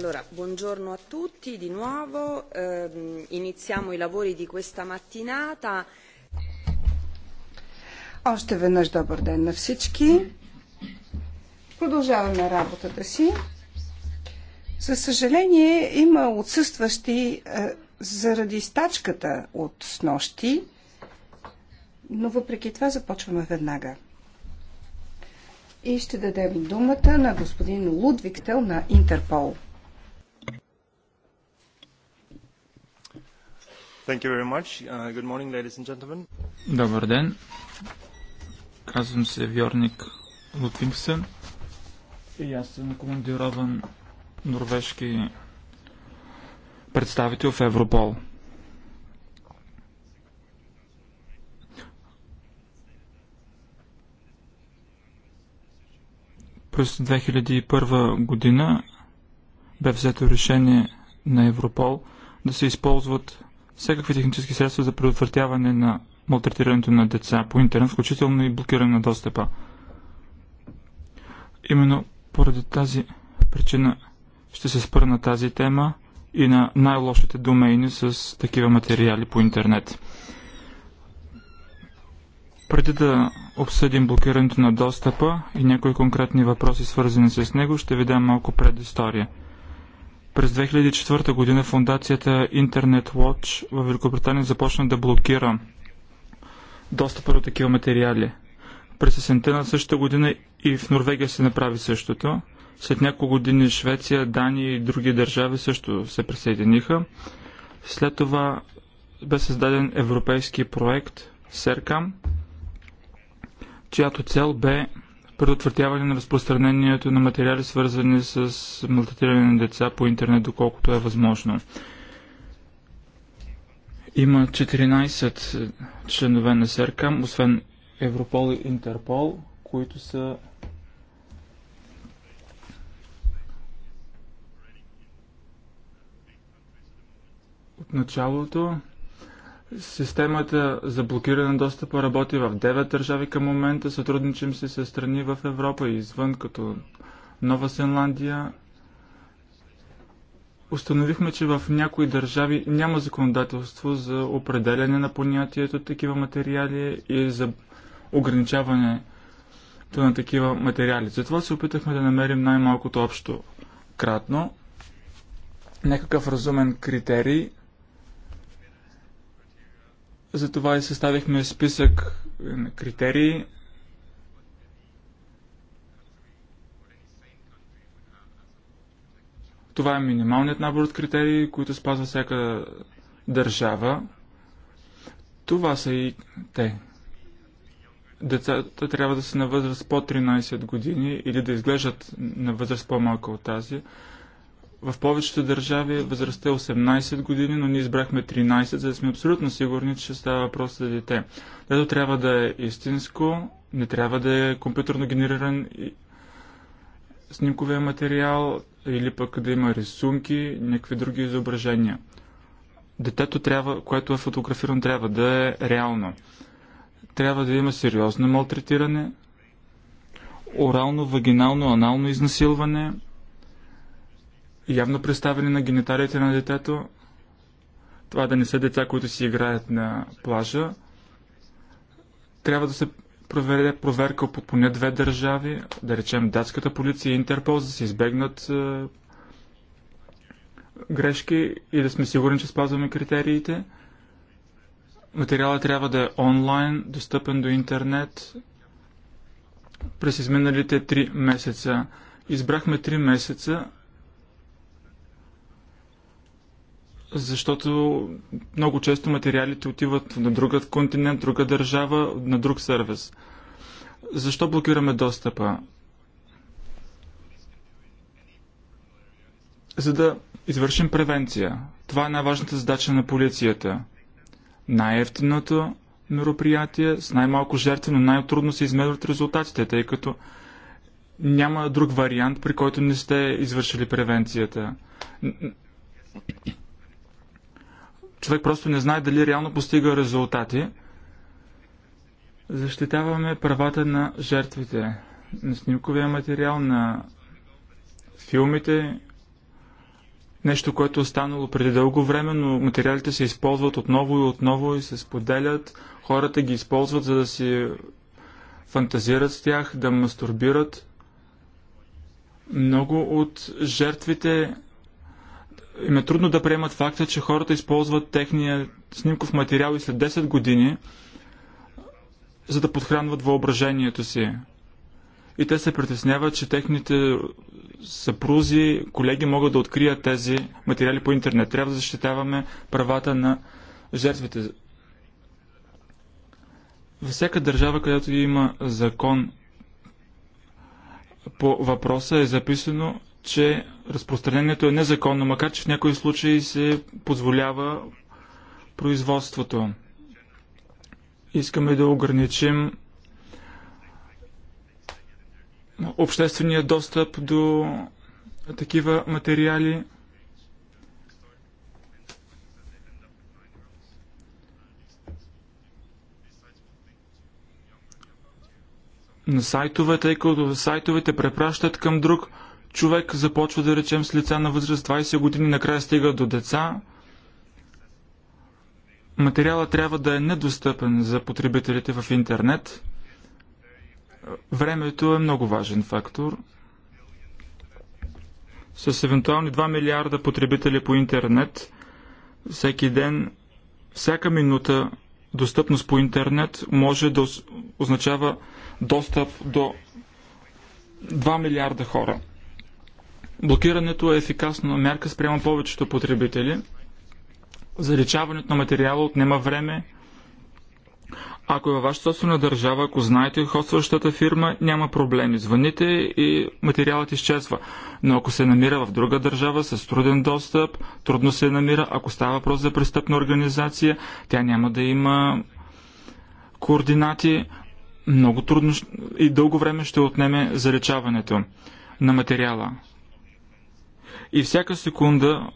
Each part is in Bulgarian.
Allora, buongiorno a tutti di nuovo. Eh, iniziamo i lavori di questa mattinata. Още веднъж добър ден на всички. Продължаваме работата си. За съжаление, има отсъстващи е, заради стачката от снощи, но въпреки това започваме веднага и ще дадем думата на господин Лудвиктел на Интерпол. Thank you very much. Uh, good morning, ladies and gentlemen. Добър ден. Казвам се Вьорник Лутвингсън. И аз съм командирован норвежки представител в Европол. През 2001 година бе взето решение на Европол да се използват всякакви технически средства за предотвратяване на малтретирането на деца по интернет, включително и блокиране на достъпа. Именно поради тази причина ще се спра на тази тема и на най-лошите домейни с такива материали по интернет. Преди да обсъдим блокирането на достъпа и някои конкретни въпроси свързани с него, ще ви дам малко предистория – през 2004 година фундацията Internet Watch в Великобритания започна да блокира достъпа до такива материали. През есента на същата година и в Норвегия се направи същото. След няколко години Швеция, Дания и други държави също се присъединиха. След това бе създаден европейски проект СЕРКАМ, чиято цел бе предотвратяване на разпространението на материали, свързани с малтретиране на деца по интернет, доколкото е възможно. Има 14 членове на СЕРКАМ, освен Европол и Интерпол, които са от началото Системата за блокиране на достъпа работи в 9 държави към момента. Сътрудничим се с страни в Европа и извън, като Нова Сенландия. Установихме, че в някои държави няма законодателство за определяне на понятието такива материали и за ограничаване на такива материали. Затова се опитахме да намерим най-малкото общо кратно, някакъв разумен критерий, затова и съставихме списък е, на критерии, Това е минималният набор от критерии, които спазва всяка държава. Това са и те. Децата трябва да са на възраст по 13 години или да изглеждат на възраст по-малка от тази. В повечето държави възрастта е 18 години, но ние избрахме 13, за да сме абсолютно сигурни, че става въпрос за дете. Дето трябва да е истинско, не трябва да е компютърно генериран снимковия материал или пък да има рисунки, някакви други изображения. Детето, трябва, което е фотографирано, трябва да е реално. Трябва да има сериозно малтретиране, орално, вагинално, анално изнасилване – явно представяне на гениталиите на детето. Това да не са деца, които си играят на плажа. Трябва да се проведе проверка по поне две държави, да речем датската полиция и Интерпол, за да се избегнат е, грешки и да сме сигурни, че спазваме критериите. Материалът трябва да е онлайн, достъпен до интернет. През изминалите три месеца избрахме три месеца, защото много често материалите отиват на друг континент, друга държава, на друг сервис. Защо блокираме достъпа? За да извършим превенция. Това е най-важната задача на полицията. Най-ефтиното мероприятие с най-малко жертви, но най-трудно се измерват резултатите, тъй като няма друг вариант, при който не сте извършили превенцията човек просто не знае дали реално постига резултати. Защитаваме правата на жертвите, на снимковия материал, на филмите, нещо, което е останало преди дълго време, но материалите се използват отново и отново и се споделят. Хората ги използват, за да си фантазират с тях, да мастурбират. Много от жертвите им е трудно да приемат факта, че хората използват техния снимков материал и след 10 години, за да подхранват въображението си. И те се притесняват, че техните съпрузи, колеги могат да открият тези материали по интернет. Трябва да защитаваме правата на жертвите. Във всяка държава, където има закон по въпроса, е записано, че разпространението е незаконно, макар че в някои случаи се позволява производството. Искаме да ограничим обществения достъп до такива материали. На сайтове, тъй като сайтовете препращат към друг човек започва да речем с лица на възраст 20 години, накрая стига до деца, материалът трябва да е недостъпен за потребителите в интернет. Времето е много важен фактор. С евентуални 2 милиарда потребители по интернет, всеки ден, всяка минута достъпност по интернет може да означава достъп до 2 милиарда хора. Блокирането е ефикасна мярка спрямо повечето потребители. Заличаването на материала отнема време. Ако е във вашата собствена държава, ако знаете хостващата фирма, няма проблеми. Звъните и материалът изчезва. Но ако се намира в друга държава с труден достъп, трудно се намира, ако става въпрос за престъпна организация, тя няма да има координати. Много трудно и дълго време ще отнеме заличаването на материала. И всяка секунда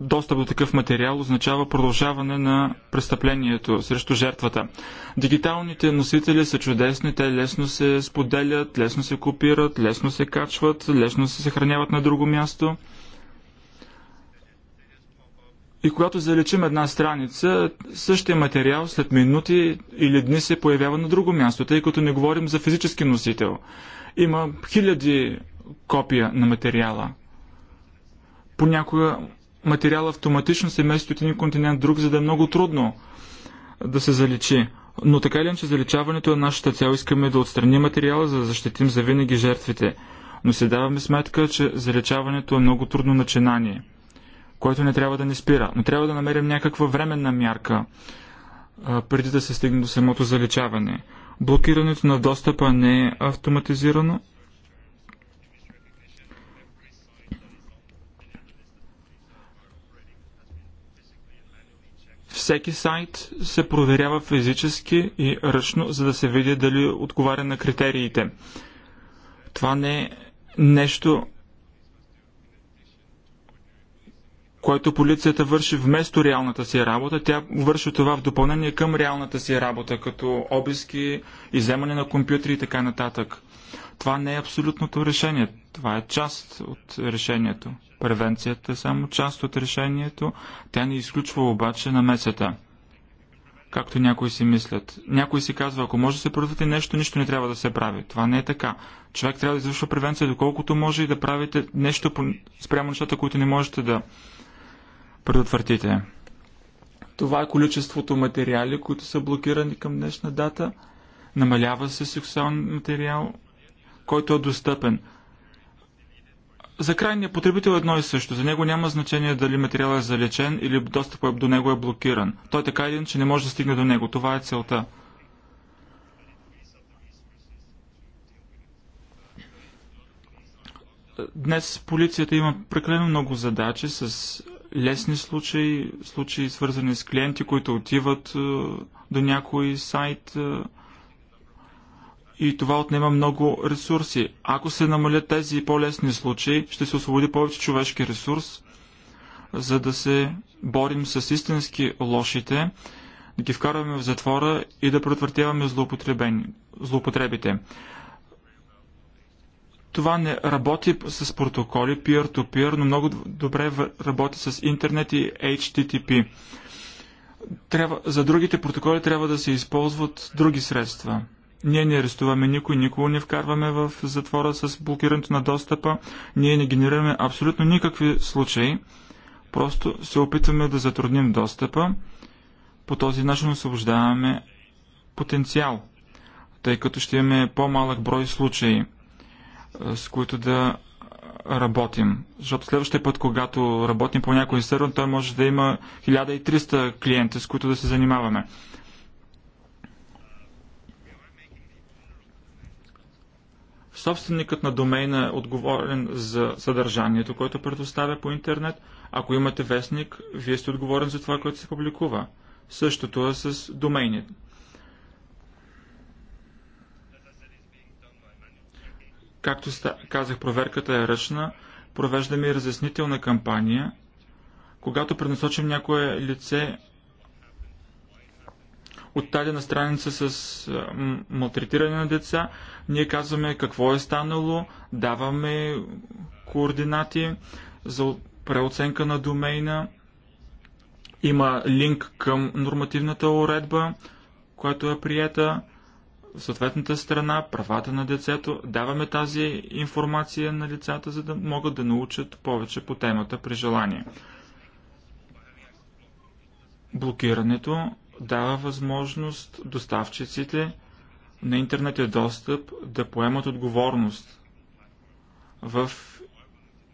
достъп до такъв материал означава продължаване на престъплението срещу жертвата. Дигиталните носители са чудесни, те лесно се споделят, лесно се копират, лесно се качват, лесно се съхраняват на друго място. И когато залечим една страница, същия материал след минути или дни се появява на друго място, тъй като не говорим за физически носител. Има хиляди копия на материала понякога материал автоматично се мести от един континент друг, за да е много трудно да се заличи. Но така или иначе заличаването е нашата цел. Искаме да отстраним материала, за да защитим завинаги жертвите. Но се даваме сметка, че заличаването е много трудно начинание, което не трябва да ни спира. Но трябва да намерим някаква временна мярка, преди да се стигне до самото заличаване. Блокирането на достъпа не е автоматизирано, Всеки сайт се проверява физически и ръчно, за да се види дали отговаря на критериите. Това не е нещо, което полицията върши вместо реалната си работа. Тя върши това в допълнение към реалната си работа, като обиски, иземане на компютри и така нататък. Това не е абсолютното решение. Това е част от решението. Превенцията е само част от решението. Тя не изключва обаче намесата. Както някои си мислят. Някой си казва, ако може да се предотврати нещо, нищо не трябва да се прави. Това не е така. Човек трябва да извършва превенция доколкото може и да правите нещо спрямо нещата, които не можете да предотвратите. Това е количеството материали, които са блокирани към днешна дата. Намалява се сексуален материал, който е достъпен. За крайния потребител е едно и също. За него няма значение дали материалът е залечен или достъпът е- до него е блокиран. Той е така един, че не може да стигне до него. Това е целта. Днес полицията има прекалено много задачи с лесни случаи, случаи свързани с клиенти, които отиват е, до някой сайт, и това отнема много ресурси. Ако се намалят тези по-лесни случаи, ще се освободи повече човешки ресурс, за да се борим с истински лошите, да ги вкарваме в затвора и да предотвратяваме злоупотребите. Това не работи с протоколи peer-to-peer, -peer, но много добре работи с интернет и HTTP. Трябва, за другите протоколи трябва да се използват други средства – ние не арестуваме никой, никого не вкарваме в затвора с блокирането на достъпа. Ние не генерираме абсолютно никакви случаи. Просто се опитваме да затрудним достъпа. По този начин освобождаваме потенциал, тъй като ще имаме по-малък брой случаи, с които да работим. Защото следващия път, когато работим по някой сервер, той може да има 1300 клиента, с които да се занимаваме. Собственикът на домейна е отговорен за съдържанието, което предоставя по интернет. Ако имате вестник, вие сте отговорен за това, което се публикува. Същото е с домейните. Както казах, проверката е ръчна. Провеждаме и разяснителна кампания. Когато пренасочим някое лице от дадена страница с малтретиране на деца. Ние казваме какво е станало, даваме координати за преоценка на домейна. Има линк към нормативната уредба, която е приета в съответната страна, правата на децето. Даваме тази информация на децата, за да могат да научат повече по темата при желание. Блокирането дава възможност доставчиците на интернетен достъп да поемат отговорност в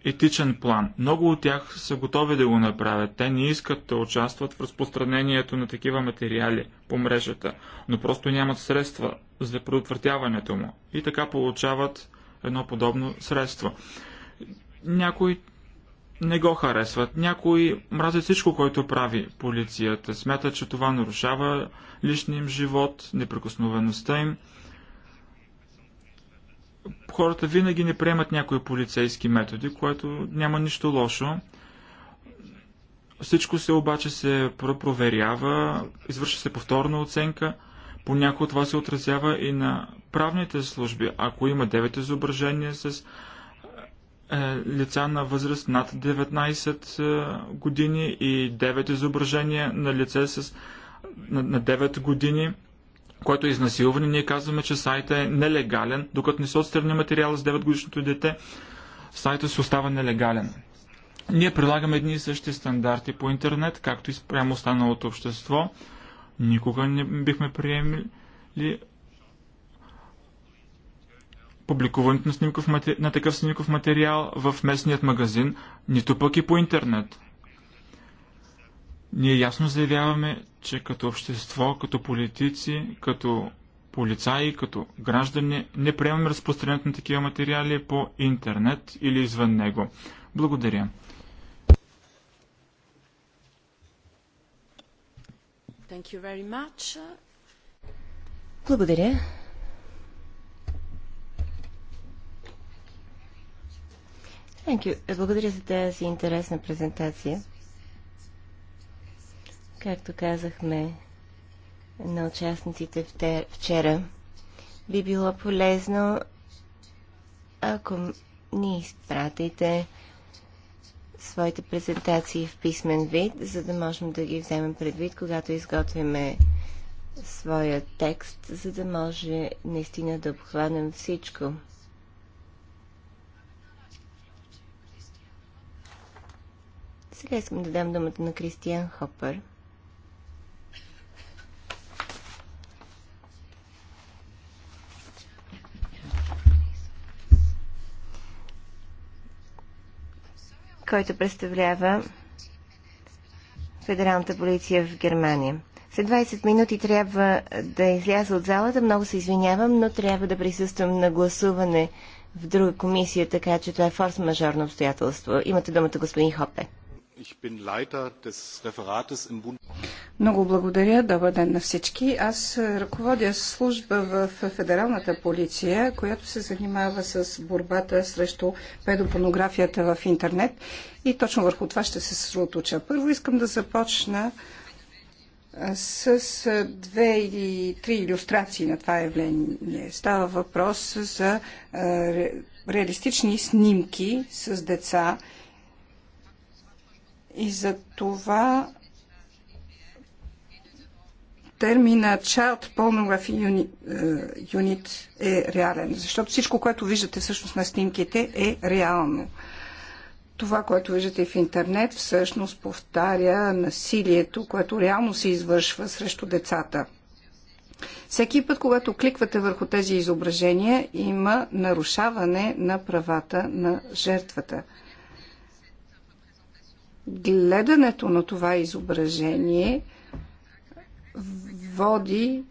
етичен план. Много от тях са готови да го направят. Те не искат да участват в разпространението на такива материали по мрежата, но просто нямат средства за предотвратяването му. И така получават едно подобно средство. Някои не го харесват. Някои мразят всичко, което прави полицията. Смятат, че това нарушава личния им живот, неприкосновеността им. Хората винаги не приемат някои полицейски методи, което няма нищо лошо. Всичко се обаче се проверява, извършва се повторна оценка. Понякога това се отразява и на правните служби. Ако има девет изображения с е, лица на възраст над 19 е, години и 9 изображения на лице с, на, на 9 години, което е изнасилване. Ние казваме, че сайта е нелегален, докато не се отстрани материала с 9 годишното дете, сайта се остава нелегален. Ние прилагаме едни и същи стандарти по интернет, както и спрямо останалото общество. Никога не бихме приемили публикуването на, снимков на такъв снимков материал в местният магазин, нито пък и по интернет. Ние ясно заявяваме, че като общество, като политици, като полицаи, като граждани не приемаме разпространението на такива материали по интернет или извън него. Благодаря. Благодаря. Е, благодаря за тази интересна презентация. Както казахме на участниците вчера, би било полезно, ако ни изпратите своите презентации в писмен вид, за да можем да ги вземем предвид, когато изготвяме своя текст, за да може наистина да обхванем всичко. Сега искам да дам думата на Кристиан Хопър. който представлява федералната полиция в Германия. След 20 минути трябва да изляза от залата. Много се извинявам, но трябва да присъствам на гласуване в друга комисия, така че това е форс-мажорно обстоятелство. Имате думата, господин Хопе. Много благодаря. Добър ден на всички. Аз ръководя служба в Федералната полиция, която се занимава с борбата срещу педопонографията в интернет. И точно върху това ще се съсредоточа. Първо искам да започна с две или три иллюстрации на това явление. Става въпрос за реалистични снимки с деца, и за това термина Child Pornography е, Unit е реален. Защото всичко, което виждате всъщност на снимките е реално. Това, което виждате в интернет, всъщност повтаря насилието, което реално се извършва срещу децата. Всеки път, когато кликвате върху тези изображения, има нарушаване на правата на жертвата гледането на това изображение води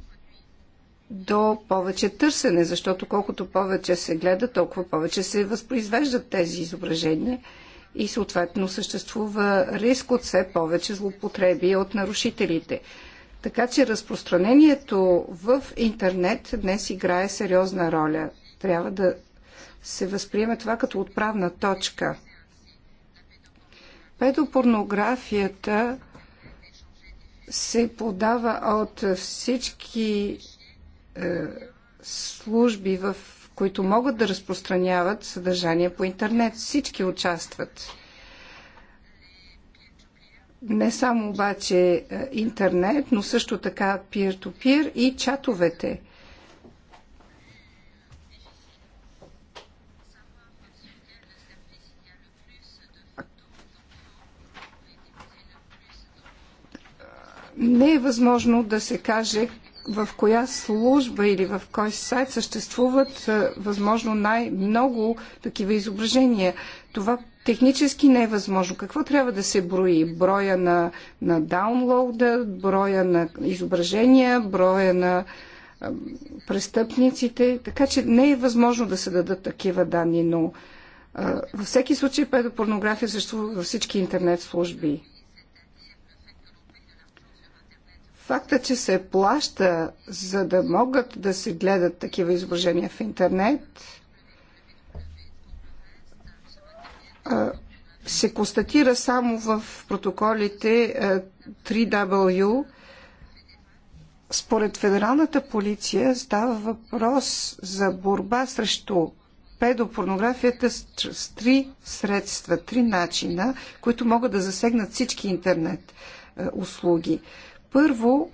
до повече търсене, защото колкото повече се гледа, толкова повече се възпроизвеждат тези изображения и съответно съществува риск от все повече злоупотреби от нарушителите. Така че разпространението в интернет днес играе сериозна роля. Трябва да се възприеме това като отправна точка – Педопорнографията се подава от всички е, служби, в които могат да разпространяват съдържание по интернет. Всички участват. Не само обаче е, интернет, но също така peer-to-peer -peer и чатовете. не е възможно да се каже в коя служба или в кой сайт съществуват е, възможно най-много такива изображения. Това технически не е възможно. Какво трябва да се брои? Броя на, на даунлоуда, броя на изображения, броя на а, е, престъпниците. Така че не е възможно да се дадат такива данни, но а, е, във всеки случай педопорнография съществува във всички интернет служби. Факта, че се плаща, за да могат да се гледат такива изложения в интернет, се констатира само в протоколите 3W. Според федералната полиция става въпрос за борба срещу педопорнографията с три средства, три начина, които могат да засегнат всички интернет услуги. Първо,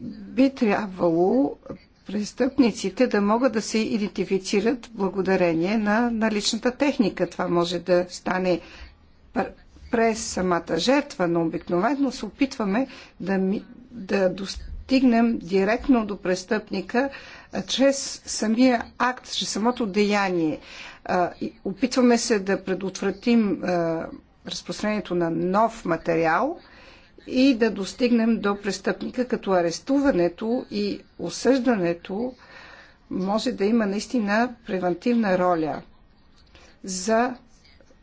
би трябвало престъпниците да могат да се идентифицират благодарение на наличната техника. Това може да стане през самата жертва, но обикновено се опитваме да, ми, да достигнем директно до престъпника чрез самия акт, чрез самото деяние. Опитваме се да предотвратим разпространението на нов материал – и да достигнем до престъпника, като арестуването и осъждането може да има наистина превентивна роля за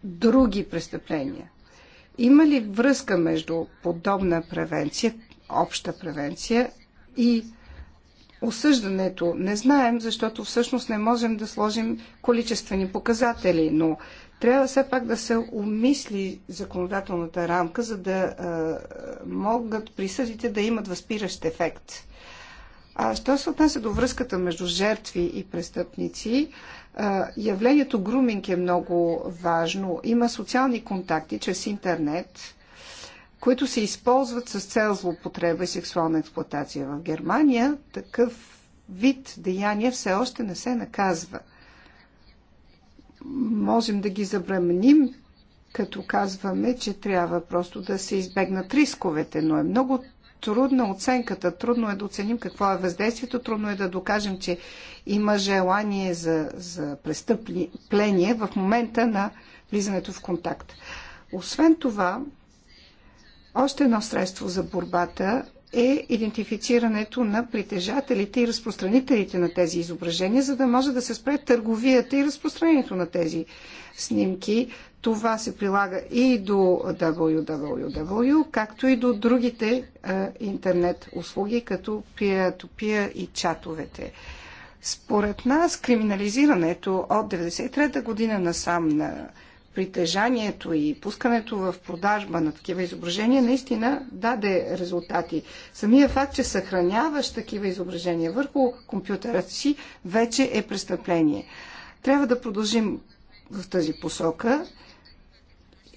други престъпления. Има ли връзка между подобна превенция, обща превенция и осъждането? Не знаем, защото всъщност не можем да сложим количествени показатели, но трябва все пак да се умисли законодателната рамка, за да а, могат присъдите да имат възпиращ ефект. А що се отнася до връзката между жертви и престъпници, а, явлението груминг е много важно. Има социални контакти чрез интернет, които се използват с цел злоупотреба и сексуална експлуатация. В Германия такъв вид деяния все още не се наказва – можем да ги забраменим, като казваме, че трябва просто да се избегнат рисковете, но е много трудна оценката, трудно е да оценим какво е въздействието, трудно е да докажем, че има желание за, за престъпление в момента на влизането в контакт. Освен това, още едно средство за борбата е идентифицирането на притежателите и разпространителите на тези изображения, за да може да се спре търговията и разпространението на тези снимки. Това се прилага и до www, както и до другите а, е, интернет услуги, като пиатопия и чатовете. Според нас криминализирането от 1993 година насам на притежанието и пускането в продажба на такива изображения наистина даде резултати. Самия факт, че съхраняваш такива изображения върху компютъра си, вече е престъпление. Трябва да продължим в тази посока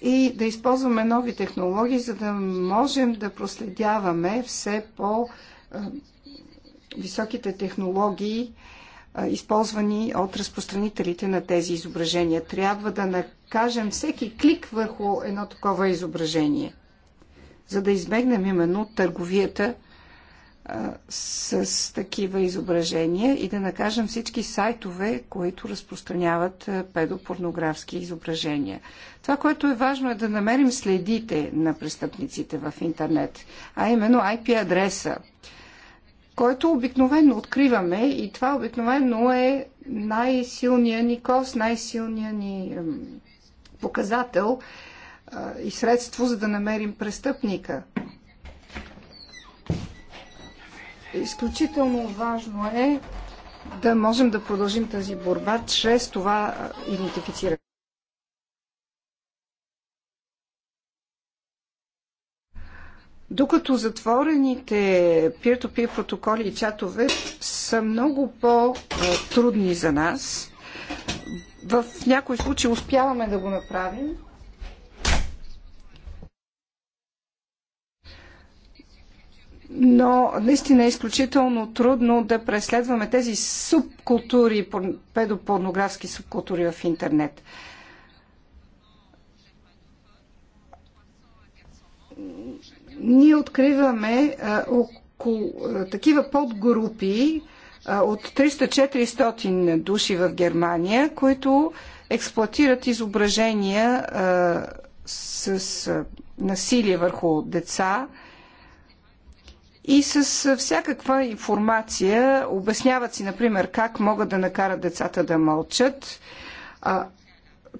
и да използваме нови технологии, за да можем да проследяваме все по високите технологии, използвани от разпространителите на тези изображения. Трябва да откажем всеки клик върху едно такова изображение, за да избегнем именно търговията а, с такива изображения и да накажем всички сайтове, които разпространяват педопорнографски изображения. Това, което е важно е да намерим следите на престъпниците в интернет, а именно IP адреса който обикновено откриваме и това обикновено е най-силния ни кос, най-силния ни показател и средство, за да намерим престъпника. Изключително важно е да можем да продължим тази борба чрез това идентифициране. Докато затворените peer-to-peer -peer протоколи и чатове са много по-трудни за нас, в някои случаи успяваме да го направим. но наистина е изключително трудно да преследваме тези субкултури, педопорнографски субкултури в интернет. Ние откриваме а, около а, такива подгрупи, от 300-400 души в Германия, които експлуатират изображения с насилие върху деца и с всякаква информация обясняват си, например, как могат да накарат децата да мълчат,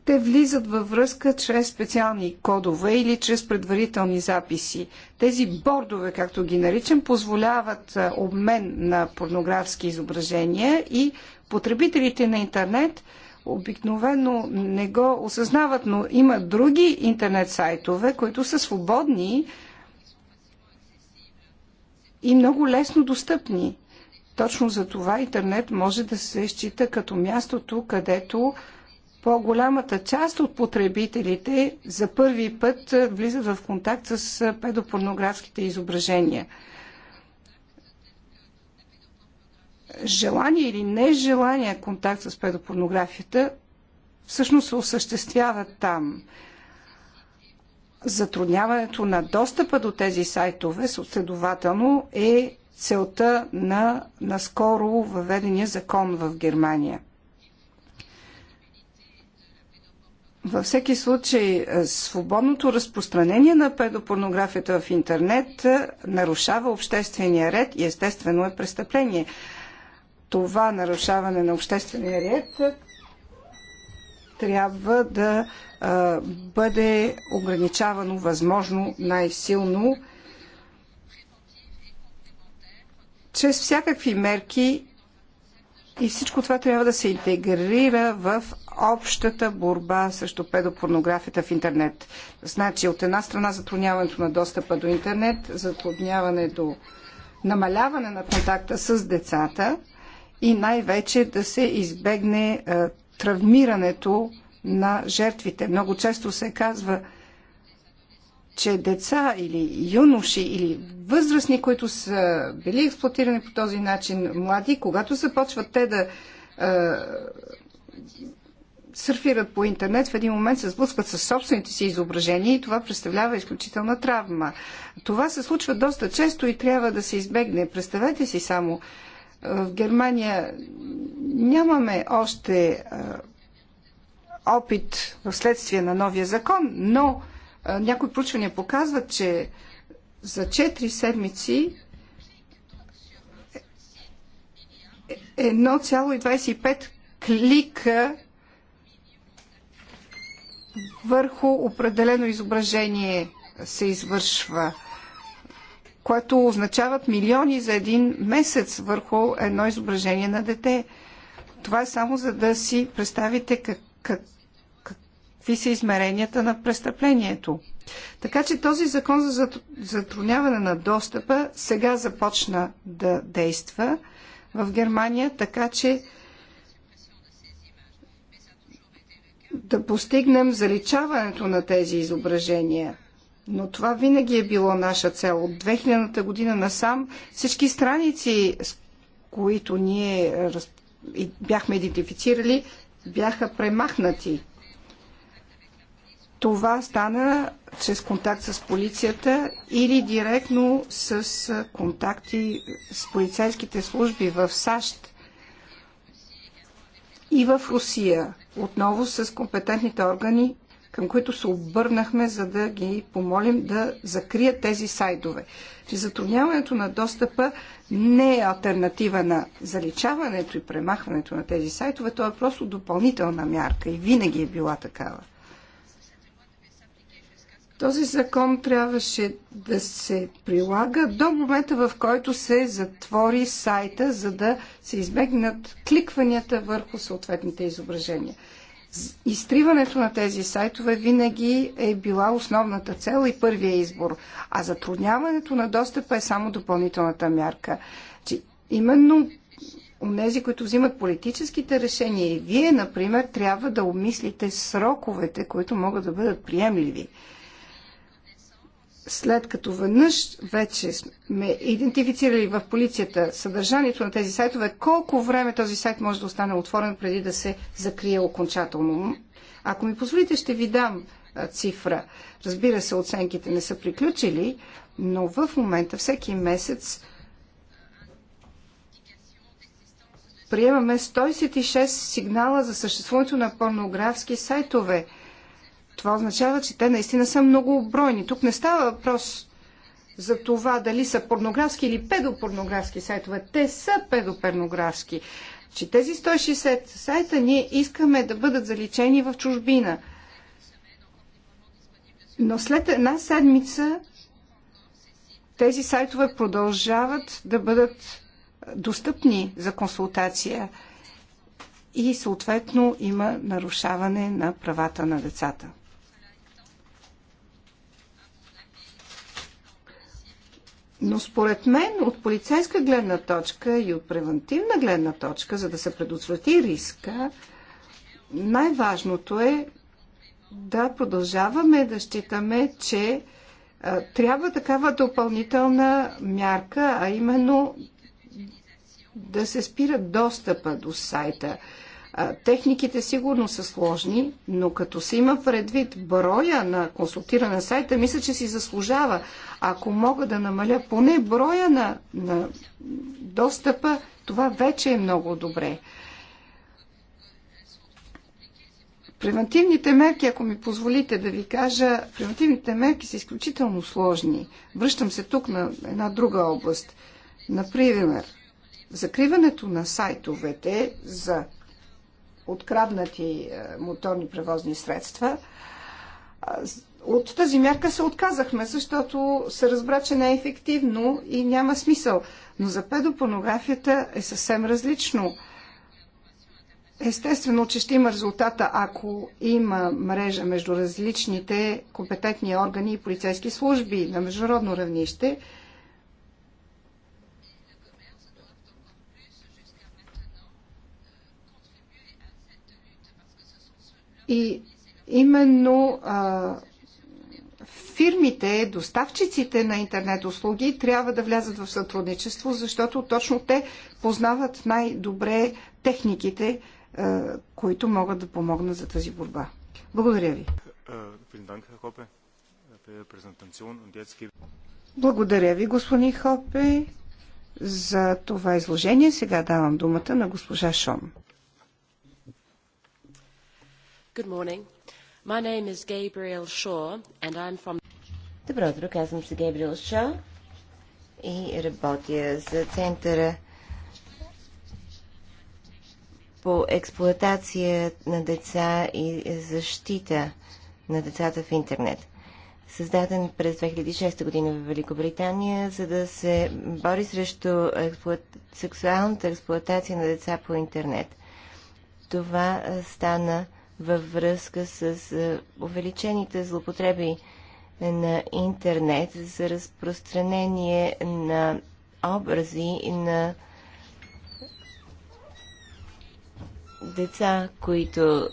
те влизат във връзка чрез специални кодове или чрез предварителни записи. Тези бордове, както ги наричам, позволяват обмен на порнографски изображения и потребителите на интернет обикновено не го осъзнават, но има други интернет сайтове, които са свободни и много лесно достъпни. Точно за това интернет може да се счита като мястото, където по-голямата част от потребителите за първи път влизат в контакт с педопорнографските изображения. Желание или нежелание контакт с педопорнографията всъщност се осъществява там. Затрудняването на достъпа до тези сайтове, следователно, е целта на наскоро въведения закон в Германия – Във всеки случай, е, свободното разпространение на педопорнографията в интернет е, нарушава обществения ред и естествено е престъпление. Това нарушаване на обществения ред е, трябва да а, бъде ограничавано възможно най-силно чрез всякакви мерки и всичко това трябва да се интегрира в общата борба срещу педопорнографията в интернет. Значи, от една страна затрудняването на достъпа до интернет, затрудняване до намаляване на контакта с децата и най-вече да се избегне е, травмирането на жертвите. Много често се казва, че деца или юноши или възрастни, които са били експлуатирани по този начин, млади, когато започват те да е, сърфират по интернет, в един момент се сблъскват с собствените си изображения и това представлява изключителна травма. Това се случва доста често и трябва да се избегне. Представете си само, в Германия нямаме още е, опит вследствие на новия закон, но някои проучвания показват, че за 4 седмици 1,25 клика върху определено изображение се извършва, което означават милиони за един месец върху едно изображение на дете. Това е само за да си представите как, как, какви са измеренията на престъплението. Така че този закон за затруняване на достъпа сега започна да действа в Германия, така че да постигнем заличаването на тези изображения. Но това винаги е било наша цел. От 2000-та година насам всички страници, с които ние бяхме идентифицирали, бяха премахнати. Това стана чрез контакт с полицията или директно с контакти с полицейските служби в САЩ и в Русия, отново с компетентните органи, към които се обърнахме, за да ги помолим да закрият тези сайтове. Че затрудняването на достъпа не е альтернатива на заличаването и премахването на тези сайтове, то е просто допълнителна мярка и винаги е била такава. Този закон трябваше да се прилага до момента, в който се затвори сайта, за да се избегнат кликванията върху съответните изображения. Изтриването на тези сайтове винаги е била основната цел и първия избор, а затрудняването на достъпа е само допълнителната мярка. Че именно Онези, които взимат политическите решения и вие, например, трябва да обмислите сроковете, които могат да бъдат приемливи след като веднъж вече сме идентифицирали в полицията съдържанието на тези сайтове, колко време този сайт може да остане отворен преди да се закрие окончателно. Ако ми позволите, ще ви дам цифра. Разбира се, оценките не са приключили, но в момента всеки месец приемаме 106 сигнала за съществуването на порнографски сайтове – това означава, че те наистина са много обройни. Тук не става въпрос за това дали са порнографски или педопорнографски сайтове. Те са педопорнографски. Че тези 160 сайта ние искаме да бъдат заличени в чужбина. Но след една седмица тези сайтове продължават да бъдат достъпни за консултация и съответно има нарушаване на правата на децата. Но според мен от полицейска гледна точка и от превентивна гледна точка, за да се предотврати риска, най-важното е да продължаваме да считаме, че а, трябва такава допълнителна мярка, а именно да се спира достъпа до сайта. Техниките сигурно са сложни, но като се има предвид броя на консултиране на сайта, мисля, че си заслужава. Ако мога да намаля поне броя на, на достъпа, това вече е много добре. Превентивните мерки, ако ми позволите да ви кажа, превентивните мерки са изключително сложни. Връщам се тук на една друга област. Например, закриването на сайтовете за откраднати е, моторни превозни средства. От тази мярка се отказахме, защото се разбра, че не е ефективно и няма смисъл. Но за педопонографията е съвсем различно. Естествено, че ще има резултата, ако има мрежа между различните компетентни органи и полицейски служби на международно равнище – И именно а, фирмите, доставчиците на интернет услуги трябва да влязат в сътрудничество, защото точно те познават най-добре техниките, а, които могат да помогнат за тази борба. Благодаря ви. Благодаря ви, господин Хопе, за това изложение. Сега давам думата на госпожа Шон. Good morning. My name is Gabriel Shaw and I'm from... Добро утро, казвам се Гейбриел Шо и работя за Центъра по експлоатация на деца и защита на децата в интернет. Създаден през 2006 година в Великобритания, за да се бори срещу експлуат... сексуалната експлоатация на деца по интернет. Това стана във връзка с увеличените злопотреби на интернет за разпространение на образи на деца, които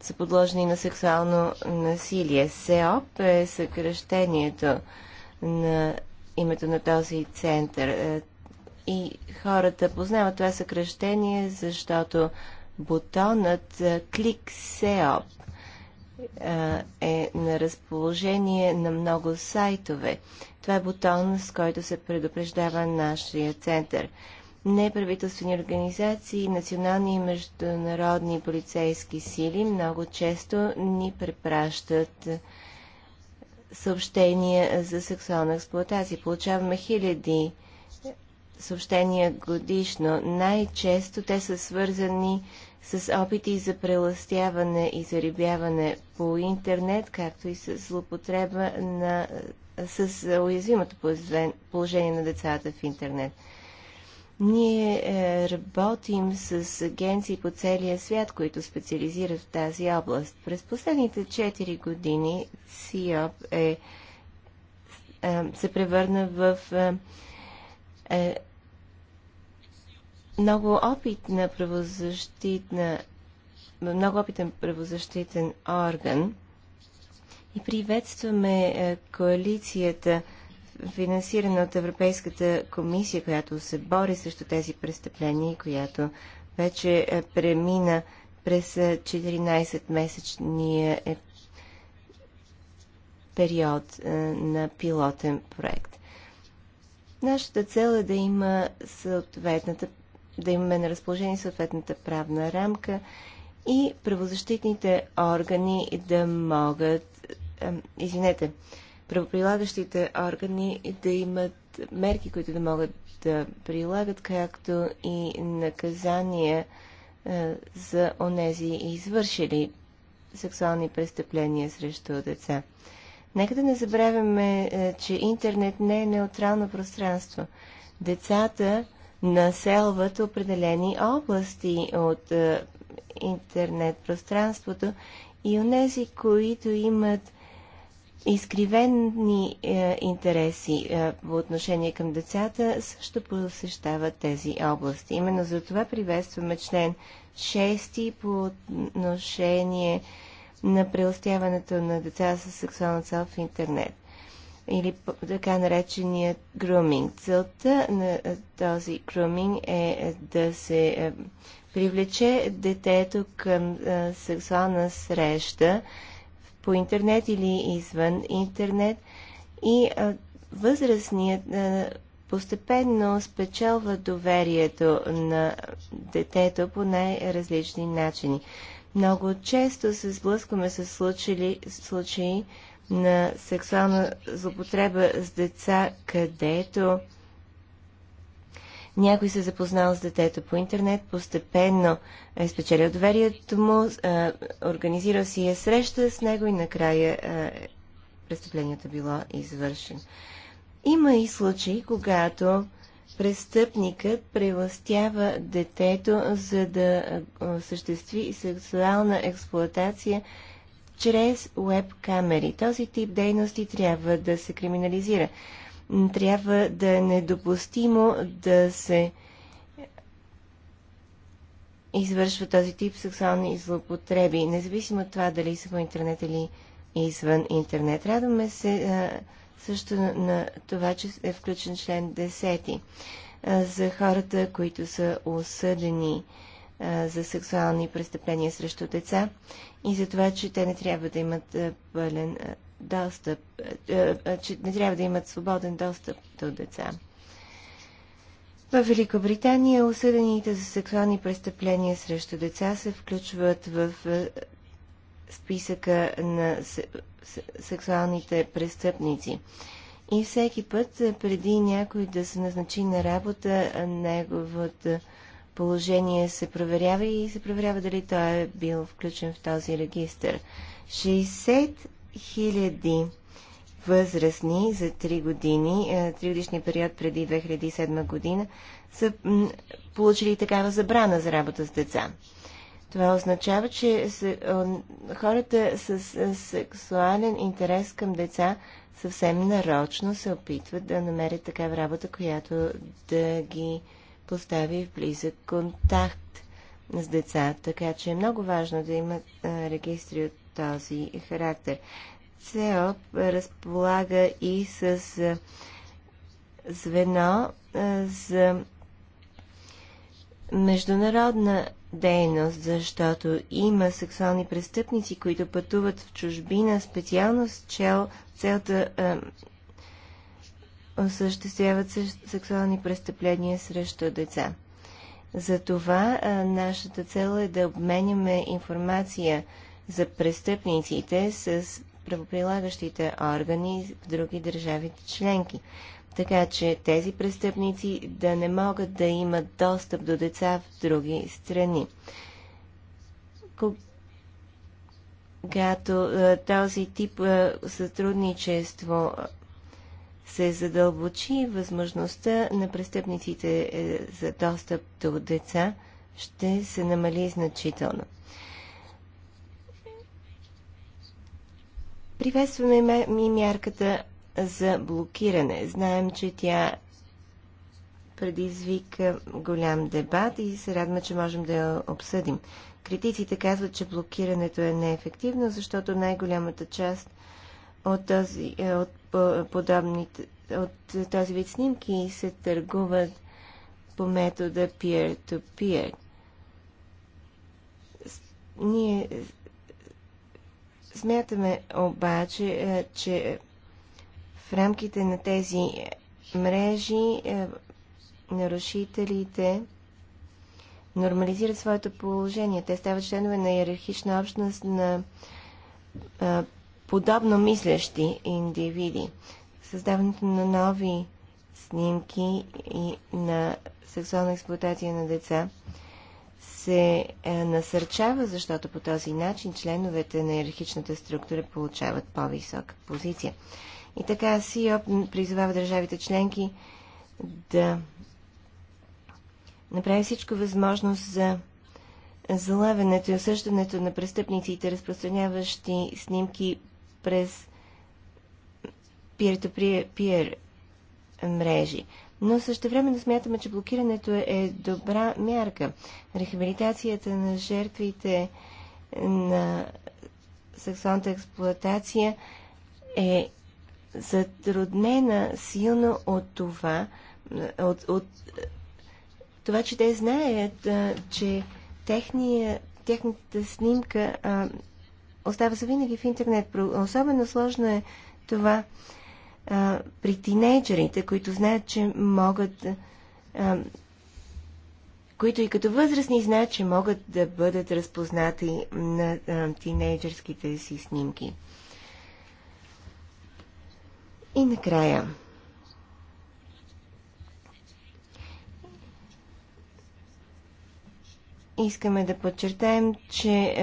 са подложени на сексуално насилие. СЕОП е съкръщението на името на този център. И хората познават това съкръщение, защото Бутонът Клик SEOP е на разположение на много сайтове. Това е бутон, с който се предупреждава нашия център. Неправителствени организации, национални и международни полицейски сили много често ни препращат съобщения за сексуална експлуатация. Получаваме хиляди съобщения годишно. Най-често те са свързани с опити за преластяване и зарибяване по интернет, както и с злопотреба на, с уязвимото положение на децата в интернет. Ние е, работим с агенции по целия свят, които специализират в тази област. През последните 4 години СИОП е, е, се превърна в е, е много опитна правозащитна много опитен правозащитен орган и приветстваме е, коалицията, финансирана от Европейската комисия, която се бори срещу тези престъпления и която вече е, премина през 14-месечния е, период на пилотен проект. Нашата цел е да има съответната да имаме на разположение съответната правна рамка и правозащитните органи да могат, извинете, правоприлагащите органи да имат мерки, които да могат да прилагат, както и наказания за онези извършили сексуални престъпления срещу деца. Нека да не забравяме, че интернет не е неутрално пространство. Децата населват определени области от е, интернет пространството и онези, които имат изкривени е, интереси е, по отношение към децата, също посещават тези области. Именно за това приветстваме член 6 по отношение на преостяването на деца с сексуална цел в интернет или така наречения груминг. Целта на е, този груминг е, е да се е, привлече детето към сексуална среща по интернет или извън интернет и възрастният постепенно спечелва доверието на детето по най-различни начини. Много често се сблъскваме с случаи, случаи на сексуална злопотреба с деца, където някой се е запознал с детето по интернет, постепенно е спечелил доверието му, е, организирал си е среща с него и накрая е, престъплението било извършено. Има и случаи, когато престъпникът превластява детето, за да осъществи сексуална експлоатация чрез веб-камери. Този тип дейности трябва да се криминализира. Трябва да е недопустимо да се извършва този тип сексуални злоупотреби, независимо от това дали са по интернет или извън интернет. Радваме се а, също на това, че е включен член 10 а, за хората, които са осъдени а, за сексуални престъпления срещу деца и за това, че те не трябва да имат е, пълен е, достъп, е, че не трябва да имат свободен достъп до деца. В Великобритания осъдените за сексуални престъпления срещу деца се включват в списъка на сексуалните престъпници. И всеки път, преди някой да се назначи на работа, неговата положение се проверява и се проверява дали той е бил включен в този регистр. 60 хиляди възрастни за 3 години, 3 е, годишни период преди 2007 година, са получили такава забрана за работа с деца. Това означава, че хората с е, сексуален интерес към деца съвсем нарочно се опитват да намерят такава работа, която да ги постави в близък контакт с деца, така че е много важно да имат регистри от този характер. ЦЕО разполага и с звено за международна дейност, защото има сексуални престъпници, които пътуват в чужбина специално с цел, цел да осъществяват сексуални престъпления срещу деца. Затова нашата цел е да обменяме информация за престъпниците с правоприлагащите органи в други държави членки. Така че тези престъпници да не могат да имат достъп до деца в други страни. Когато този тип сътрудничество се задълбочи възможността на престъпниците е, за достъп до деца, ще се намали значително. Приветстваме ми мярката за блокиране. Знаем, че тя предизвика голям дебат и се радваме, че можем да я обсъдим. Критиците казват, че блокирането е неефективно, защото най-голямата част – е, от, този, от, подобните, от тази вид снимки се търгуват по метода peer-to-peer. -peer. Ние е, смятаме обаче, е, че в рамките на тези мрежи нарушителите нормализират своето положение. Те стават членове на иерархична общност на подобно мислещи индивиди. Създаването на нови снимки и на сексуална експлуатация на деца се е, насърчава, защото по този начин членовете на иерархичната структура получават по-висока позиция. И така СИОП призвава държавите членки да направи всичко възможно за залавянето и осъждането на престъпниците, разпространяващи снимки през peer-to-peer -peer мрежи. Но също време да смятаме, че блокирането е, е добра мярка. Рехабилитацията на жертвите на сексуалната експлуатация е затруднена силно от това, от, от това, че те знаят, че техния, техната снимка а, остава се винаги в интернет. Особено сложно е това а, при тинейджерите, които знаят, че могат, а, които и като възрастни знаят, че могат да бъдат разпознати на а, тинейджерските си снимки. И накрая. Искаме да подчертаем, че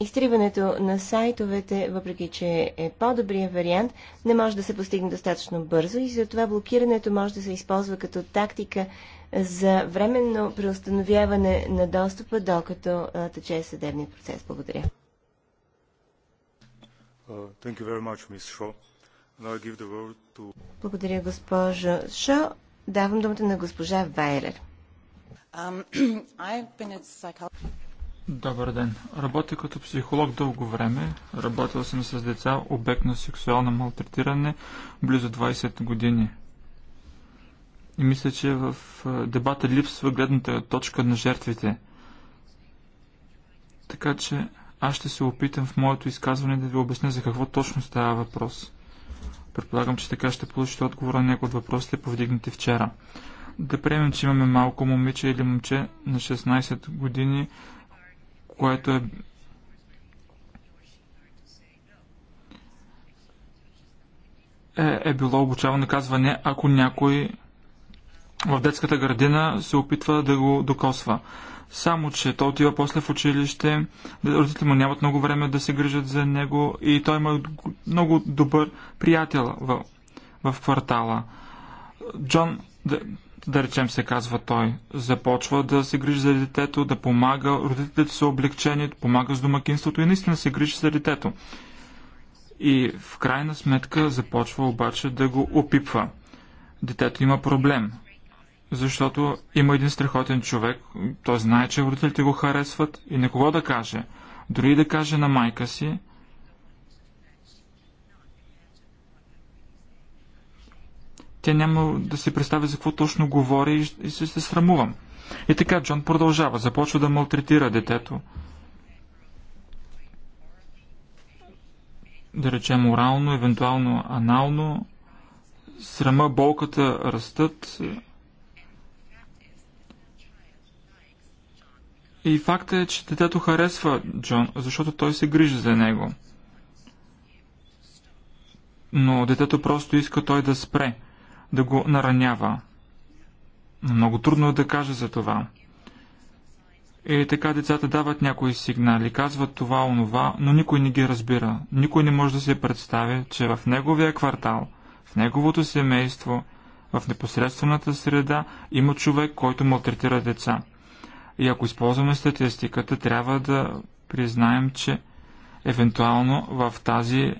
изтриването на сайтовете, въпреки че е по-добрия вариант, не може да се постигне достатъчно бързо и затова блокирането може да се използва като тактика за временно преустановяване на достъпа, докато тече съдебният процес. Благодаря. Uh, Благодаря, госпожо Шо. Давам думата на госпожа Вайлер. Um, Добър ден. Работя като психолог дълго време. Работил съм с деца, обект на сексуално малтретиране, близо 20 години. И мисля, че в дебата липсва гледната точка на жертвите. Така че аз ще се опитам в моето изказване да ви обясня за какво точно става въпрос. Предполагам, че така ще получите отговор на някои от въпросите, повдигнати вчера. Да приемем, че имаме малко момиче или момче на 16 години, което е е, е било обучавано казване, ако някой в детската градина се опитва да го докосва. Само, че той отива после в училище, родители му нямат много време да се грижат за него и той има много добър приятел в, в квартала. Джон, да речем се казва той, започва да се грижи за детето, да помага, родителите са облегчени, да помага с домакинството и наистина се грижи за детето. И в крайна сметка започва обаче да го опипва. Детето има проблем, защото има един страхотен човек, той знае, че родителите го харесват и на кого да каже. Дори да каже на майка си, Тя няма да си представя за какво точно говоря и, се, се срамувам. И така Джон продължава, започва да малтретира детето. Да речем морално, евентуално анално. Срама, болката растат. И факта е, че детето харесва Джон, защото той се грижи за него. Но детето просто иска той да спре да го наранява. много трудно е да каже за това. И е, така децата дават някои сигнали, казват това, онова, но никой не ги разбира. Никой не може да се представи, че в неговия квартал, в неговото семейство, в непосредствената среда има човек, който малтретира деца. И ако използваме статистиката, трябва да признаем, че евентуално в тази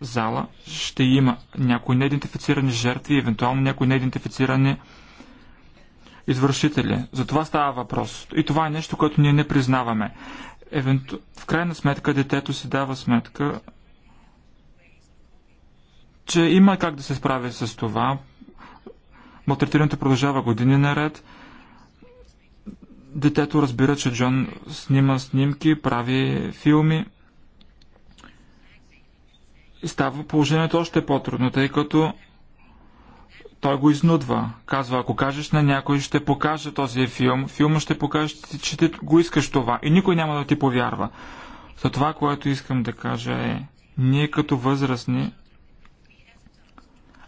зала ще има някои неидентифицирани жертви и евентуално някои неидентифицирани извършители. За това става въпрос. И това е нещо, което ние не признаваме. Евенту... В крайна сметка детето си дава сметка, че има как да се справи с това. Малтретирането продължава години наред. Детето разбира, че Джон снима снимки, прави филми става положението още по-трудно, тъй като той го изнудва. Казва, ако кажеш на някой, ще покажа този филм, филма ще покаже, че ти го искаш това и никой няма да ти повярва. За това, което искам да кажа е, ние като възрастни,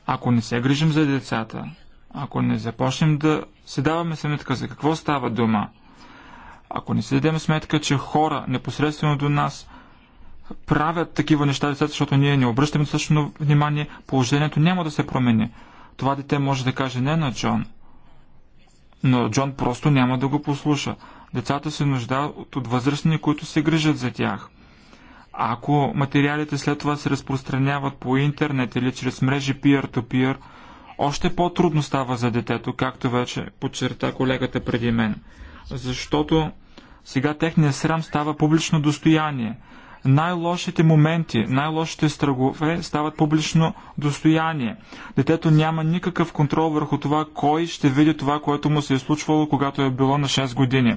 ако не се грижим за децата, ако не започнем да се даваме сметка за какво става дума, ако не се дадем сметка, че хора непосредствено до нас правят такива неща децата, защото ние не обръщаме достатъчно внимание, положението няма да се промени. Това дете може да каже не на Джон, но Джон просто няма да го послуша. Децата се нуждаят от възрастни, които се грижат за тях. Ако материалите след това се разпространяват по интернет или чрез мрежи peer-to-peer, -peer, още по-трудно става за детето, както вече подчерта колегата преди мен. Защото сега техният срам става публично достояние най-лошите моменти, най-лошите страгове стават публично достояние. Детето няма никакъв контрол върху това, кой ще види това, което му се е случвало, когато е било на 6 години.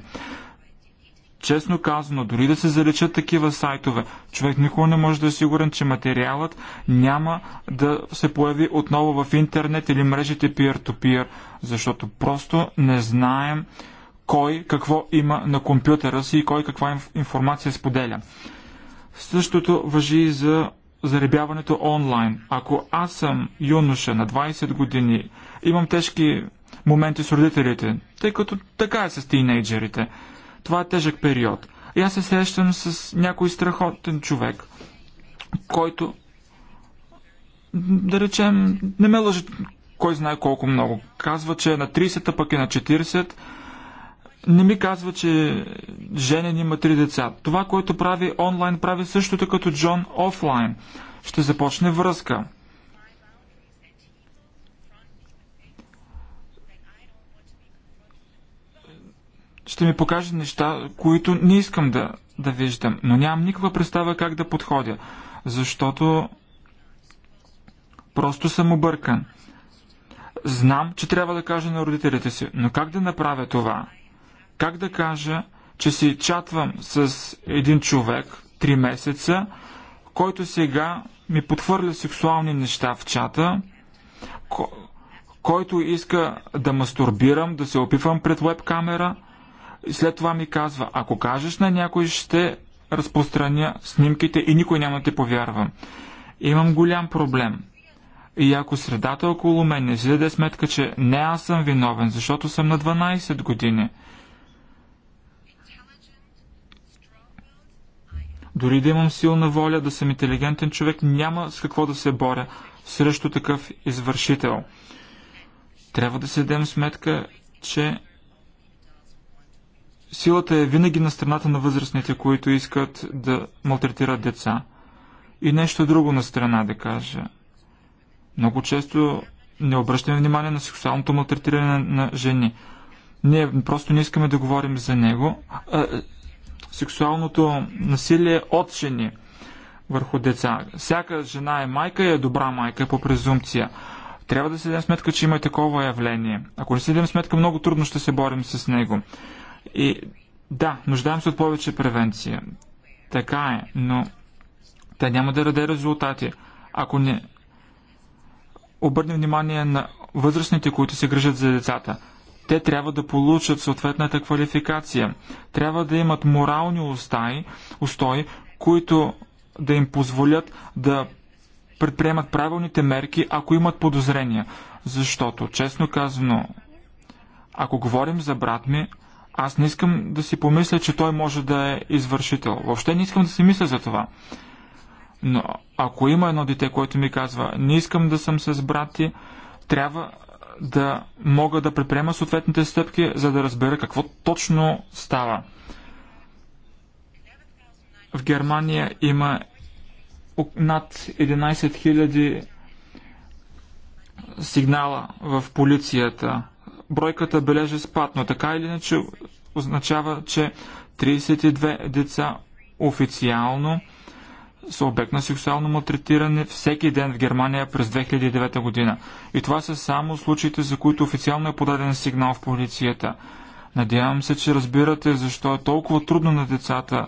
Честно казано, дори да се залечат такива сайтове, човек никога не може да е сигурен, че материалът няма да се появи отново в интернет или мрежите peer-to-peer, -peer, защото просто не знаем кой какво има на компютъра си и кой каква информация споделя. Същото въжи и за заребяването онлайн. Ако аз съм юноша на 20 години, имам тежки моменти с родителите, тъй като така е с тинейджерите. Това е тежък период. И аз се срещам с някой страхотен човек, който, да речем, не ме лъжи кой знае колко много. Казва, че е на 30, та пък е на 40, не ми казва, че женен има три деца. Това, което прави онлайн, прави същото като Джон офлайн. Ще започне връзка. Ще ми покаже неща, които не искам да, да виждам, но нямам никаква представа как да подходя, защото просто съм объркан. Знам, че трябва да кажа на родителите си, но как да направя това? Как да кажа, че се чатвам с един човек 3 месеца, който сега ми подхвърля сексуални неща в чата, който иска да мастурбирам, да се опивам пред веб камера. И след това ми казва, ако кажеш на някой, ще разпространя снимките и никой няма да те повярва. Имам голям проблем. И ако средата около мен не си даде сметка, че не аз съм виновен, защото съм на 12 години – Дори да имам силна воля, да съм интелигентен човек, няма с какво да се боря срещу такъв извършител. Трябва да се дадем сметка, че силата е винаги на страната на възрастните, които искат да малтретират деца. И нещо друго на страна да кажа. Много често не обръщаме внимание на сексуалното малтретиране на, жени. Ние просто не искаме да говорим за него, а, сексуалното насилие от жени върху деца. Всяка жена е майка и е добра майка по презумпция. Трябва да се дадем сметка, че има и такова явление. Ако не се дадем сметка, много трудно ще се борим с него. И да, нуждаем се от повече превенция. Така е, но тя няма да даде резултати. Ако не обърнем внимание на възрастните, които се грижат за децата – те трябва да получат съответната квалификация. Трябва да имат морални устай, устои, които да им позволят да предприемат правилните мерки, ако имат подозрения. Защото, честно казано, ако говорим за брат ми, аз не искам да си помисля, че той може да е извършител. Въобще не искам да си мисля за това. Но ако има едно дете, което ми казва, не искам да съм с брат ти, трябва да мога да предприема съответните стъпки, за да разбера какво точно става. В Германия има над 11 000 сигнала в полицията. Бройката бележи спад, но така или иначе означава, че 32 деца официално са обект на сексуално малтретиране всеки ден в Германия през 2009 година. И това са само случаите, за които официално е подаден сигнал в полицията. Надявам се, че разбирате защо е толкова трудно на децата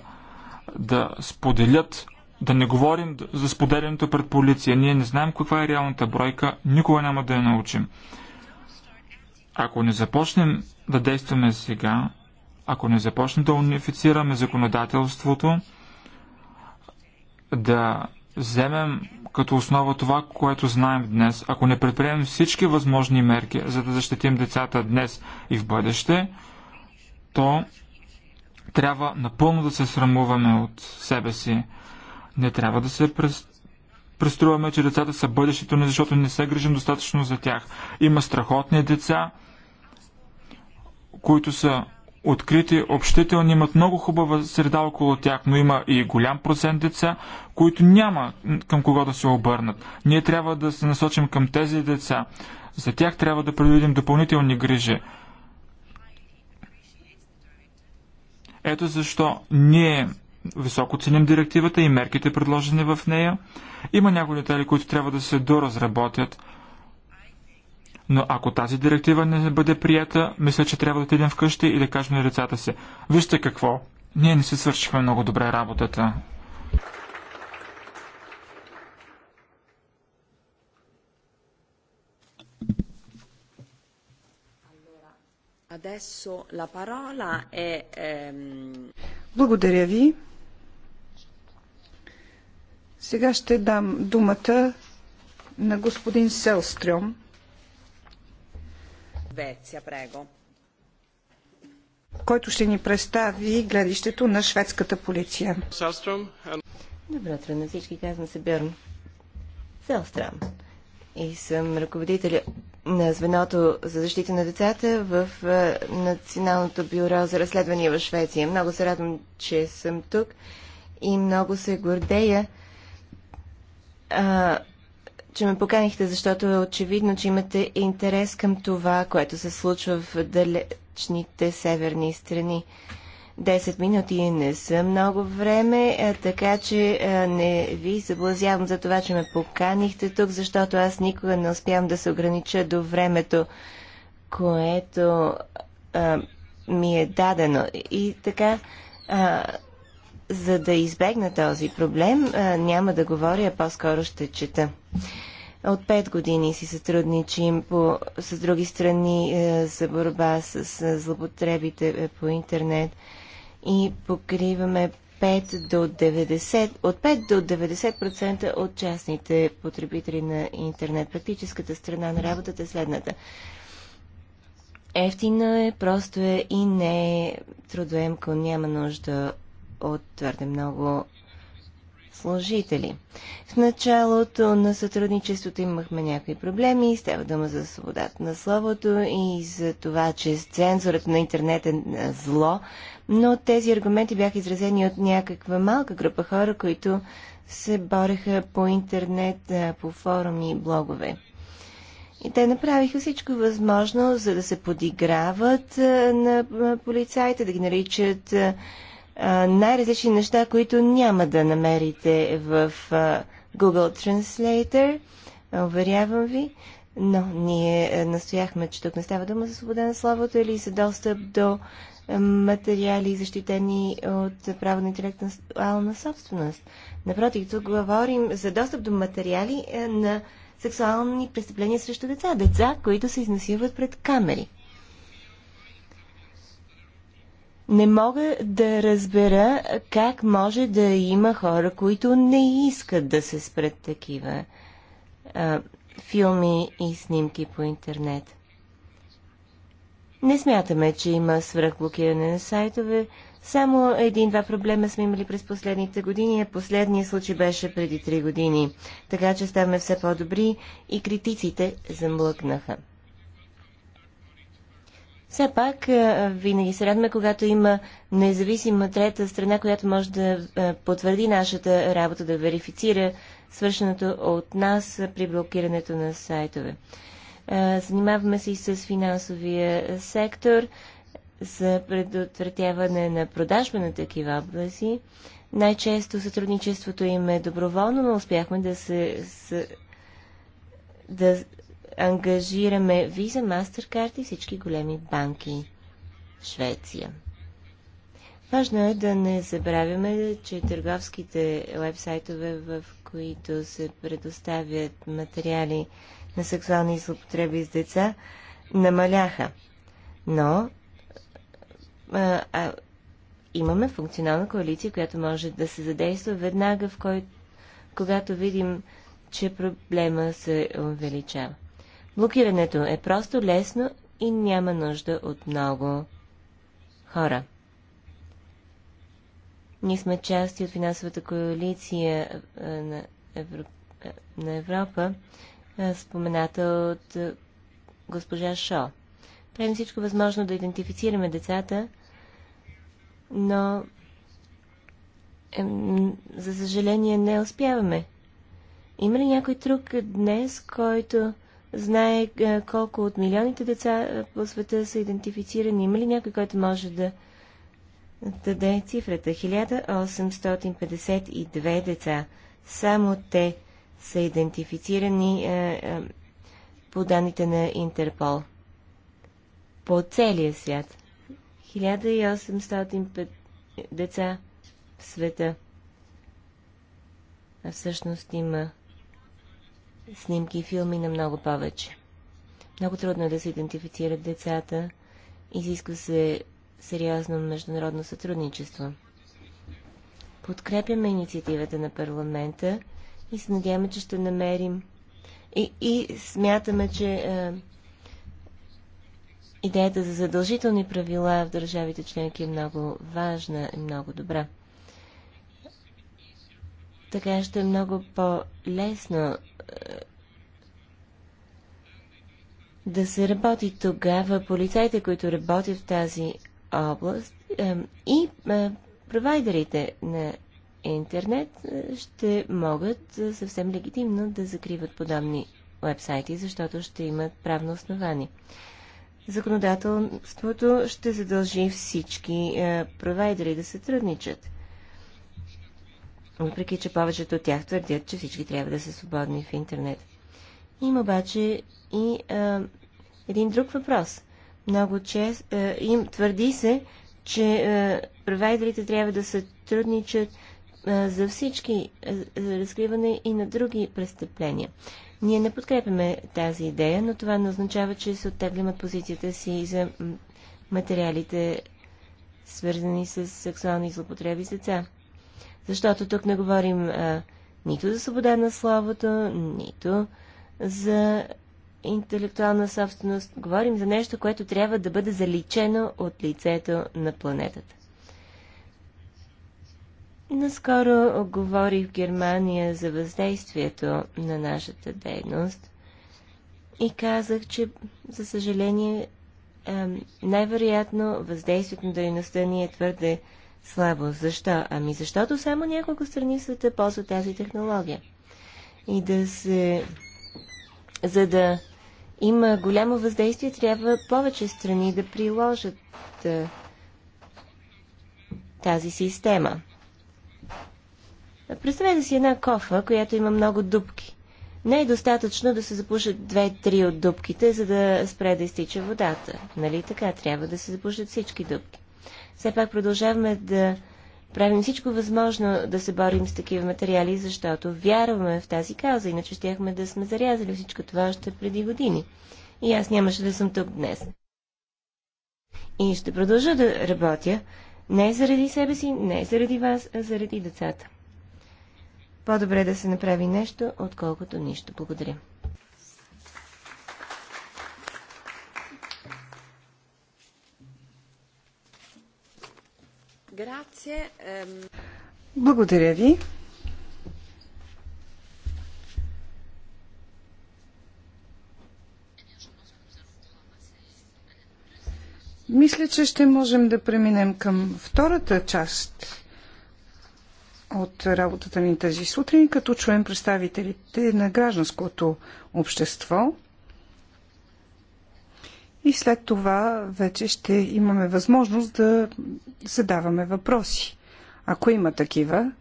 да споделят, да не говорим за споделянето пред полиция. Ние не знаем каква е реалната бройка, никога няма да я научим. Ако не започнем да действаме сега, ако не започнем да унифицираме законодателството, да вземем като основа това, което знаем днес. Ако не предприемем всички възможни мерки, за да защитим децата днес и в бъдеще, то трябва напълно да се срамуваме от себе си. Не трябва да се преструваме, че децата са бъдещето ни, защото не се грижим достатъчно за тях. Има страхотни деца, които са открити общителни имат много хубава среда около тях, но има и голям процент деца, които няма към кого да се обърнат. Ние трябва да се насочим към тези деца. За тях трябва да предвидим допълнителни грижи. Ето защо ние високо ценим директивата и мерките предложени в нея. Има някои детали, които трябва да се доразработят. Но ако тази директива не бъде прията, мисля, че трябва да отидем вкъщи и да кажем на децата си. Вижте какво, ние не се свършихме много добре работата. Ehm, Благодаря ви. Сега ще дам думата на господин Селстрем, Веция, прего. Който ще ни представи гледището на шведската полиция. Добро утро на всички, казвам се Бьорн Селстрам и съм ръководителя на звеното за защита на децата в Националното бюро за разследвания в Швеция. Много се радвам, че съм тук и много се гордея а, че ме поканихте, защото е очевидно, че имате интерес към това, което се случва в далечните северни страни. 10 минути не са много време, така че не ви съблазявам за това, че ме поканихте тук, защото аз никога не успявам да се огранича до времето, което а, ми е дадено. И така, а, за да избегна този проблем, няма да говоря, а по-скоро ще чета. От пет години си сътрудничим по, с други страни за борба с, злопотребите по интернет и покриваме 5 до 90, от 5 до 90% от частните потребители на интернет. Практическата страна на работата е следната. Ефтина е, просто е и не е трудоемко, няма нужда от твърде много служители. В началото на сътрудничеството имахме някои проблеми. Става дума за свободата на словото и за това, че цензурата на интернет е зло. Но тези аргументи бяха изразени от някаква малка група хора, които се бореха по интернет, по форуми и блогове. И те направиха всичко възможно, за да се подиграват на полицаите, да ги наричат най-различни неща, които няма да намерите в Google Translator, уверявам ви, но ние настояхме, че тук не става дума за свобода на словото или за достъп до материали, защитени от право на интелектуална собственост. Напротив, тук говорим за достъп до материали на сексуални престъпления срещу деца. Деца, които се изнасилват пред камери. Не мога да разбера как може да има хора, които не искат да се спрат такива а, филми и снимки по интернет. Не смятаме, че има свръхблокиране на сайтове. Само един-два проблема сме имали през последните години, а последният случай беше преди три години. Така че ставаме все по-добри и критиците замлъкнаха. Все пак, винаги се радваме, когато има независима трета страна, която може да потвърди нашата работа, да верифицира свършеното от нас при блокирането на сайтове. Занимаваме се и с финансовия сектор за предотвратяване на продажба на такива облази. Най-често сътрудничеството им е доброволно, но успяхме да се да ангажираме Visa, MasterCard и всички големи банки в Швеция. Важно е да не забравяме, че търговските вебсайтове, в които се предоставят материали на сексуални злоупотреби с деца, намаляха. Но а, а, имаме функционална коалиция, която може да се задейства веднага, в кой, когато видим, че проблема се увеличава. Блокирането е просто лесно и няма нужда от много хора. Ние сме части от финансовата коалиция на, Евро... на Европа, спомената от госпожа Шо. Правим всичко възможно да идентифицираме децата, но за съжаление не успяваме. Има ли някой друг днес, който знае колко от милионите деца по света са идентифицирани. Има ли някой, който може да даде цифрата? 1852 деца. Само те са идентифицирани по данните на Интерпол. По целия свят. 1805 деца в света. А всъщност има снимки и филми на много повече. Много трудно е да се идентифицират децата. Изисква се сериозно международно сътрудничество. Подкрепяме инициативата на парламента и се надяваме, че ще намерим. И, и смятаме, че е, идеята за задължителни правила в държавите членки е много важна и много добра така ще е много по-лесно е, да се работи тогава полицайите, които работят в тази област е, и е, провайдерите на интернет ще могат съвсем легитимно да закриват подобни вебсайти, защото ще имат правно основание. Законодателството ще задължи всички провайдери да сътрудничат въпреки че повечето от тях твърдят, че всички трябва да са свободни в интернет. Има обаче и а, един друг въпрос. Много чест, а, им твърди се, че а, провайдерите трябва да сътрудничат а, за всички, а, за разкриване и на други престъпления. Ние не подкрепяме тази идея, но това не означава, че се оттеглям от позицията си и за материалите, свързани с сексуални злопотреби с деца. Защото тук не говорим а, нито за свобода на словото, нито за интелектуална собственост. Говорим за нещо, което трябва да бъде заличено от лицето на планетата. Наскоро говорих в Германия за въздействието на нашата дейност и казах, че, за съжаление, най-вероятно въздействието на дейността ни е твърде слабо. Защо? Ами защото само няколко страни в света ползват тази технология. И да се... За да има голямо въздействие, трябва повече страни да приложат а, тази система. Представете си една кофа, която има много дупки. Не е достатъчно да се запушат две-три от дупките, за да спре да изтича водата. Нали така? Трябва да се запушат всички дупки все пак продължаваме да правим всичко възможно да се борим с такива материали, защото вярваме в тази кауза, иначе щяхме да сме зарязали всичко това още преди години. И аз нямаше да съм тук днес. И ще продължа да работя не заради себе си, не заради вас, а заради децата. По-добре да се направи нещо, отколкото нищо. Благодаря. Ehm. Благодаря ви. Мисля, че ще можем да преминем към втората част от работата ни тази сутрин, като чуем представителите на гражданското общество – и след това вече ще имаме възможност да задаваме въпроси. Ако има такива,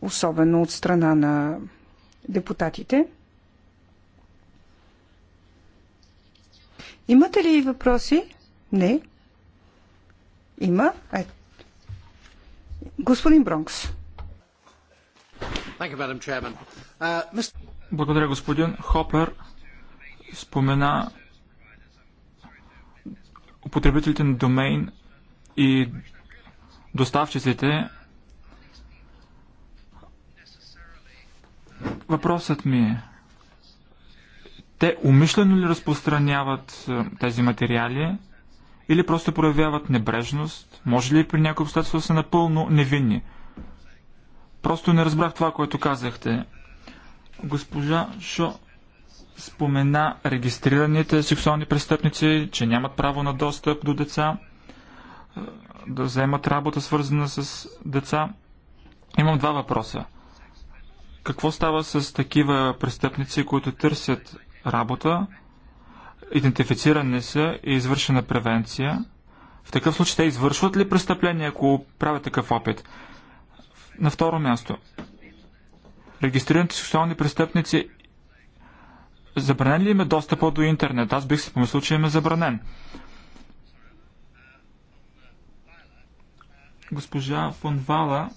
особено от страна на депутатите. Имате ли въпроси? Не. Има. Е. Господин Бронкс. Uh, Благодаря, господин Хопер. Спомена потребителите на домейн и доставчиците. Въпросът ми е, те умишлено ли разпространяват е, тези материали или просто проявяват небрежност? Може ли при някои обстоятелства са напълно невинни? Просто не разбрах това, което казахте. Госпожа Шо спомена регистрираните сексуални престъпници, че нямат право на достъп до деца, да вземат работа свързана с деца. Имам два въпроса. Какво става с такива престъпници, които търсят работа, идентифицирани са и извършена превенция? В такъв случай те извършват ли престъпление, ако правят такъв опит? На второ място, регистрираните сексуални престъпници Забранен ли им е достъпа до интернет? Аз бих си помислил, че им е забранен. Госпожа фон Вала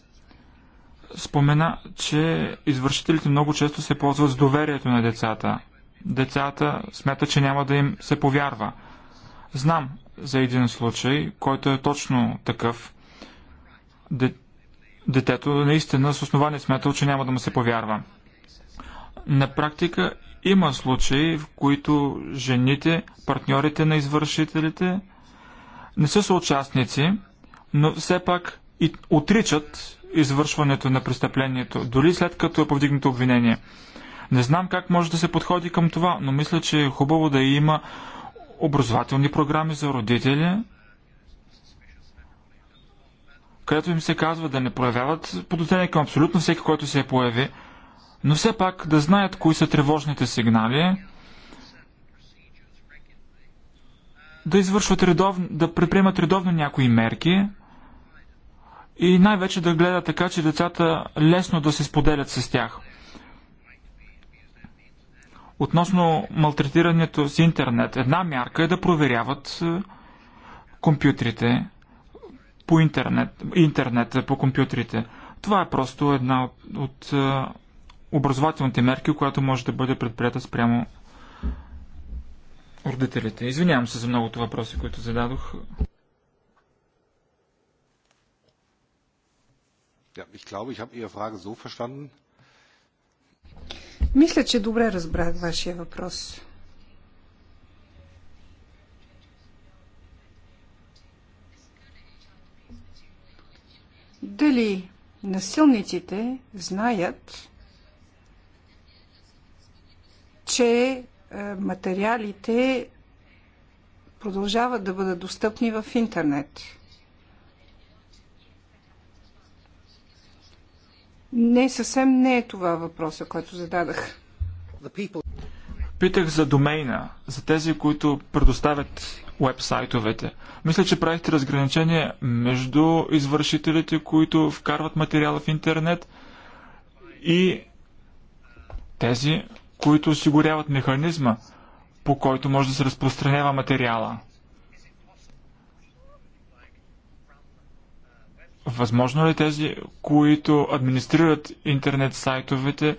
спомена, че извършителите много често се ползват с доверието на децата. Децата смятат, че няма да им се повярва. Знам за един случай, който е точно такъв. Детето наистина с основание смятал, че няма да му се повярва. На практика има случаи, в които жените, партньорите на извършителите, не са съучастници, но все пак и отричат извършването на престъплението, дори след като е повдигнато обвинение. Не знам как може да се подходи към това, но мисля, че е хубаво да има образователни програми за родители, където им се казва да не проявяват подозрение към абсолютно всеки, който се е появи, но все пак да знаят кои са тревожните сигнали, да извършват редовно, да предприемат редовно някои мерки и най-вече да гледат така, че децата лесно да се споделят с тях. Относно малтретирането с интернет, една мярка е да проверяват е, компютрите по интернет, интернет по компютрите. Това е просто една от, от е, образователните мерки, която може да бъде предприята спрямо родителите. Извинявам се за многото въпроси, които зададох. Ja, ich glaube, ich habe Ihre Frage so verstanden. Мисля, че добре разбрах вашия въпрос. Дали насилниците знаят, че е, материалите продължават да бъдат достъпни в интернет. Не, съвсем не е това въпроса, който зададах. Питах за домейна, за тези, които предоставят вебсайтовете. Мисля, че правихте разграничение между извършителите, които вкарват материала в интернет и тези, които осигуряват механизма, по който може да се разпространява материала. Възможно ли е тези, които администрират интернет сайтовете,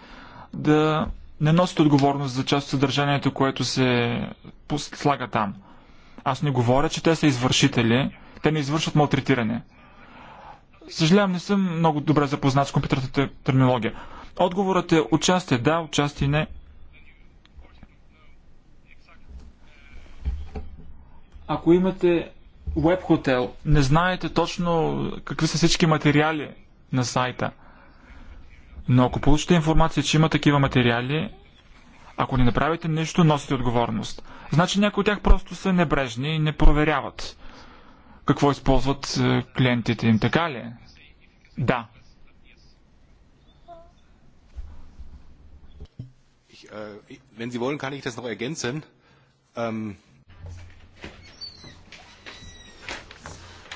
да не носят отговорност за част от съдържанието, което се слага там? Аз не говоря, че те са извършители, те не извършват малтретиране. Съжалявам, не съм много добре запознат с компютърната терминология. Отговорът е участие да, участие не – ако имате веб хотел, не знаете точно какви са всички материали на сайта. Но ако получите информация, че има такива материали, ако не направите нищо, носите отговорност. Значи някои от тях просто са небрежни и не проверяват какво използват е, клиентите им. Така ли? Да. Wenn Sie wollen, kann ich das noch ergänzen.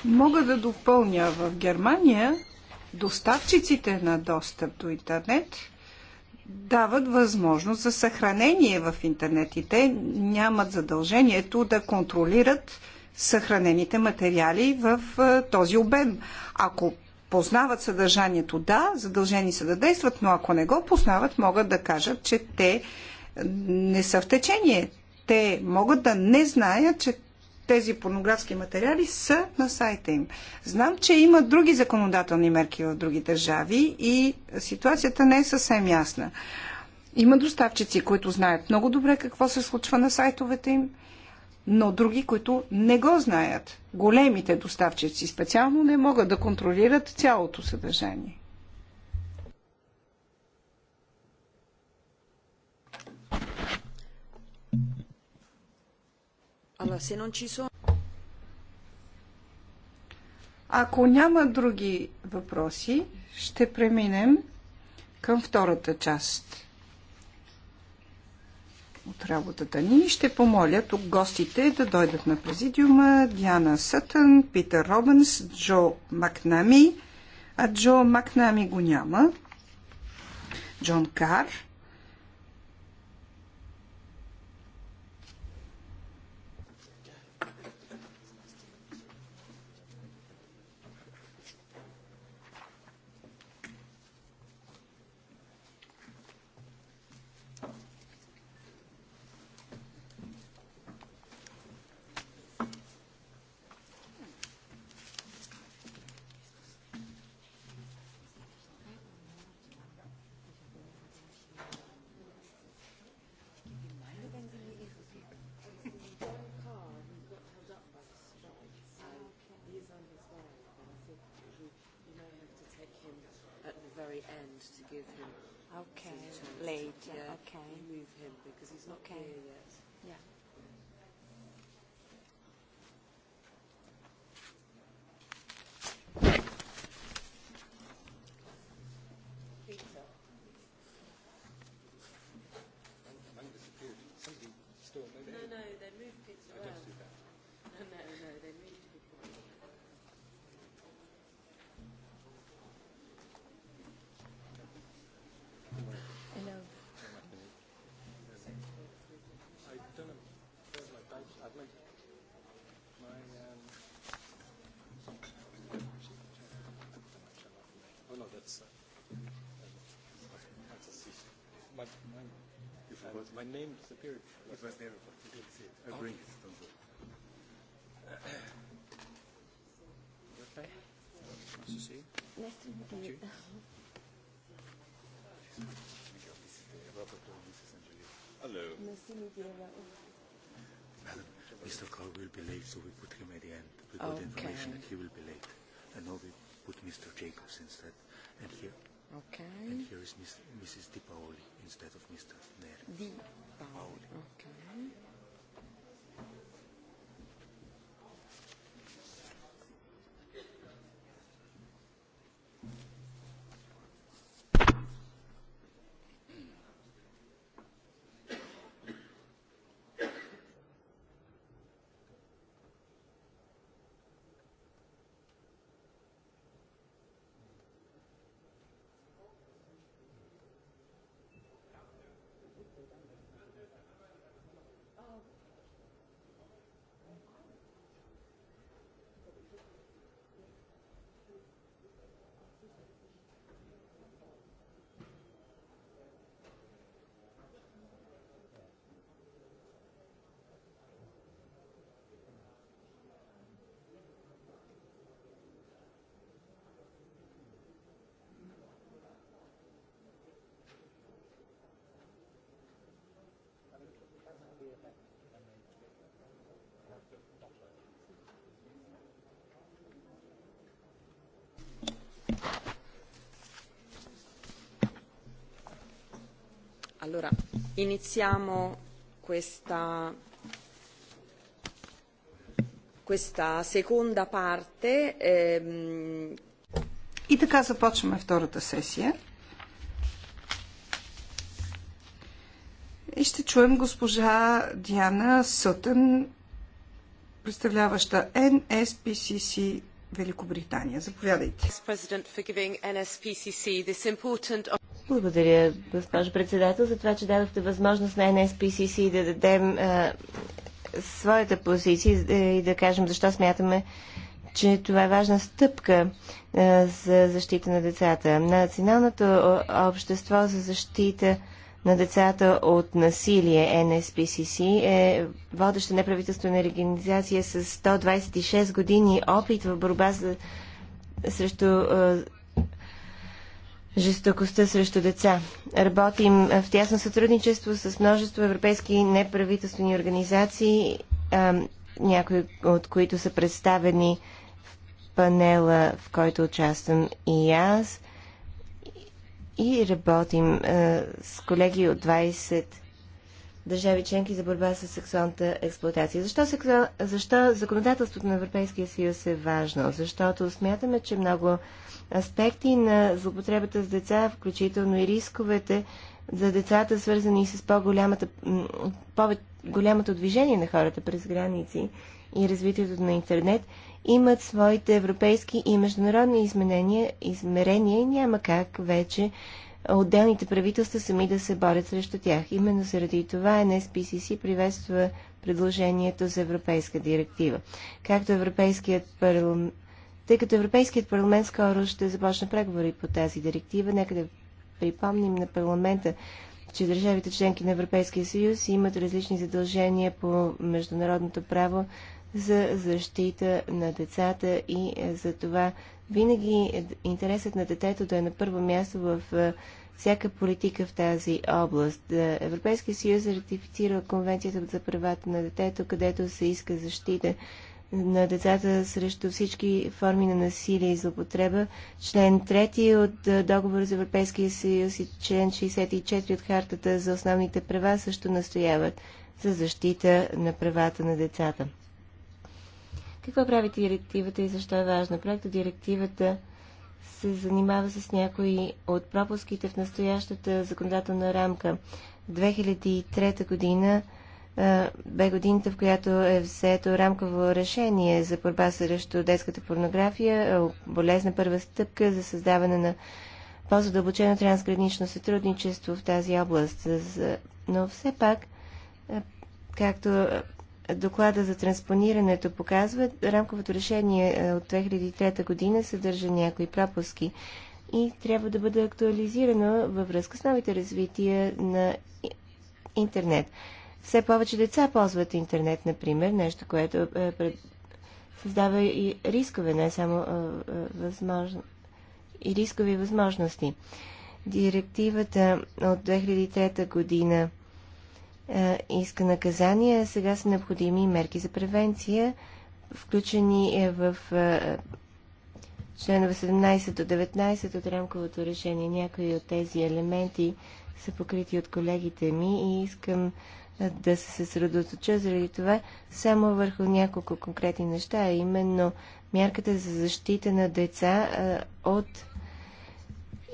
Мога да допълня, в Германия доставчиците на достъп до интернет дават възможност за съхранение в интернет и те нямат задължението да контролират съхранените материали в този обем. Ако познават съдържанието, да, задължени са да действат, но ако не го познават, могат да кажат, че те не са в течение. Те могат да не знаят, че тези порнографски материали са на сайта им. Знам, че има други законодателни мерки в други държави и ситуацията не е съвсем ясна. Има доставчици, които знаят много добре какво се случва на сайтовете им, но други, които не го знаят. Големите доставчици специално не могат да контролират цялото съдържание. Allora, se non ci sono... Ако няма други въпроси, ще преминем към втората част от работата ни. Ще помоля тук гостите да дойдат на президиума Диана Сътън, Питър Робенс, Джо Макнами, а Джо Макнами го няма. Джон Кар – want to give him okay. Yeah. Okay. move him because he's not okay. here yet. Yeah. My, my, you forgot. my name disappeared. It was there, you didn't see it. I'll bring it. Don't worry. Okay. Nice to see you. Nice to meet you. Hello. Nice to meet you. Mr. Carr will be late, so we put him at the end. We got okay. information that he will be late. I know we put Mr. Jacobs instead. And here. Okay. And here is Ms Mrs. Di Paoli instead of Mr. Neri. Di Paoli. Okay. Allora, iniziamo questa, questa seconda parte. Ehm... И така започваме втората сесия. И ще чуем госпожа Диана Сътън, представляваща NSPCC Великобритания. Заповядайте. Благодаря, госпожо председател, за това, че дадохте възможност на NSPCC да дадем а, своята позиция и да кажем защо смятаме, че това е важна стъпка а, за защита на децата. Националното общество за защита на децата от насилие NSPCC е водеща неправителствена организация с 126 години опит в борба за, срещу а, жестокостта срещу деца. Работим в тясно сътрудничество с множество европейски неправителствени организации, някои от които са представени в панела, в който участвам и аз. И работим с колеги от 20 държави членки за борба с сексуалната експлуатация. Защо, сексу... Защо законодателството на Европейския съюз е важно? Защото смятаме, че много аспекти на злопотребата с деца, включително и рисковете за децата, свързани с по-голямата, по-голямото движение на хората през граници и развитието на интернет, имат своите европейски и международни изменения, измерения и няма как вече отделните правителства сами да се борят срещу тях. Именно заради това NSPCC приветства предложението за европейска директива. Както Европейският парламент тъй като Европейският парламент скоро ще започне преговори по тази директива, нека да припомним на парламента, че държавите членки на Европейския съюз имат различни задължения по международното право за защита на децата и е, за това винаги интересът на детето да е на първо място в е, всяка политика в тази област. Е, Европейския съюз е ратифицирал Конвенцията за правата на детето, където се иска защита на децата срещу всички форми на насилие и злопотреба, член 3 от Договора за Европейския съюз и член 64 от Хартата за основните права също настояват за защита на правата на децата. Какво прави директивата и защо е важна? Проекто директивата се занимава с някои от пропуските в настоящата законодателна рамка. В 2003 година е, бе годината, в която е взето рамково решение за борба срещу детската порнография, е, болезна първа стъпка за създаване на по-задълбочено трансгранично сътрудничество в тази област. Е, но все пак, както доклада за транспонирането показва, рамковото решение от 2003 година съдържа някои пропуски и трябва да бъде актуализирано във връзка с новите развития на интернет. Все повече деца ползват интернет, например, нещо, което е, пред... създава и рискове, не само е, е, възможно... и рискови възможности. Директивата от 2003 година е, иска наказания, сега са необходими мерки за превенция, включени е в е, членове 17 до 19 от рамковото решение. Някои от тези елементи са покрити от колегите ми и искам да се съсредоточа заради това само върху няколко конкретни неща, а именно мярката за защита на деца от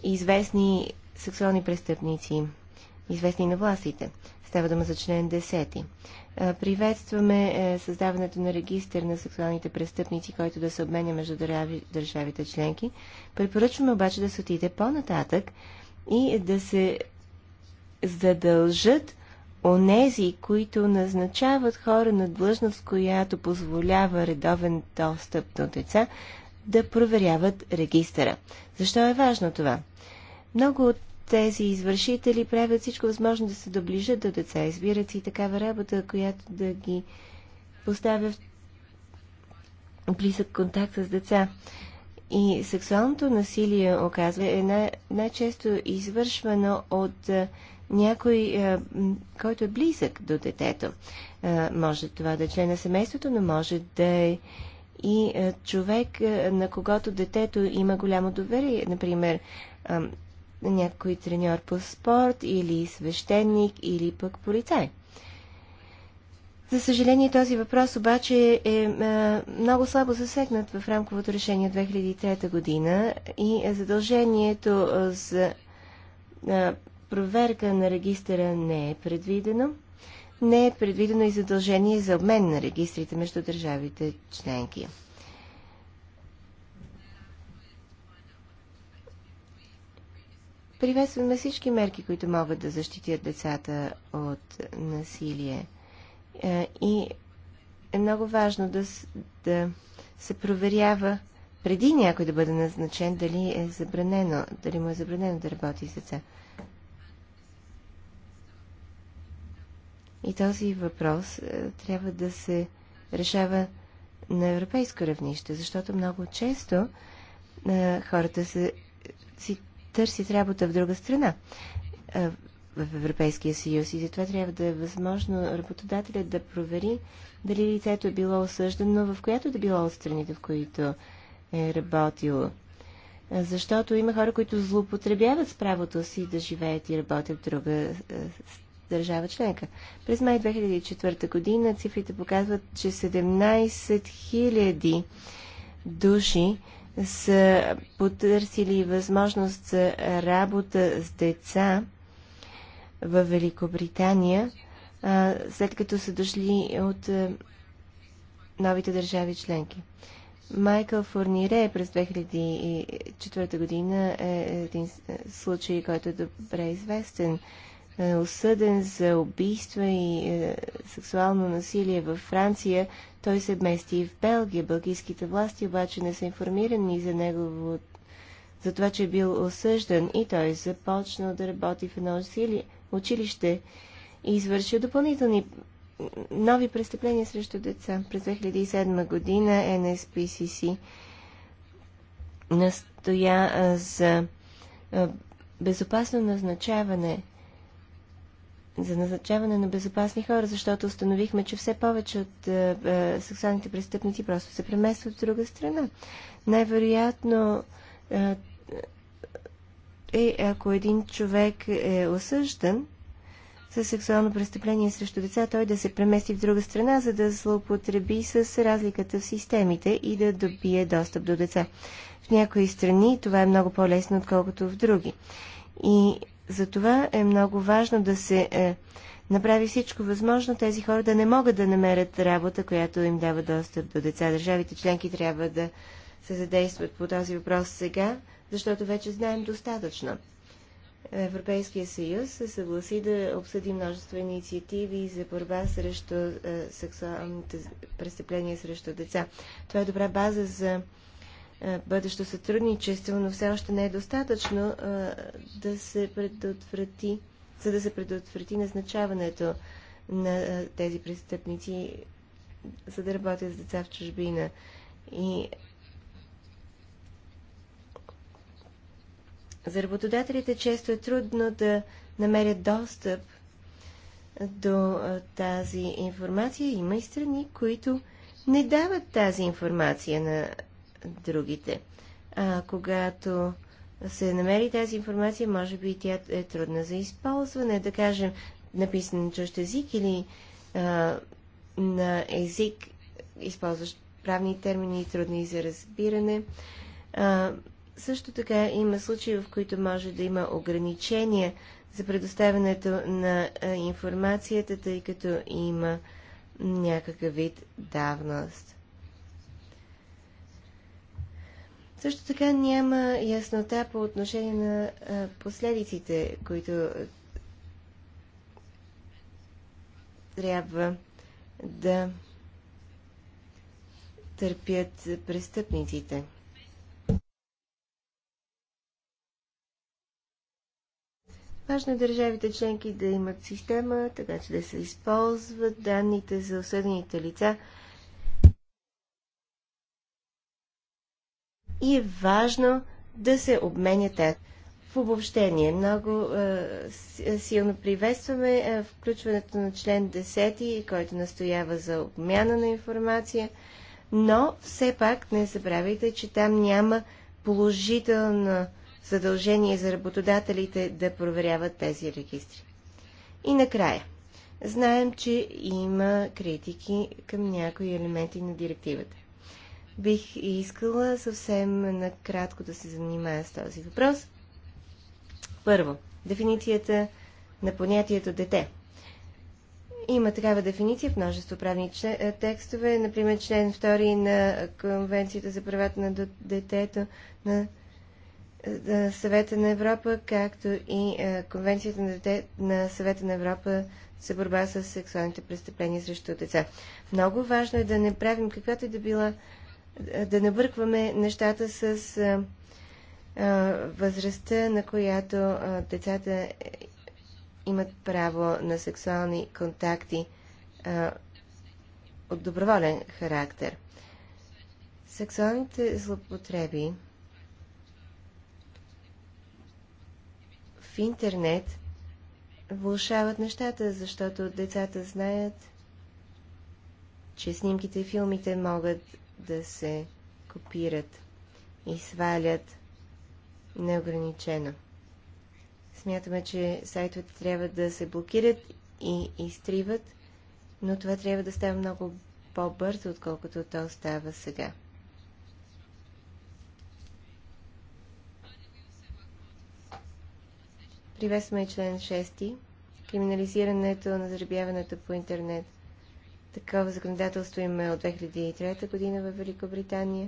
известни сексуални престъпници, известни на властите. Става дума за член 10. Приветстваме е, създаването на регистър на сексуалните престъпници, който да се обменя между държавите членки. Препоръчваме обаче да се отиде по-нататък и да се задължат онези, които назначават хора на длъжност, която позволява редовен достъп до деца, да проверяват регистъра. Защо е важно това? Много от тези извършители правят всичко възможно да се доближат до деца, избират си такава работа, която да ги поставя в близък контакт с деца. И сексуалното насилие, оказва, е най- най-често извършвано от е, някой, е, който е близък до детето. Е, може това да е член на семейството, но може да е и е, човек, на когото детето има голямо доверие. Например, някой треньор по спорт или свещеник или пък полицай. За съжаление този въпрос обаче е много слабо засегнат в рамковото решение 2003 година и задължението за проверка на регистъра не е предвидено. Не е предвидено и задължение за обмен на регистрите между държавите членки. Приветстваме всички мерки, които могат да защитят децата от насилие. Е, и е много важно да, да се проверява преди някой да бъде назначен дали е забранено, дали му е забранено да работи с деца. И този въпрос е, трябва да се решава на европейско равнище, защото много често е, хората се, си търсят работа в друга страна е, в Европейския съюз и затова трябва да е възможно работодателят да провери дали лицето е било осъждано в която да било от страните, в които е работило. Защото има хора, които злоупотребяват с правото си да живеят и работят в друга страна държава членка. През май 2004 година цифрите показват, че 17 000 души са потърсили възможност за работа с деца в Великобритания, след като са дошли от новите държави членки. Майкъл Фурнире през 2004 година е един случай, който е добре известен е осъден за убийства и е, сексуално насилие във Франция, той се мести и в Белгия. Бългийските власти обаче не са информирани за негово за това, че е бил осъждан и той започнал да работи в едно училище и извършил допълнителни нови престъпления срещу деца. През 2007 година NSPCC настоя за безопасно назначаване за назначаване на безопасни хора, защото установихме, че все повече от е, е, сексуалните престъпници просто се преместват в друга страна. Най-вероятно е, е, ако един човек е осъждан за сексуално престъпление срещу деца, той да се премести в друга страна, за да злоупотреби с разликата в системите и да добие достъп до деца. В някои страни това е много по-лесно, отколкото в други. И затова е много важно да се е, направи всичко възможно тези хора да не могат да намерят работа, която им дава достъп до деца. Държавите членки трябва да се задействат по този въпрос сега, защото вече знаем достатъчно. Европейския съюз се съгласи да обсъди множество инициативи за борба срещу е, сексуалните престъпления срещу деца. Това е добра база за е, бъдещо сътрудничество, но все още не е достатъчно е, да се предотврати, за да се предотврати назначаването на е, тези престъпници, за да работят с деца в чужбина. И за работодателите често е трудно да намерят достъп до тази информация. Има и страни, които не дават тази информация на другите. А когато се намери тази информация, може би тя е трудна за използване, да кажем, написан на чужд език или а, на език, използващ правни термини, трудни за разбиране. А, също така има случаи, в които може да има ограничения за предоставянето на информацията, тъй като има някакъв вид давност. Също така няма яснота по отношение на последиците, които трябва да търпят престъпниците. Важно е държавите членки да имат система, така че да се използват данните за осъдените лица – и е важно да се обменят в обобщение. Много е, е, силно приветстваме е, включването на член 10, който настоява за обмяна на информация, но все пак не забравяйте, че там няма положително задължение за работодателите да проверяват тези регистри. И накрая. Знаем, че има критики към някои елементи на директивата. Бих искала съвсем накратко да се занимая с този въпрос. Първо, дефиницията на понятието дете. Има такава дефиниция в множество правни е, текстове, например член 2 на Конвенцията за правата на детето на е, Съвета на Европа, както и е, Конвенцията на, дете, на Съвета на Европа за борба с сексуалните престъпления срещу деца. Много важно е да не правим каквато и да била да набъркваме нещата с а, а, възрастта, на която а, децата е, имат право на сексуални контакти а, от доброволен характер. Сексуалните злопотреби в интернет влушават нещата, защото децата знаят, че снимките и филмите могат да се копират и свалят неограничено. Смятаме, че сайтовете трябва да се блокират и изтриват, но това трябва да става много по-бързо, отколкото то става сега. Приветстваме и член 6. Криминализирането на заребяването по интернет. Такова законодателство има от 2003 година в Великобритания.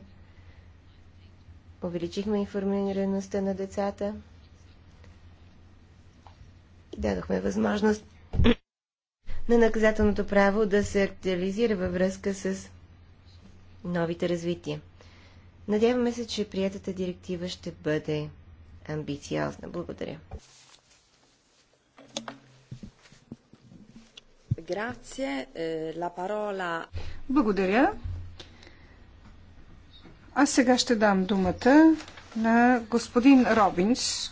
Увеличихме информираността на децата и дадохме възможност на наказателното право да се актуализира във връзка с новите развития. Надяваме се, че приятата директива ще бъде амбициозна. Благодаря. Eh, Благодаря. А сега ще дам думата на господин Робинс,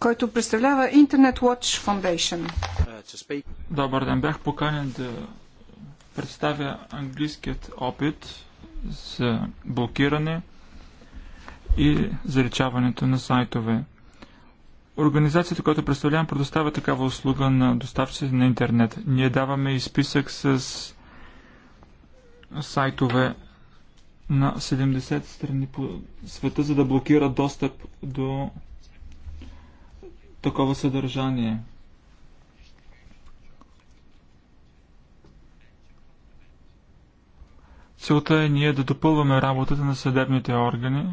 който представлява Internet Watch Foundation. Добър ден, бях поканен да представя английският опит за блокиране и заличаването на сайтове. Организацията, която представлявам, предоставя такава услуга на доставчиците на интернет. Ние даваме и списък с сайтове на 70 страни по света, за да блокира достъп до такова съдържание. Целта е ние да допълваме работата на съдебните органи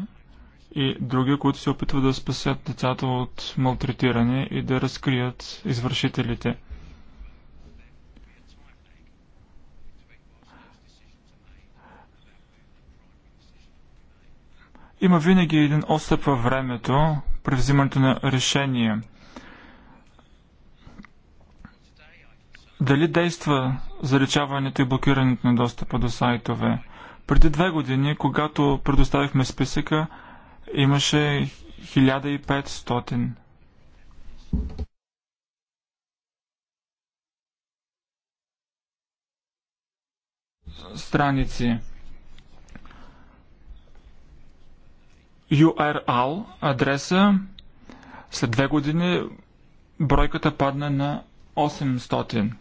и други, които се опитват да спасят децата от малтретиране и да разкрият извършителите. Има винаги един отстъп във времето при взимането на решение. Дали действа заличаването и блокирането на достъпа до сайтове? Преди две години, когато предоставихме списъка, имаше 1500. страници. URL адреса след две години бройката падна на 800.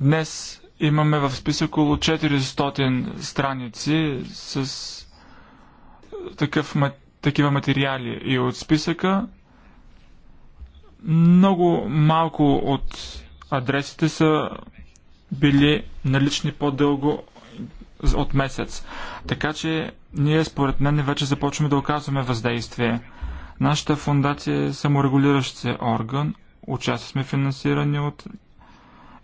Днес имаме в списък около 400 страници с такъв, такива материали и от списъка. Много малко от адресите са били налични по-дълго от месец. Така че ние според мен вече започваме да оказваме въздействие. Нашата фундация е саморегулиращ се орган. Участие сме финансирани от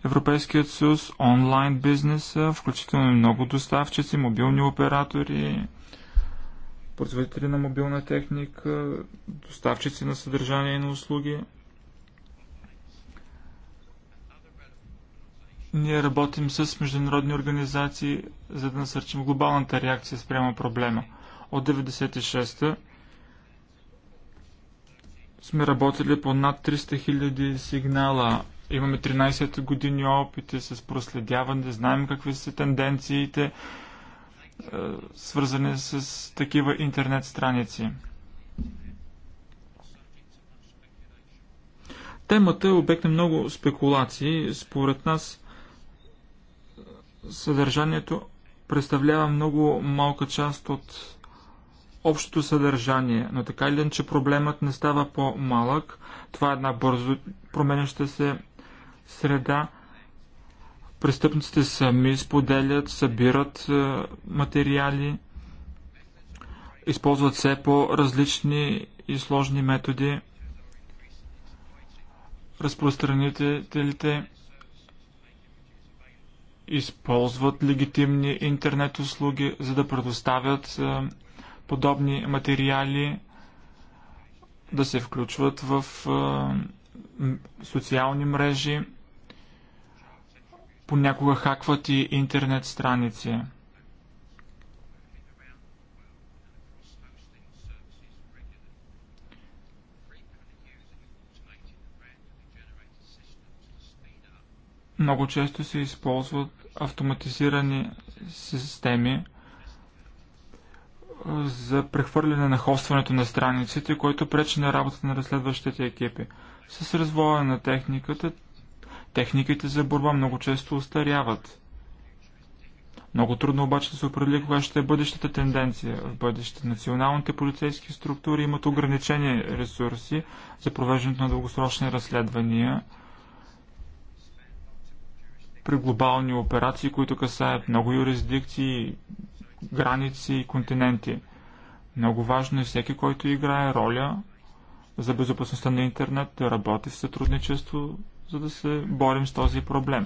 Европейският съюз, онлайн бизнеса, включително и много доставчици, мобилни оператори, производители на мобилна техника, доставчици на съдържание и на услуги. Ние работим с международни организации, за да насърчим глобалната реакция спрямо проблема. От 96-та сме работили по над 300 000 сигнала. Имаме 13 години опити с проследяване, знаем какви са тенденциите, е, свързани с такива интернет страници. Темата е обект на много спекулации. Според нас съдържанието представлява много малка част от общото съдържание, но така или иначе проблемът не става по-малък. Това е една бързо променяща се среда. Престъпниците сами споделят, събират е, материали, използват все по-различни и сложни методи. Разпространителите използват легитимни интернет услуги, за да предоставят е, подобни материали, да се включват в е, социални мрежи понякога хакват и интернет страници. Много често се използват автоматизирани системи за прехвърляне на хостването на страниците, което пречи на работата на разследващите екипи. С развоя на техниката Техниките за борба много често устаряват. Много трудно обаче да се определи кога ще е бъдещата тенденция. В бъдеще националните полицейски структури имат ограничени ресурси за провеждането на дългосрочни разследвания при глобални операции, които касаят много юрисдикции, граници и континенти. Много важно е всеки, който играе роля за безопасността на интернет, да работи в сътрудничество за да се борим с този проблем.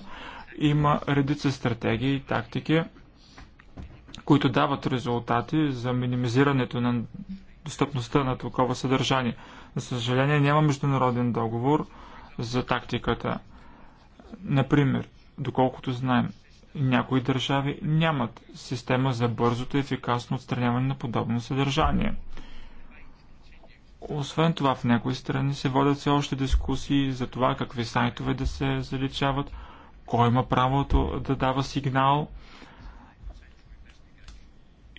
Има редица стратегии и тактики, които дават резултати за минимизирането на достъпността на такова съдържание. За съжаление, няма международен договор за тактиката. Например, доколкото знаем, някои държави нямат система за бързото и ефикасно отстраняване на подобно съдържание. Освен това, в някои страни се водят все още дискусии за това какви сайтове да се заличават, кой има правото да дава сигнал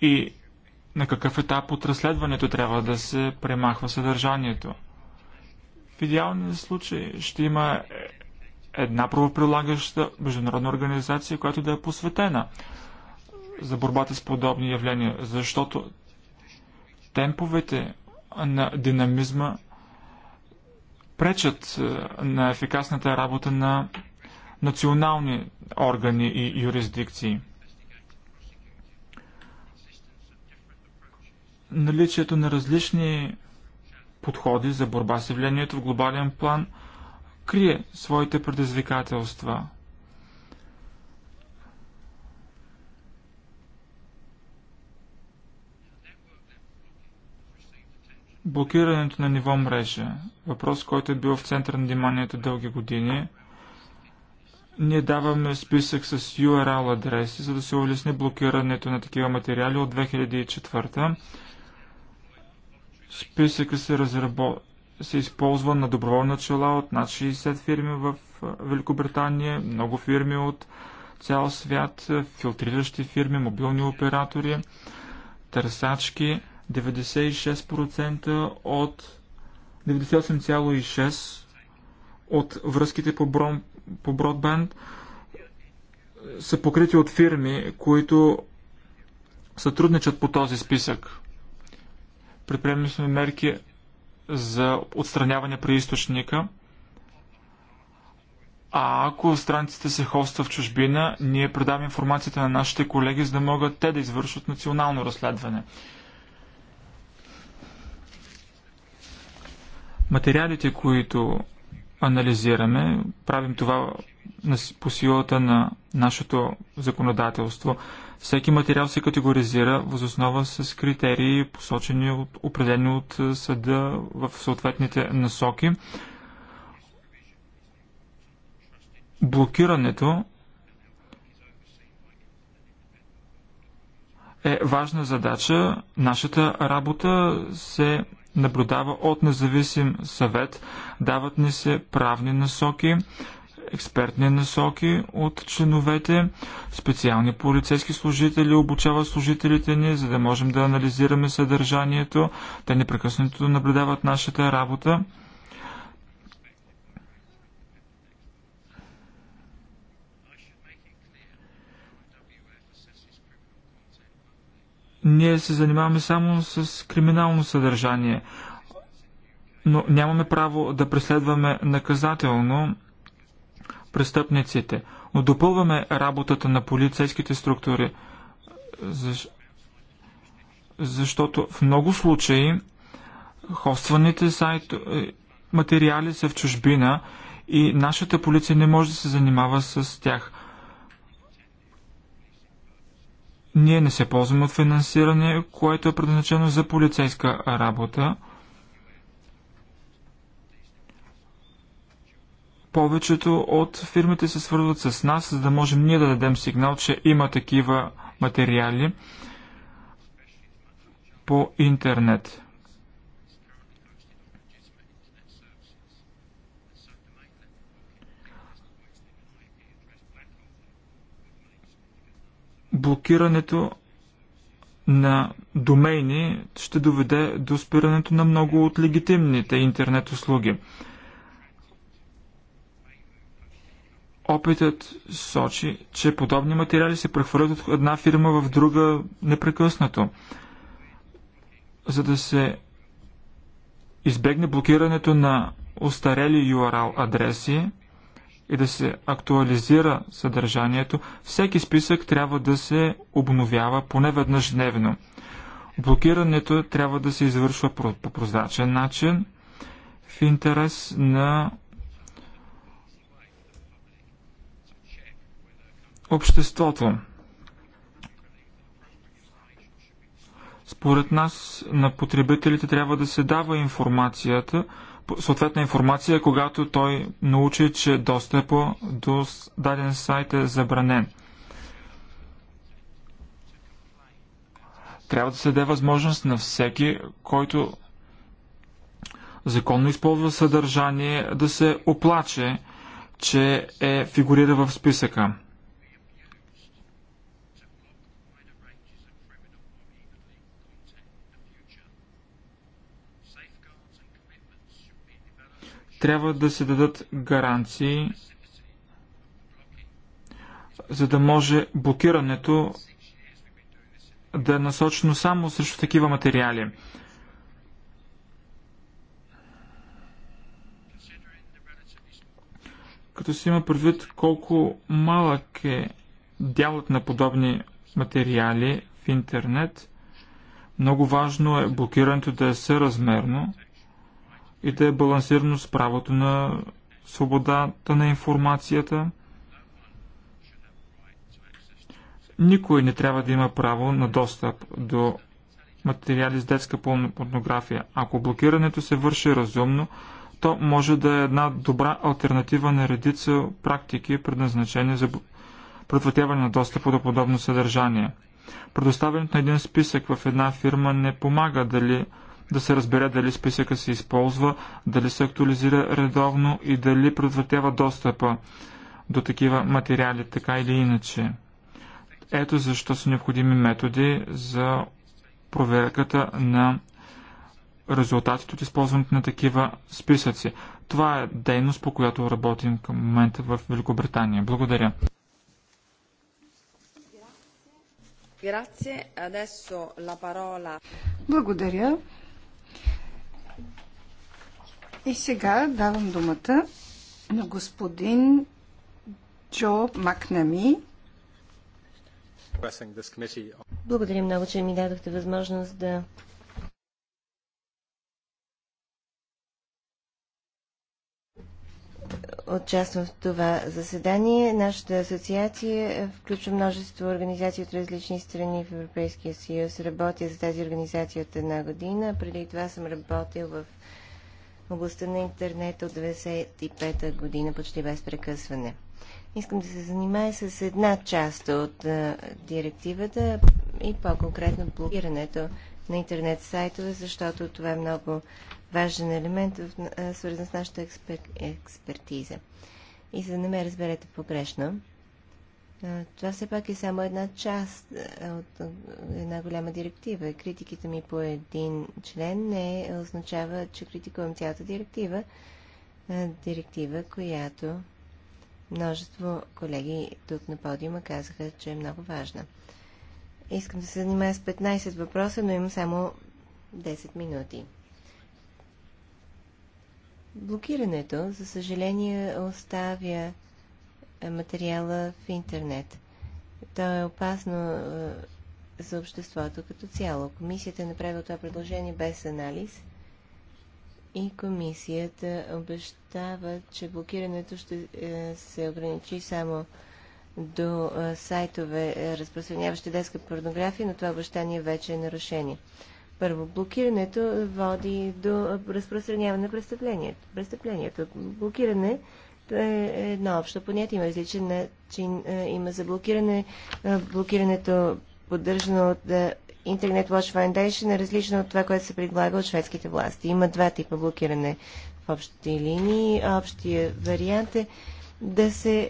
и на какъв етап от разследването трябва да се премахва съдържанието. В идеалния случай ще има една правоприлагаща международна организация, която да е посветена за борбата с подобни явления, защото темповете, на динамизма пречат е, на ефикасната работа на национални органи и юрисдикции. Наличието на различни подходи за борба с явлението в глобален план крие своите предизвикателства. Блокирането на ниво мрежа. Въпрос, който е бил в център на вниманието дълги години. Ние даваме списък с URL адреси, за да се улесни блокирането на такива материали от 2004. Списъка се, разрабо... се използва на доброволна чела от над 60 фирми в Великобритания, много фирми от цял свят, филтриращи фирми, мобилни оператори, търсачки – 96% от 98,6% от връзките по, брон, по бродбенд са покрити от фирми, които сътрудничат по този списък. Предприемли сме мерки за отстраняване при източника. А ако страниците се хоста в чужбина, ние предаваме информацията на нашите колеги, за да могат те да извършат национално разследване. Материалите, които анализираме, правим това по силата на нашето законодателство. Всеки материал се категоризира въз основа с критерии, посочени от, определени от е, съда в съответните насоки. Блокирането е важна задача. Нашата работа се наблюдава от независим съвет. Дават ни се правни насоки, експертни насоки от членовете, специални полицейски служители обучават служителите ни, за да можем да анализираме съдържанието. Те непрекъснато наблюдават нашата работа. ние се занимаваме само с криминално съдържание, но нямаме право да преследваме наказателно престъпниците, но допълваме работата на полицейските структури, защото в много случаи хостваните сайт, е, материали са в чужбина и нашата полиция не може да се занимава с тях – Ние не се ползваме от финансиране, което е предназначено за полицейска работа. Повечето от фирмите се свързват с нас, за да можем ние да дадем сигнал, че има такива материали по интернет. блокирането на домейни ще доведе до спирането на много от легитимните интернет услуги. Опитът сочи, че подобни материали се прехвърлят от една фирма в друга непрекъснато. За да се избегне блокирането на устарели URL адреси, и да се актуализира съдържанието, всеки списък трябва да се обновява поне веднъж дневно. Блокирането трябва да се извършва по прозрачен начин в интерес на обществото. Според нас на потребителите трябва да се дава информацията, съответна информация, когато той научи, че достъпа до даден сайт е забранен. Трябва да се даде възможност на всеки, който законно използва съдържание, да се оплаче, че е фигурира в списъка. трябва да се дадат гаранции, за да може блокирането да е насочено само срещу такива материали. Като се има предвид колко малък е дялът на подобни материали в интернет, много важно е блокирането да е съразмерно и да е балансирано с правото на свободата на информацията. Никой не трябва да има право на достъп до материали с детска порнография. Ако блокирането се върши разумно, то може да е една добра альтернатива на редица практики, предназначени за предотвратяване на достъпа до подобно съдържание. Предоставянето на един списък в една фирма не помага дали да се разбере дали списъка се използва, дали се актуализира редовно и дали предотвратява достъпа до такива материали, така или иначе. Ето защо са необходими методи за проверката на резултатите от използването на такива списъци. Това е дейност, по която работим към момента в Великобритания. Благодаря. Благодаря. И сега давам думата на господин Джо Макнами. Благодаря много, че ми дадохте възможност да участвам в това заседание. Нашата асоциация включва множество организации от различни страни в Европейския съюз. Работя за тази организация от една година. Преди това съм работил в областта на интернет от 95 та година почти без прекъсване. Искам да се занимая с една част от а, директивата и по-конкретно блокирането на интернет сайтове, защото това е много важен елемент, свързан с нашата експер... експертиза. И за да не ме разберете погрешно, това все пак е само една част от една голяма директива. Критиките ми по един член не означава, че критикувам цялата директива. Директива, която множество колеги тук на подиума казаха, че е много важна. Искам да се занимая с 15 въпроса, но имам само 10 минути. Блокирането, за съжаление, оставя е, материала в интернет. То е опасно е, за обществото като цяло. Комисията е направила това предложение без анализ и комисията обещава, че блокирането ще е, се ограничи само до сайтове, разпространяващи детска порнография, но това обещание вече е нарушение. Първо, блокирането води до разпространяване на престъплението. Престъплението. Блокиране е едно общо понятие, има различен начин, е, има за блокиране. Е, блокирането, поддържано от е, Internet Watch Foundation, е различно от това, което се предлага от шведските власти. Има два типа блокиране в общите линии. Общия вариант е да се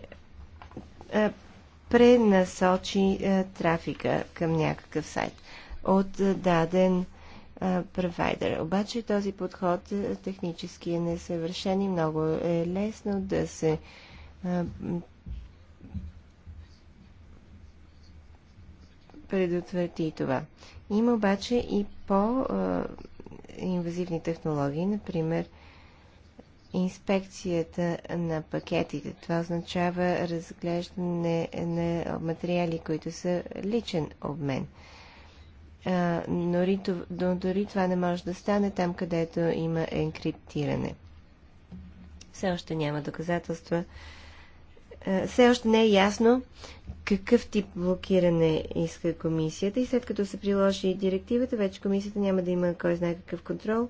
пренасочи трафика към някакъв сайт от даден провайдера. Обаче този подход технически е несъвършен и много е лесно да се предотврати това. Има обаче и по-инвазивни технологии, например инспекцията на пакетите. Това означава разглеждане на материали, които са личен обмен но дори това не може да стане там, където има енкриптиране. Все още няма доказателства. Все още не е ясно какъв тип блокиране иска комисията и след като се приложи директивата, вече комисията няма да има кой знае какъв контрол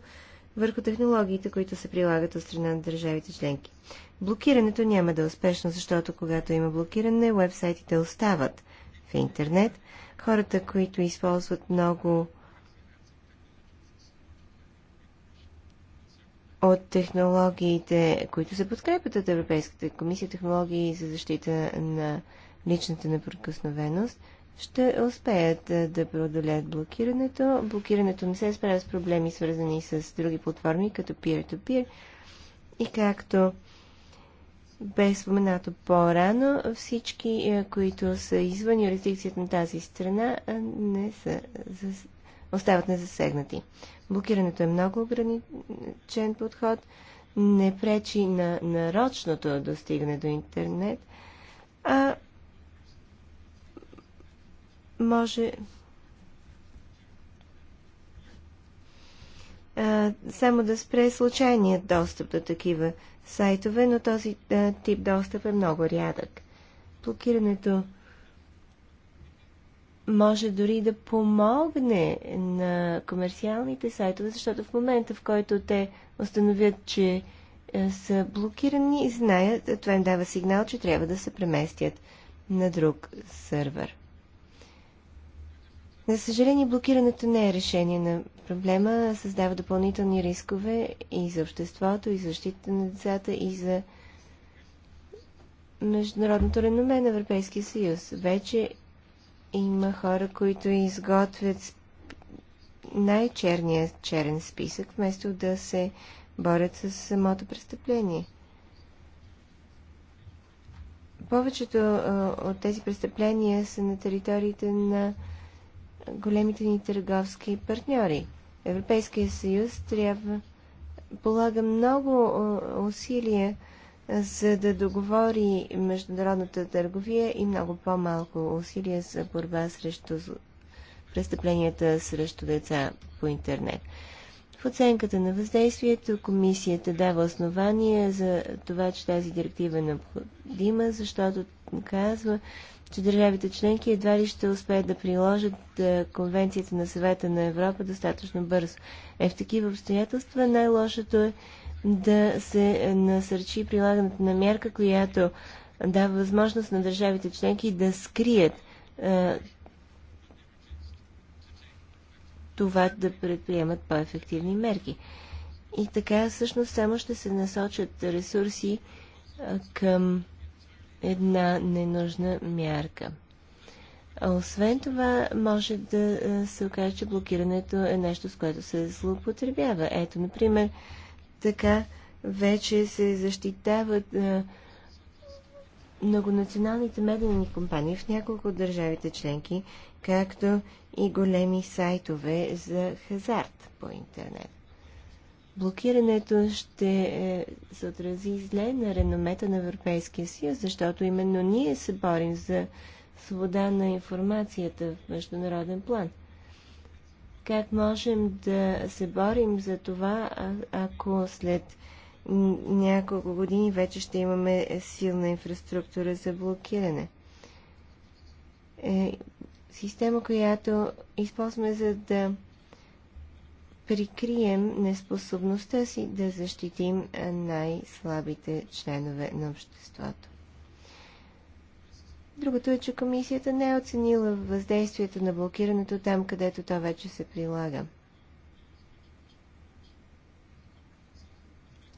върху технологиите, които се прилагат от страна на държавите членки. Блокирането няма да е успешно, защото когато има блокиране, вебсайтите остават в интернет, хората, които използват много от технологиите, които се подкрепят от Европейската комисия, технологии за защита на личната неприкосновеност, ще успеят да преодолят блокирането. Блокирането не се справя с проблеми, свързани с други платформи, като peer-to-peer. -peer. И както бе споменато по-рано, всички, е, които са извън юрисдикцията на тази страна, е, не са, остават незасегнати. Блокирането е много ограничен подход, не пречи на нарочното достигане до интернет, а може а, само да спре случайният достъп до такива сайтове, но този а, тип достъп е много рядък. Блокирането може дори да помогне на комерциалните сайтове, защото в момента, в който те установят, че са блокирани, знаят, това им дава сигнал, че трябва да се преместят на друг сървър. За съжаление, блокирането не е решение на проблема, създава допълнителни рискове и за обществото, и за защита на децата, и за международното реноме на Европейския съюз. Вече има хора, които изготвят най-черния черен списък, вместо да се борят с самото престъпление. Повечето от тези престъпления са на териториите на големите ни търговски партньори. Европейския съюз трябва полага много усилия за да договори международната търговия и много по-малко усилия за борба срещу престъпленията срещу деца по интернет. В оценката на въздействието комисията дава основания за това, че тази директива е необходима, защото казва, че държавите членки едва ли ще успеят да приложат е, Конвенцията на съвета на Европа достатъчно бързо. Е в такива обстоятелства най-лошото е да се е, насърчи прилагането на мярка, която дава възможност на държавите членки да скрият е, това да предприемат по-ефективни мерки. И така всъщност само ще се насочат ресурси към една ненужна мярка. Освен това, може да е, се окаже, че блокирането е нещо, с което се злоупотребява. Ето, например, така вече се защитават е, многонационалните медийни компании в няколко от държавите членки, както и големи сайтове за хазарт по интернет. Блокирането ще е, се отрази зле на реномета на Европейския съюз, защото именно ние се борим за свобода на информацията в международен план. Как можем да се борим за това, ако след няколко години вече ще имаме силна инфраструктура за блокиране? Е, система, която използваме за да прикрием неспособността си да защитим най-слабите членове на обществото. Другото е, че комисията не е оценила въздействието на блокирането там, където то вече се прилага.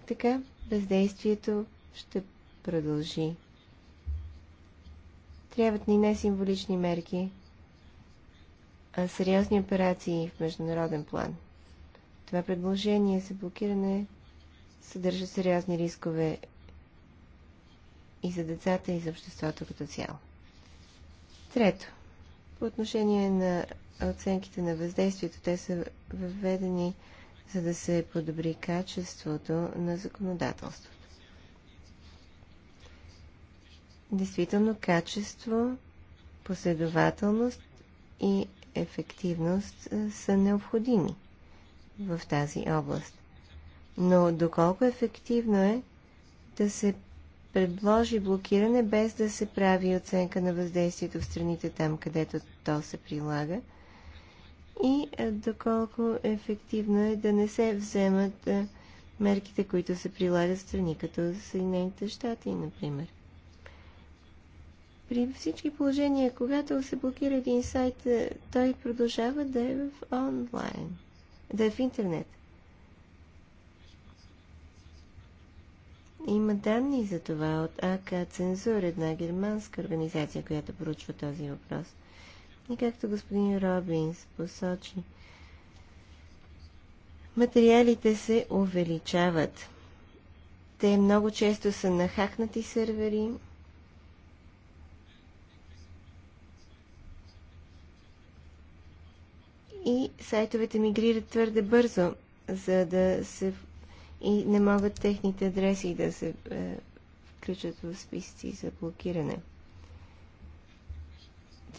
Така, бездействието ще продължи. Трябват ни не символични мерки, а сериозни операции в международен план. Това предложение за блокиране съдържа сериозни рискове и за децата, и за обществото като цяло. Трето, по отношение на оценките на въздействието, те са въведени за да се подобри качеството на законодателството. Действително качество, последователност и ефективност са необходими в тази област. Но доколко ефективно е да се предложи блокиране без да се прави оценка на въздействието в страните там, където то се прилага и доколко ефективно е да не се вземат мерките, които се прилагат в страни като Съединените щати, например. При всички положения, когато се блокира един сайт, той продължава да е в онлайн да е в интернет. Има данни за това от АК Цензур, една германска организация, която проучва този въпрос. И както господин Робинс посочи, материалите се увеличават. Те много често са на хакнати сървъри, и сайтовете мигрират твърде бързо, за да се и не могат техните адреси да се е, включат в списъци за блокиране.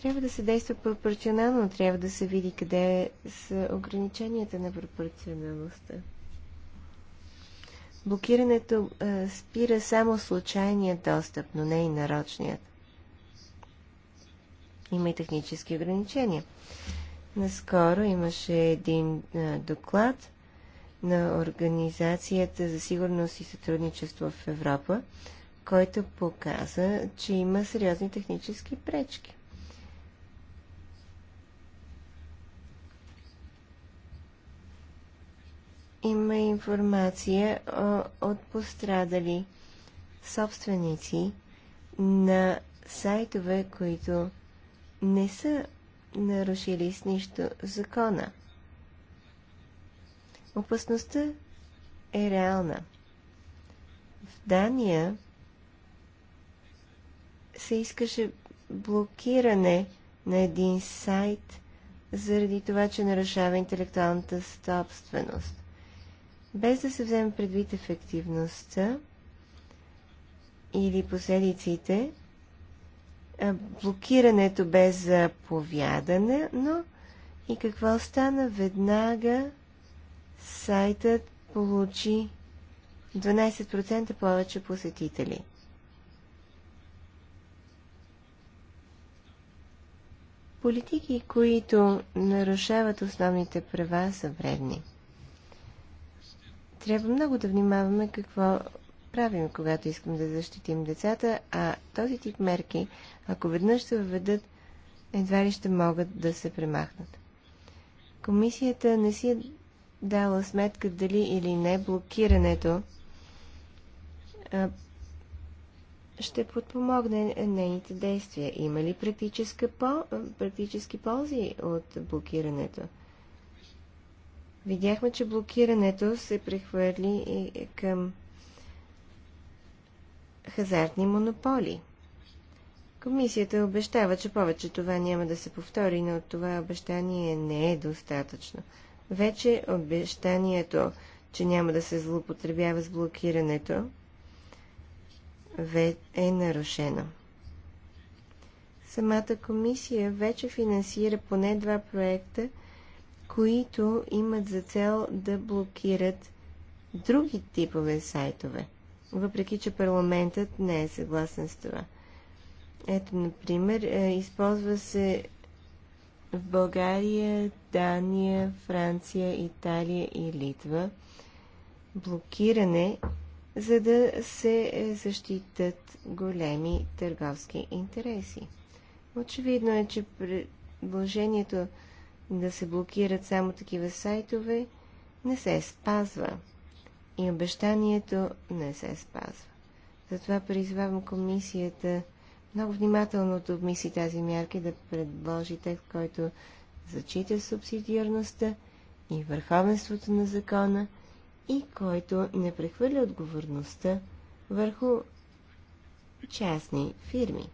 Трябва да се действа пропорционално, трябва да се види къде са ограниченията на пропорционалността. Блокирането е, спира само случайния достъп, но не и нарочният. Има и технически ограничения. Наскоро имаше един доклад на Организацията за сигурност и сътрудничество в Европа, който показа, че има сериозни технически пречки. Има информация от пострадали собственици на сайтове, които не са нарушили с нищо закона. Опасността е реална. В Дания се искаше блокиране на един сайт заради това, че нарушава интелектуалната собственост. Без да се вземе предвид ефективността или последиците, е, блокирането бе заповядане, но и какво стана? Веднага сайтът получи 12% повече посетители. Политики, които нарушават основните права, са вредни. Трябва много да внимаваме какво правим, когато искам да защитим децата, а този тип мерки, ако веднъж се въведат, едва ли ще могат да се премахнат. Комисията не си е дала сметка дали или не блокирането а, ще подпомогне нейните действия. Има ли практическа по, практически ползи от блокирането? Видяхме, че блокирането се прехвърли и към хазартни монополи. Комисията обещава, че повече това няма да се повтори, но това обещание не е достатъчно. Вече обещанието, че няма да се злоупотребява с блокирането, е нарушено. Самата комисия вече финансира поне два проекта, които имат за цел да блокират други типове сайтове въпреки че парламентът не е съгласен с това. Ето, например, е, използва се в България, Дания, Франция, Италия и Литва блокиране, за да се е, защитат големи търговски интереси. Очевидно е, че предложението да се блокират само такива сайтове не се спазва и обещанието не се спазва. Затова призвавам комисията много внимателно да обмисли тази мярка и да предложи текст, който зачита субсидиарността и върховенството на закона и който не прехвърля отговорността върху частни фирми.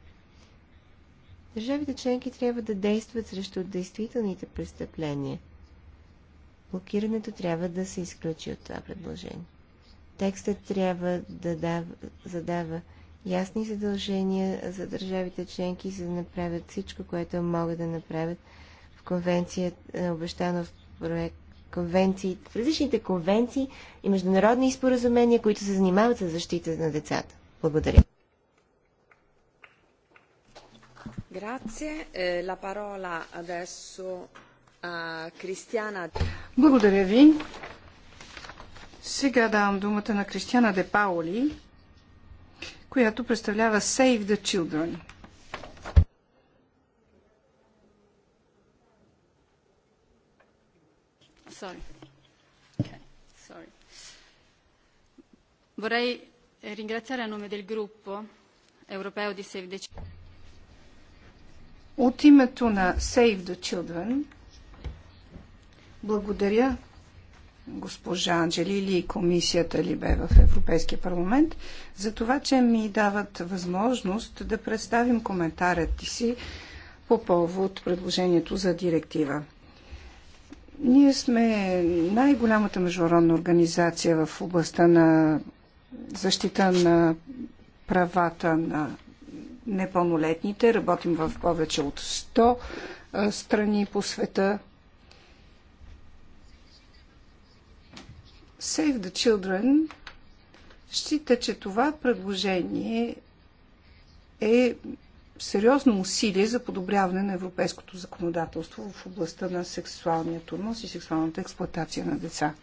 Държавите членки трябва да действат срещу действителните престъпления. Блокирането трябва да се изключи от това предложение. Текстът трябва да дава, задава ясни задължения за държавите членки, за да направят всичко, което могат да направят в конвенцията, е, обещано в проект конвенции, в различните конвенции и международни споразумения, които се занимават с защита на децата. Благодаря. Е, Благодаря ви. Сега давам думата на Кристиана Де Паули, която представлява Save the Children. Sorry. Okay. Sorry. Vorrei ringraziare a nome del gruppo europeo di Save the Children. От името на Save the Children благодаря госпожа Анджелили и комисията бе в Европейския парламент, за това, че ми дават възможност да представим коментарят си по повод предложението за директива. Ние сме най-голямата международна организация в областта на защита на правата на непълнолетните. Работим в повече от 100 страни по света. Save the Children счита, че това предложение е сериозно усилие за подобряване на европейското законодателство в областта на сексуалния турмоз и сексуалната експлоатация на деца.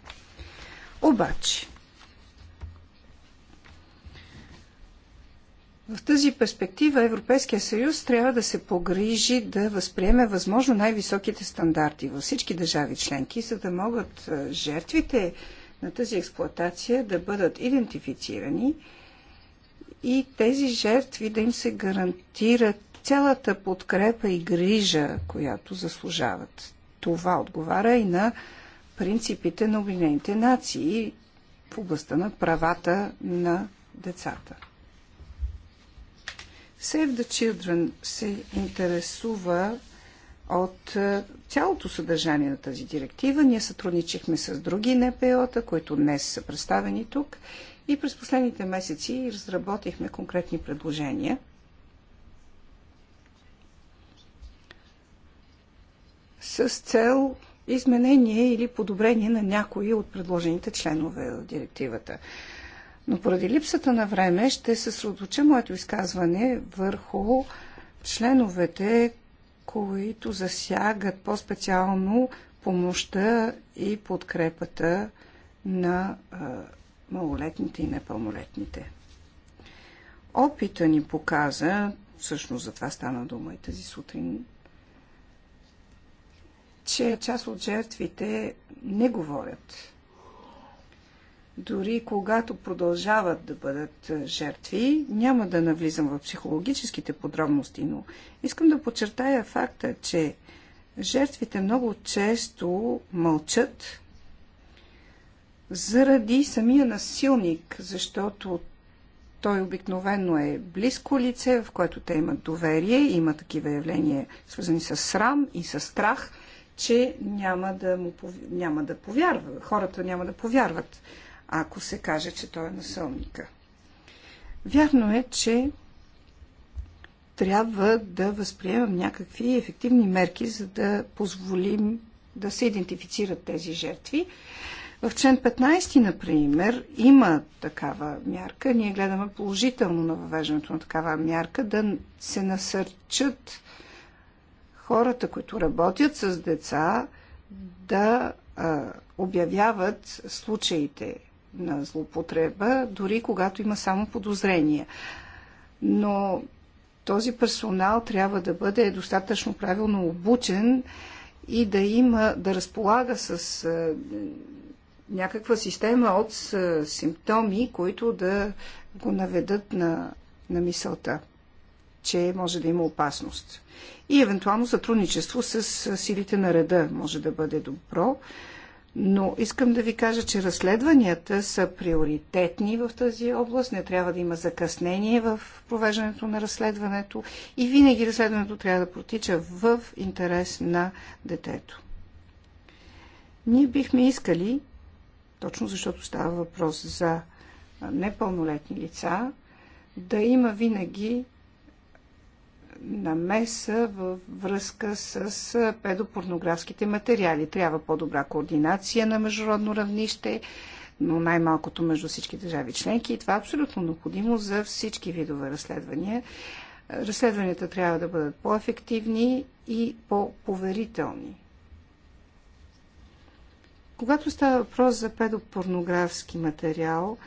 Обаче, В тази перспектива Европейския съюз трябва да се погрижи да възприеме възможно най-високите стандарти във всички държави членки, за да могат е, жертвите на тази експлоатация да бъдат идентифицирани и тези жертви да им се гарантира цялата подкрепа и грижа, която заслужават. Това отговаря и на принципите на Обединените нации в областта на правата на децата. Save the Children се интересува от е, цялото съдържание на тази директива. Ние сътрудничихме с други НПО-та, които днес са представени тук и през последните месеци разработихме конкретни предложения. с цел изменение или подобрение на някои от предложените членове в директивата. Но поради липсата на време ще се съсредоточа моето изказване върху членовете, които засягат по-специално помощта и подкрепата на малолетните и непълнолетните. Опита ни показа, всъщност за това стана дума и тази сутрин, че част от жертвите не говорят дори когато продължават да бъдат е, жертви. Няма да навлизам в психологическите подробности, но искам да подчертая факта, че жертвите много често мълчат заради самия насилник, защото той обикновено е близко лице, в което те имат доверие, има такива явления, свързани с срам и с страх, че няма да, му, няма да повярва. Хората няма да повярват ако се каже, че той е насълника. Вярно е, че трябва да възприемем някакви ефективни мерки, за да позволим да се идентифицират тези жертви. В член 15, например, има такава мярка. Ние гледаме положително на въвеждането на такава мярка да се насърчат хората, които работят с деца, да а, обявяват случаите на злоупотреба, дори когато има само подозрения. Но този персонал трябва да бъде достатъчно правилно обучен и да има, да разполага с а, е, някаква система от а, е, симптоми, които да го наведат на, на мисълта, че може да има опасност. И евентуално сътрудничество с е, силите на реда може да бъде добро. А, но искам да ви кажа, че разследванията са приоритетни в тази област. Не трябва да има закъснение в провеждането на разследването и винаги разследването трябва да протича в интерес на детето. Ние бихме искали, точно защото става въпрос за непълнолетни лица, да има винаги намеса във връзка с педопорнографските материали. Трябва по-добра координация на международно равнище, но най-малкото между всички държави членки. И това е абсолютно необходимо за всички видове разследвания. Разследванията трябва да бъдат по-ефективни и по-поверителни. Когато става въпрос за педопорнографски материал,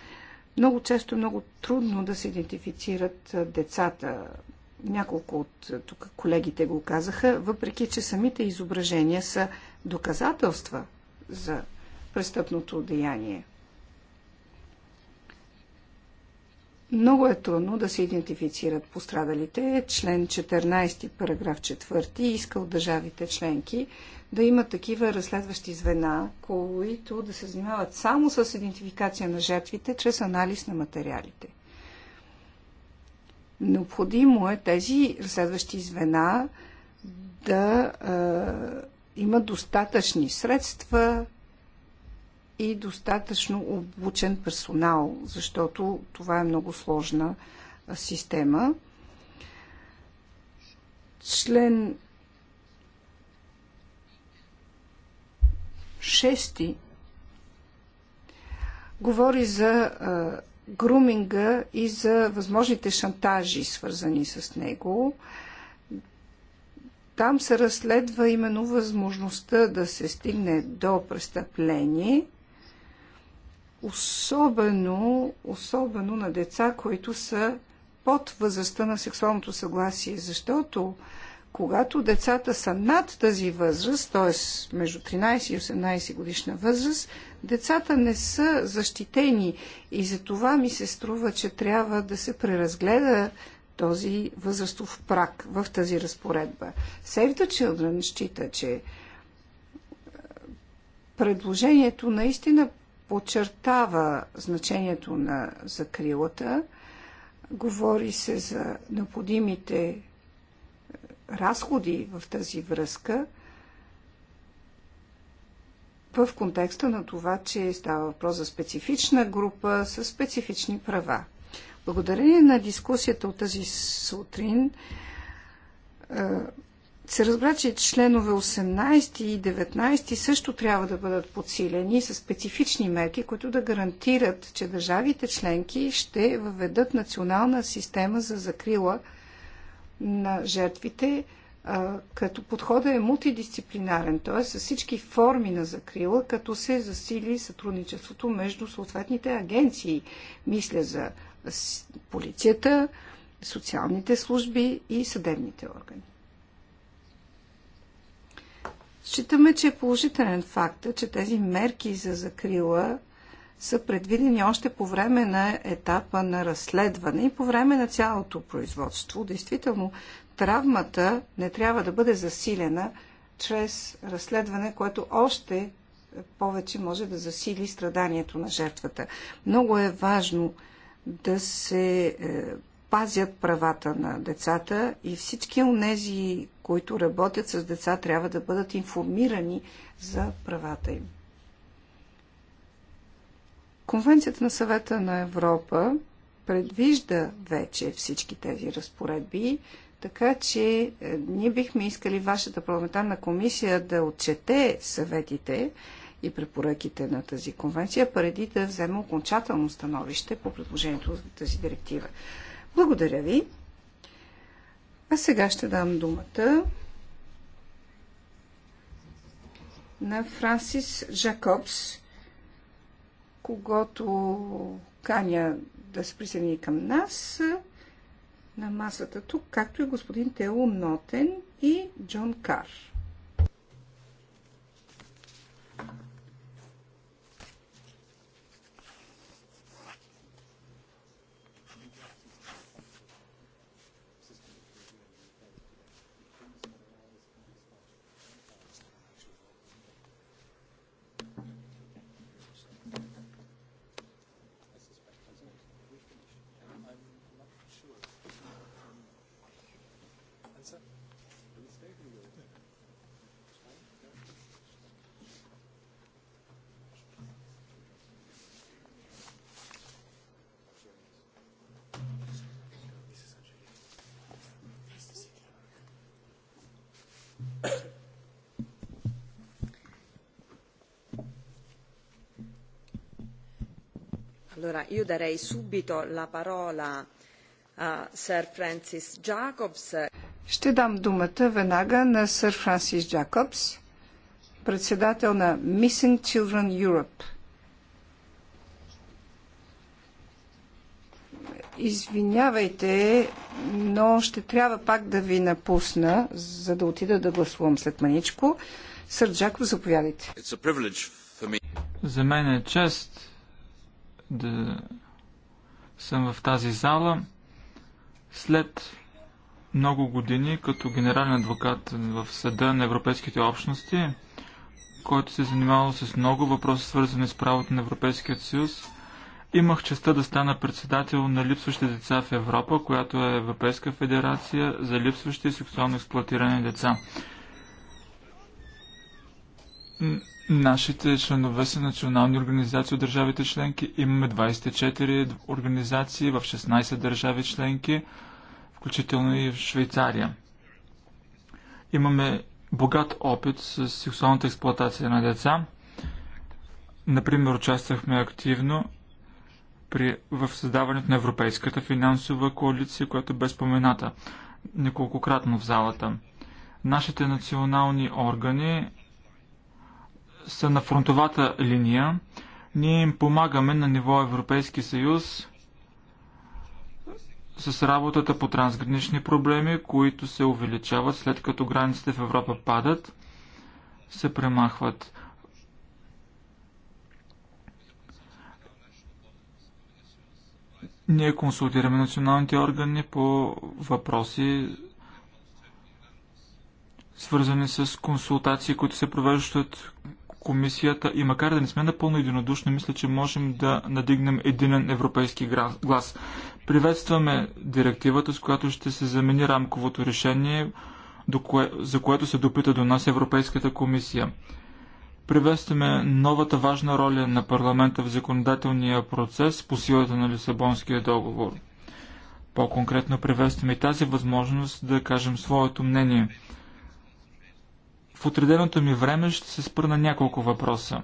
много често е много трудно да се идентифицират децата, няколко от е, тук колегите го казаха, въпреки че самите изображения са доказателства за престъпното деяние. Много е трудно да се идентифицират пострадалите. Член 14, параграф 4 иска от държавите членки да има такива разследващи звена, които да се занимават само с идентификация на жертвите чрез анализ на материалите. Необходимо е тези разследващи звена да е, имат достатъчни средства и достатъчно обучен персонал, защото това е много сложна система. Член 6 говори за груминга и за възможните шантажи, свързани с него. Там се разследва именно възможността да се стигне до престъпление, особено, особено на деца, които са под възрастта на сексуалното съгласие, защото когато децата са над тази възраст, т.е. между 13 и 18 годишна възраст, децата не са защитени и за това ми се струва, че трябва да се преразгледа този възрастов прак в тази разпоредба. Save the Children счита, че е, предложението наистина подчертава значението на закрилата, говори се за необходимите разходи в тази връзка в контекста на това, че става въпрос за специфична група с специфични права. Благодарение на дискусията от тази сутрин е, се разбра, че членове 18 и 19 също трябва да бъдат подсилени с специфични мерки, които да гарантират, че държавите членки ще въведат национална система за закрила – на жертвите, като подходът е мултидисциплинарен, т.е. с всички форми на закрила, като се засили сътрудничеството между съответните агенции. Мисля за полицията, социалните служби и съдебните органи. Считаме, че е положителен факт, че тези мерки за закрила – са предвидени още по време на етапа на разследване и по време на цялото производство. Действително, травмата не трябва да бъде засилена чрез разследване, което още повече може да засили страданието на жертвата. Много е важно да се е, пазят правата на децата и всички от тези, които работят с деца, трябва да бъдат информирани за правата им. Конвенцията на съвета на Европа предвижда вече всички тези разпоредби, така че е, ние бихме искали вашата парламентарна комисия да отчете съветите и препоръките на тази конвенция, преди да вземе окончателно становище по предложението за тази директива. Благодаря ви. А сега ще дам думата на Франсис Жакобс, когато каня да се присъедини към нас на масата тук, както и господин Тео Нотен и Джон Кар. Allora, io darei subito la parola a Sir Francis Jacobs. Ще дам думата веднага на сър Франсис Джакобс, председател на Missing Children Europe. Извинявайте, но ще трябва пак да ви напусна, за да отида да гласувам след маничко. Сър Джакобс, заповядайте. За мен е чест да съм в тази зала. След много години като генерален адвокат в Съда на Европейските общности, който се е занимавал с много въпроси, свързани с правото на Европейския съюз, имах честа да стана председател на липсващи деца в Европа, която е Европейска федерация за липсващи и сексуално експлуатирани деца. Нашите членове са национални организации от държавите членки. Имаме 24 организации в 16 държави членки, включително и в Швейцария. Имаме богат опит с сексуалната експлоатация на деца. Например, участвахме активно при, в създаването на Европейската финансова коалиция, която бе спомената неколкократно в залата. Нашите национални органи са на фронтовата линия. Ние им помагаме на ниво Европейски съюз с работата по трансгранични проблеми, които се увеличават след като границите в Европа падат, се премахват. Ние консултираме националните органи по въпроси, свързани с консултации, които се провеждат комисията и макар да не сме напълно единодушни, мисля, че можем да надигнем единен европейски глас. Приветстваме директивата, с която ще се замени рамковото решение, за което се допита до нас Европейската комисия. Приветстваме новата важна роля на парламента в законодателния процес по силата на Лисабонския договор. По-конкретно приветстваме и тази възможност да кажем своето мнение – в отреденото ми време ще се спра на няколко въпроса.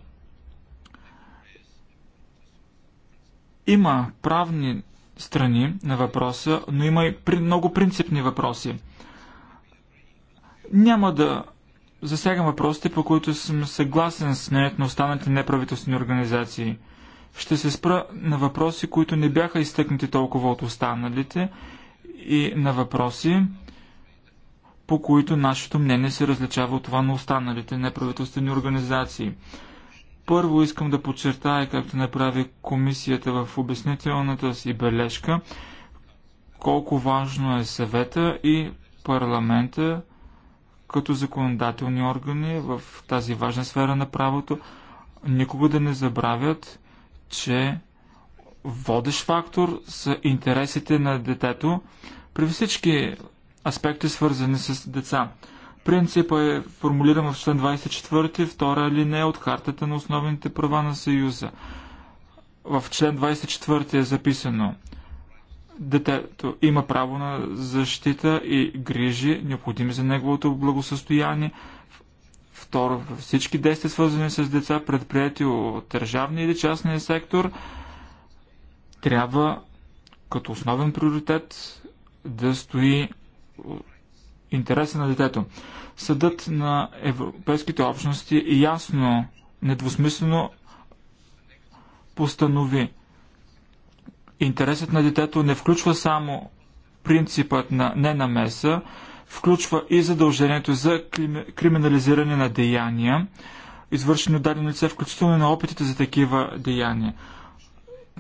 Има правни страни на въпроса, но има и много принципни въпроси. Няма да засягам въпросите, по които съм съгласен с мнението на останалите неправителствени организации. Ще се спра на въпроси, които не бяха изтъкнати толкова от останалите и на въпроси, по които нашето мнение се различава от това на останалите неправителствени организации. Първо искам да подчертая, както направи комисията в обяснителната си бележка, колко важно е съвета и парламента като законодателни органи в тази важна сфера на правото, никога да не забравят, че водещ фактор са интересите на детето при всички аспекти, свързани с деца. Принципът е формулиран в член 24, втора линия от Хартата на основните права на Съюза. В член 24 е записано Детето има право на защита и грижи, необходими за неговото благосъстояние. Второ, всички действия, свързани с деца, предприяти от държавния или частния сектор, трябва като основен приоритет да стои интереса на детето. Съдът на европейските общности ясно, недвусмислено постанови. Интересът на детето не включва само принципът на ненамеса, включва и задължението за криминализиране на деяния, извършени от дадено лице, включително на опитите за такива деяния.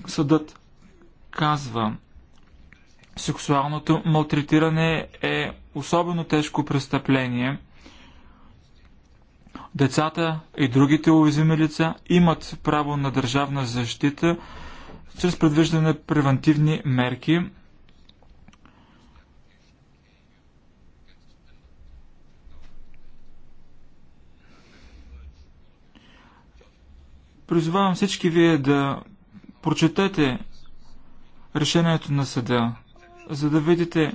Съдът казва, Сексуалното малтретиране е особено тежко престъпление. Децата и другите уязвими лица имат право на държавна защита чрез предвиждане на превентивни мерки. Призовавам всички вие да прочетете решението на съда за да видите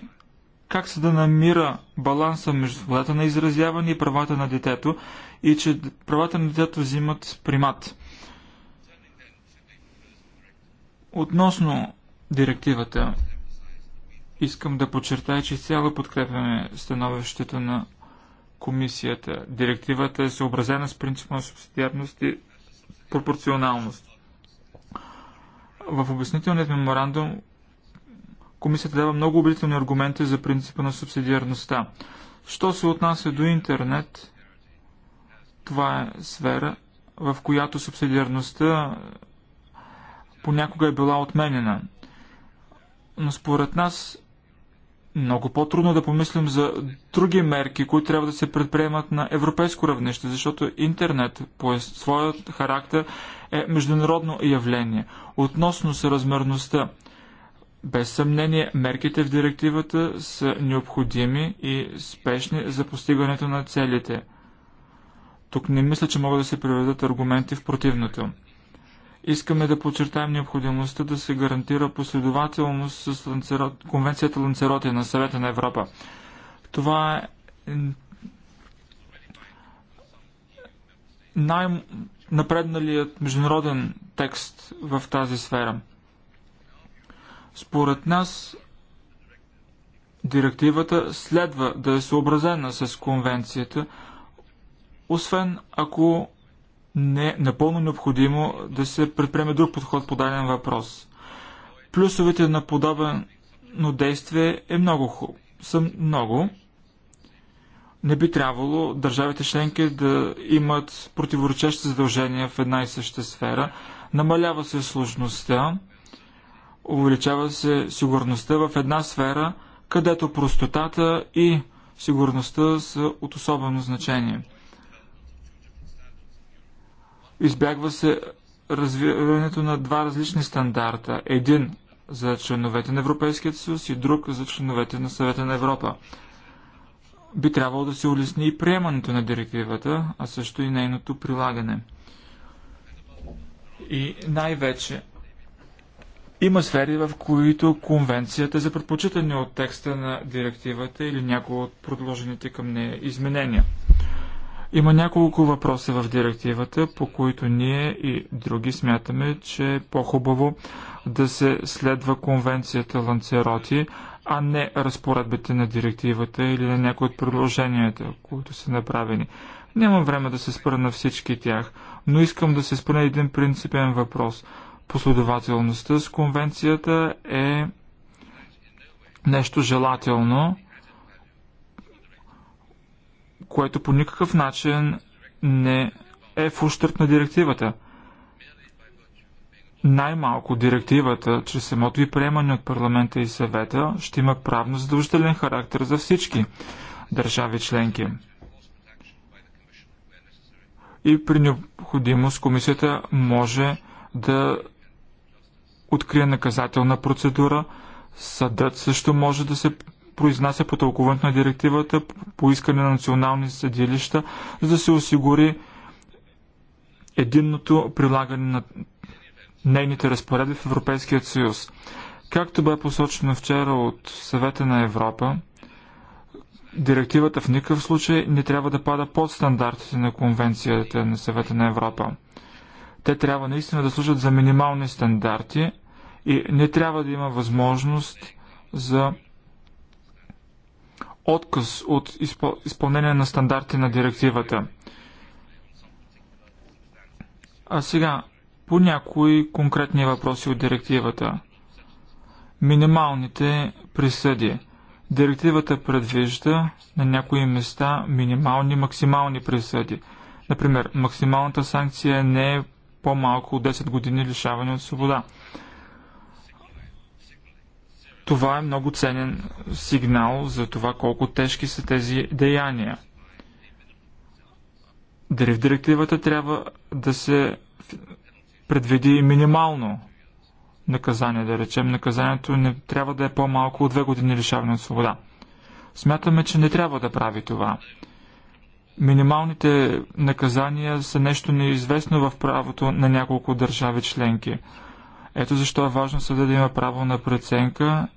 как се да намира баланса между свободата на изразяване и правата на детето и че правата на детето взимат примат. Относно директивата, искам да подчертая, че цяло подкрепяме становището на комисията. Директивата е съобразена с принципа на субсидиарност и пропорционалност. В обяснителният меморандум Комисията дава много убедителни аргументи за принципа на субсидиарността. Що се отнася до интернет, това е сфера, в която субсидиарността понякога е била отменена. Но според нас много по-трудно е да помислим за други мерки, които трябва да се предприемат на европейско равнище, защото интернет по своя характер е международно явление. Относно съразмерността, без съмнение, мерките в директивата са необходими и спешни за постигането на целите. Тук не мисля, че могат да се приведат аргументи в противното. Искаме да подчертаем необходимостта да се гарантира последователност с Ланцерот... Конвенцията Ланцероти на Съвета на Европа. Това е най-напредналият международен текст в тази сфера – според нас, директивата следва да е съобразена с конвенцията, освен ако не е напълно необходимо да се предприеме друг подход по даден въпрос. Плюсовете на подобно действие е много хуб. са много. Не би трябвало държавите членки да имат противоречащи задължения в една и съща сфера. Намалява се сложността. Увеличава се сигурността в една сфера, където простотата и сигурността са от особено значение. Избягва се развиването на два различни стандарта. Един за членовете на Европейския съюз и друг за членовете на Съвета на Европа. Би трябвало да се улесни и приемането на директивата, а също и нейното прилагане. И най-вече има сфери, в които конвенцията за предпочитане от текста на директивата или някои от предложените към нея изменения. Има няколко въпроса в директивата, по които ние и други смятаме, че е по-хубаво да се следва конвенцията Ланцероти, а не разпоредбите на директивата или на някои от предложенията, които са направени. Нямам време да се спра на всички тях, но искам да се спра на един принципен въпрос – Последователността с конвенцията е нещо желателно, което по никакъв начин не е в ущърп на директивата. Най-малко директивата, чрез самото и приемане от парламента и съвета, ще има правно задължителен характер за всички държави членки. И при необходимост комисията може да открие наказателна процедура. Съдът също може да се произнася по тълкуването на директивата по искане на национални съдилища, за да се осигури единното прилагане на нейните разпоредби в Европейския съюз. Както бе посочено вчера от Съвета на Европа, директивата в никакъв случай не трябва да пада под стандартите на Конвенцията на Съвета на Европа. Те трябва наистина да служат за минимални стандарти – и не трябва да има възможност за отказ от изпълнение на стандарти на директивата. А сега, по някои конкретни въпроси от директивата. Минималните присъди. Директивата предвижда на някои места минимални максимални присъди. Например, максималната санкция не е по-малко от 10 години лишаване от свобода. Това е много ценен сигнал за това колко тежки са тези деяния. Дали в директивата трябва да се предвиди минимално наказание, да речем. Наказанието не трябва да е по-малко от две години лишаване от свобода. Смятаме, че не трябва да прави това. Минималните наказания са нещо неизвестно в правото на няколко държави членки. Ето защо е важно съда да има право на преценка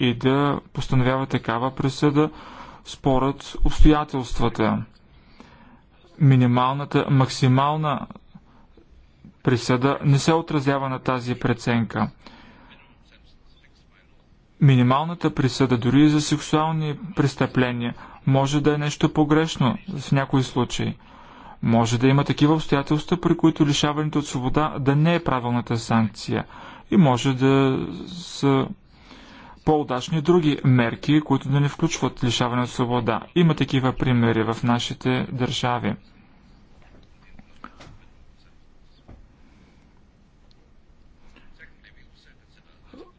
и да постановява такава присъда според обстоятелствата. Минималната, максимална присъда не се отразява на тази преценка. Минималната присъда, дори и за сексуални престъпления, може да е нещо погрешно в някои случаи. Може да има такива обстоятелства, при които лишаването от свобода да не е правилната санкция и може да са по-удачни други мерки, които да не включват лишаване от свобода. Има такива примери в нашите държави.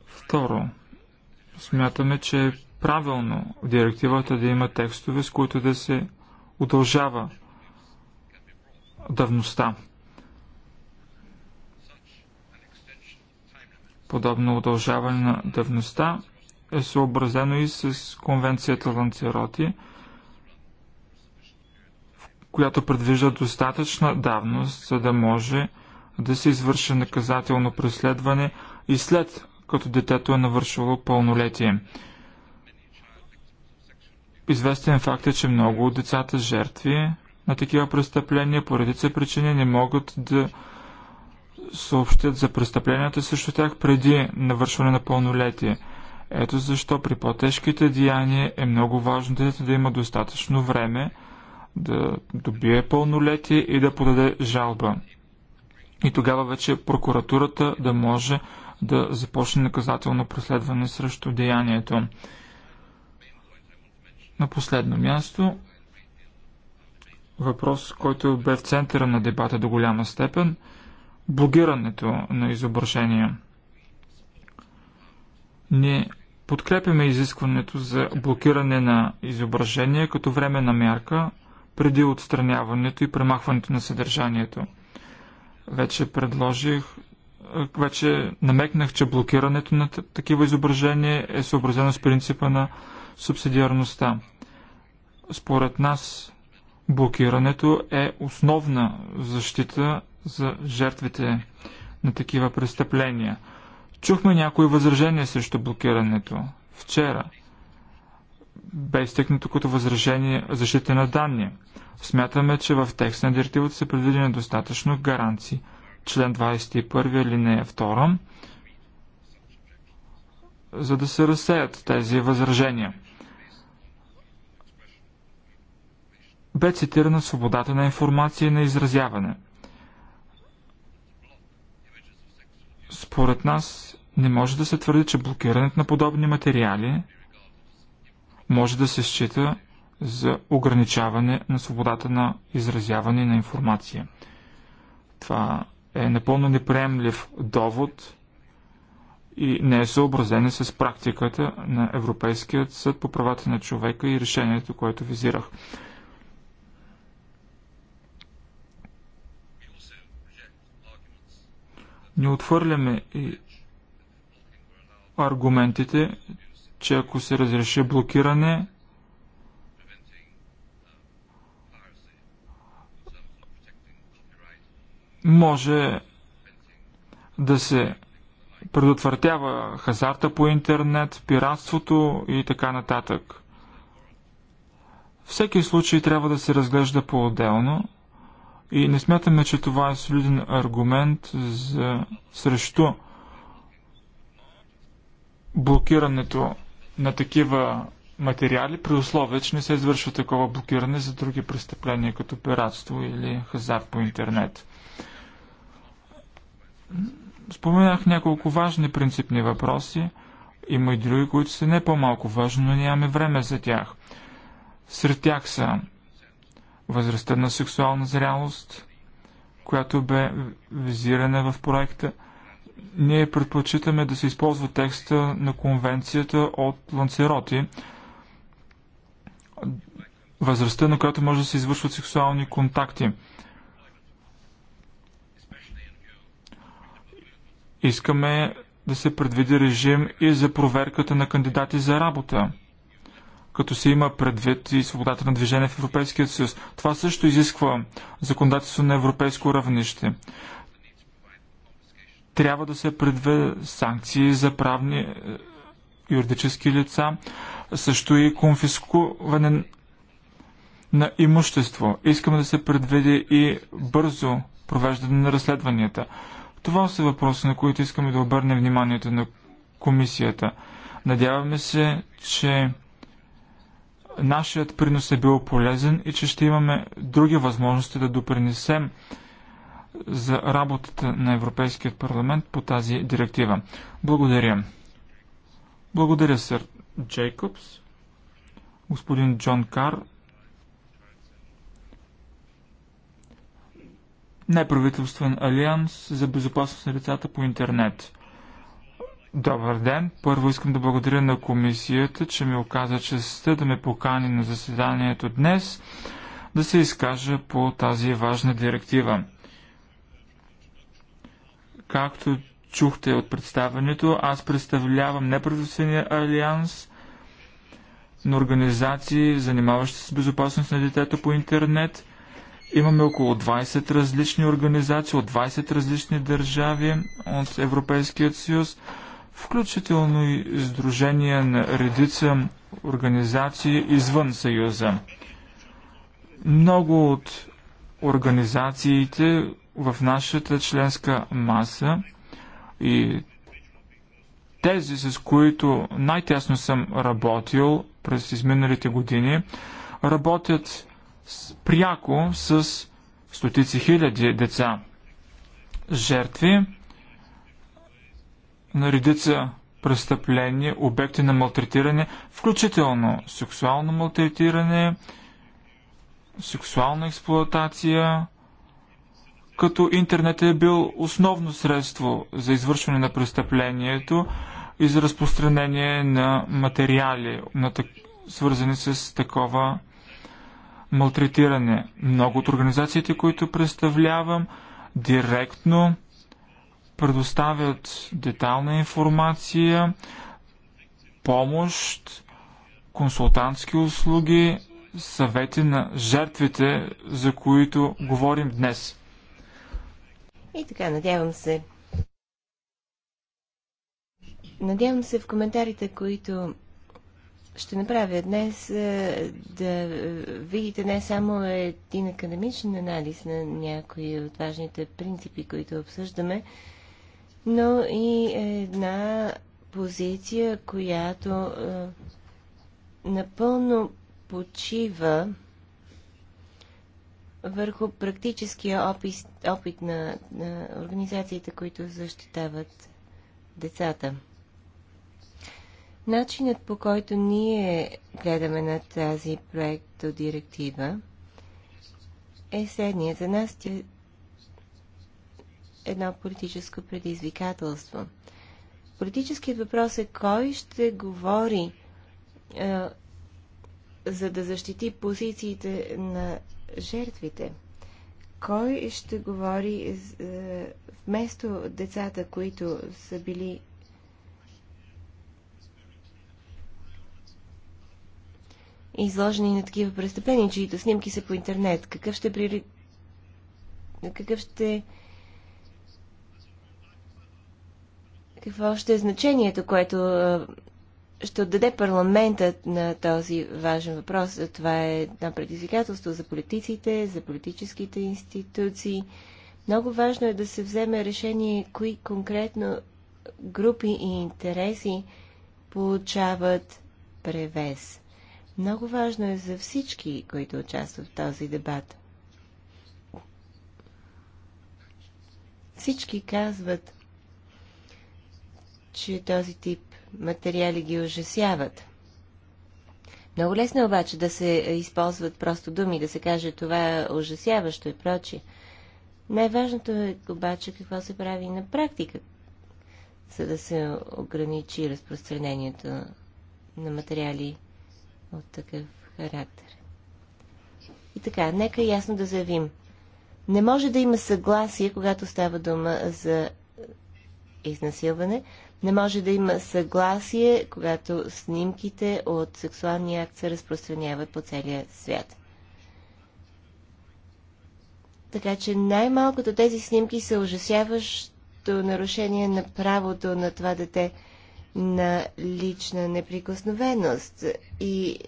Второ, смятаме, че е правилно директивата да има текстове, с които да се удължава давността. Подобно удължаване на давността е съобразено и с конвенцията Ланцероти, която предвижда достатъчна давност, за да може да се извърши наказателно преследване и след като детето е навършило пълнолетие. Известен факт е, че много от децата жертви на такива престъпления по редица причини не могат да съобщят за престъпленията срещу тях преди навършване на пълнолетие. Ето защо при по-тежките деяния е много важно детето да има достатъчно време да добие пълнолетие и да подаде жалба. И тогава вече прокуратурата да може да започне наказателно преследване срещу деянието. На последно място въпрос, който бе в центъра на дебата до голяма степен – блогирането на изображения. Ние подкрепяме изискването за блокиране на изображения като временна мярка преди отстраняването и премахването на съдържанието. Вече предложих, вече намекнах, че блокирането на такива изображения е съобразено с принципа на субсидиарността. Според нас Блокирането е основна защита за жертвите на такива престъпления. Чухме някои възражения срещу блокирането. Вчера бе изтъкнато като възражение защита на данни. Смятаме, че в текста на директивата са предвидени достатъчно гаранции. Член 21 не 2 за да се разсеят тези възражения. бе цитирана свободата на информация и на изразяване. Според нас не може да се твърди, че блокирането на подобни материали може да се счита за ограничаване на свободата на изразяване на информация. Това е напълно неприемлив довод и не е съобразен с практиката на Европейският съд по правата на човека и решението, което визирах. Не отвърляме и аргументите, че ако се разреши блокиране, може да се предотвратява хазарта по интернет, пиратството и така нататък. Всеки случай трябва да се разглежда по-отделно. И не смятаме, че това е солиден аргумент за... срещу блокирането на такива материали, при условие, че не се извършва такова блокиране за други престъпления, като пиратство или хазар по интернет. Споменах няколко важни принципни въпроси. Има и други, които са не по-малко важни, но нямаме време за тях. Сред тях са възрастта на сексуална зрялост, която бе визирана в проекта. Ние предпочитаме да се използва текста на конвенцията от Ланцероти, възрастта, на която може да се извършват сексуални контакти. Искаме да се предвиди режим и за проверката на кандидати за работа като се има предвид и свободата на движение в Европейския съюз. Това също изисква законодателство на европейско равнище. Трябва да се предвид санкции за правни е, юридически лица, също и конфискуване на имущество. Искаме да се предвиди и бързо провеждане на разследванията. Това са въпроси, на които искаме да обърнем вниманието на комисията. Надяваме се, че нашият принос е бил полезен и че ще имаме други възможности да допринесем за работата на Европейският парламент по тази директива. Благодаря. Благодаря, сър Джейкобс. Господин Джон Кар. Неправителствен алианс за безопасност на децата по интернет. Добър ден! Първо искам да благодаря на комисията, че ми оказа честа да ме покани на заседанието днес да се изкажа по тази важна директива. Както чухте от представянето, аз представлявам неправителствения алианс на организации, занимаващи се с безопасност на детето по интернет. Имаме около 20 различни организации от 20 различни държави от Европейският съюз включително и сдружения на редица организации извън Съюза. Много от организациите в нашата членска маса и тези, с които най-тясно съм работил през изминалите години, работят пряко с стотици хиляди деца жертви на редица престъпления, обекти на малтретиране, включително сексуално малтретиране, сексуална експлоатация, като интернет е бил основно средство за извършване на престъплението и за разпространение на материали, на так... свързани с такова малтретиране. Много от организациите, които представлявам, директно предоставят детална информация, помощ, консултантски услуги, съвети на жертвите, за които говорим днес. И така, надявам се. Надявам се в коментарите, които ще направя днес, е, да видите не само един академичен анализ на някои от важните принципи, които обсъждаме, но и една позиция, която е, напълно почива върху практическия опис, опит на, на организациите, които защитават децата. Начинът по който ние гледаме на тази директива е следният. За нас тя едно политическо предизвикателство. Политическият въпрос е кой ще говори е, за да защити позициите на жертвите. Кой ще говори е, вместо децата, които са били изложени на такива престъпления, чието снимки са по интернет? Какъв ще, при... какъв ще какво ще е значението, което ще отдаде парламентът на този важен въпрос. Това е едно предизвикателство за политиците, за политическите институции. Много важно е да се вземе решение кои конкретно групи и интереси получават превес. Много важно е за всички, които участват в този дебат. Всички казват, че този тип материали ги ужасяват. Много лесно е обаче да се използват просто думи, да се каже това е ужасяващо и прочие. Най-важното е обаче какво се прави на практика, за да се ограничи разпространението на материали от такъв характер. И така, нека ясно да заявим. Не може да има съгласие, когато става дума за изнасилване, не може да има съгласие, когато снимките от сексуалния акт се разпространяват по целия свят. Така че най-малкото тези снимки са ужасяващо нарушение на правото на това дете на лична неприкосновеност. И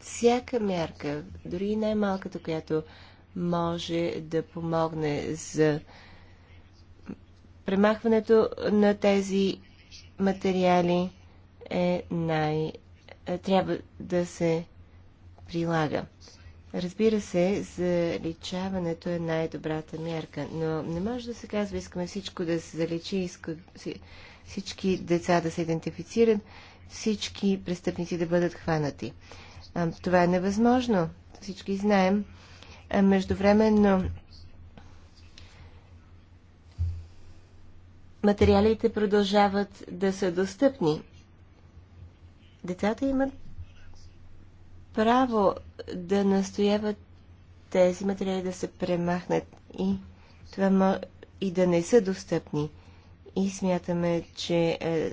всяка мярка, дори най-малката, която може да помогне за Премахването на тези материали е най... Е, трябва да се прилага. Разбира се, заличаването е най-добрата мярка, но не може да се казва, искаме всичко да се заличи, всички деца да се идентифицират, всички престъпници да бъдат хванати. Това е невъзможно. Всички знаем. Междувременно материалите продължават да са достъпни. Децата имат право да настояват тези материали да се премахнат и, това, и да не са достъпни. И смятаме, че е,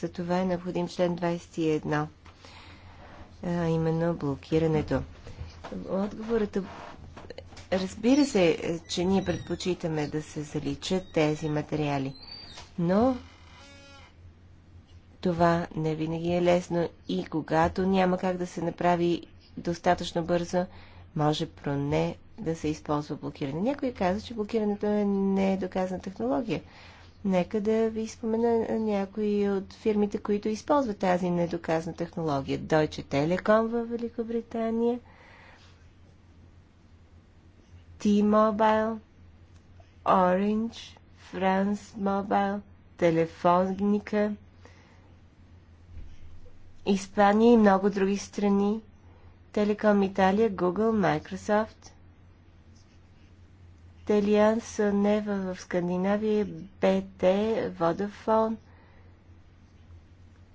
за това е необходим член 21, е, а именно блокирането. Отговорът е, Разбира се, е, че ние предпочитаме да се заличат тези материали – но това не винаги е лесно и когато няма как да се направи достатъчно бързо, може проне да се използва блокиране. Някой каза, че блокирането не е доказана технология. Нека да ви спомена някои от фирмите, които използват тази недоказана технология. Deutsche Telekom във Великобритания, T-Mobile, Orange, Франс Мобайл, Телефонника, Испания и много други страни, Телеком Италия, Google, Microsoft. Телиан Сонева в Скандинавия, БТ, Водофон,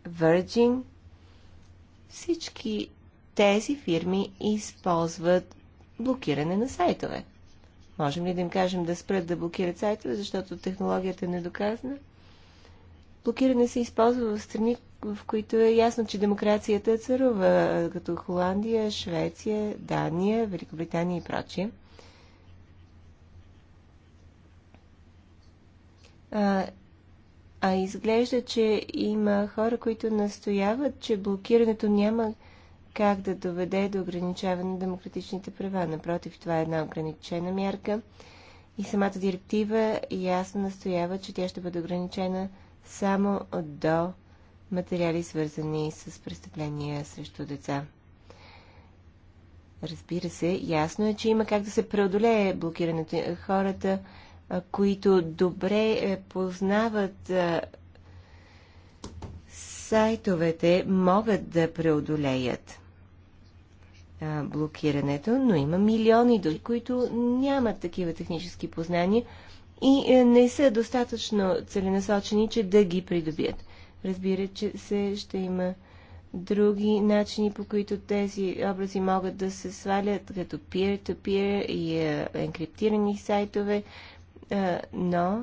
Virgin. Всички тези фирми използват блокиране на сайтове. Можем ли да им кажем да спрат да блокират сайтове, защото технологията е недоказана? Блокиране се използва в страни, в които е ясно, че демокрацията царува, като Холандия, Швеция, Дания, Великобритания и прочие. А, а изглежда, че има хора, които настояват, че блокирането няма как да доведе до ограничаване на демократичните права. Напротив, това е една ограничена мярка и самата директива ясно настоява, че тя ще бъде ограничена само до материали, свързани с престъпления срещу деца. Разбира се, ясно е, че има как да се преодолее блокирането. на Хората, които добре е, познават сайтовете, могат да преодолеят а, блокирането, но има милиони, които нямат такива технически познания и е, не са достатъчно целенасочени, че да ги придобият. Разбира че се, ще има други начини, по които тези образи могат да се свалят, като peer-to-peer -peer и а, е, енкриптирани сайтове, а, но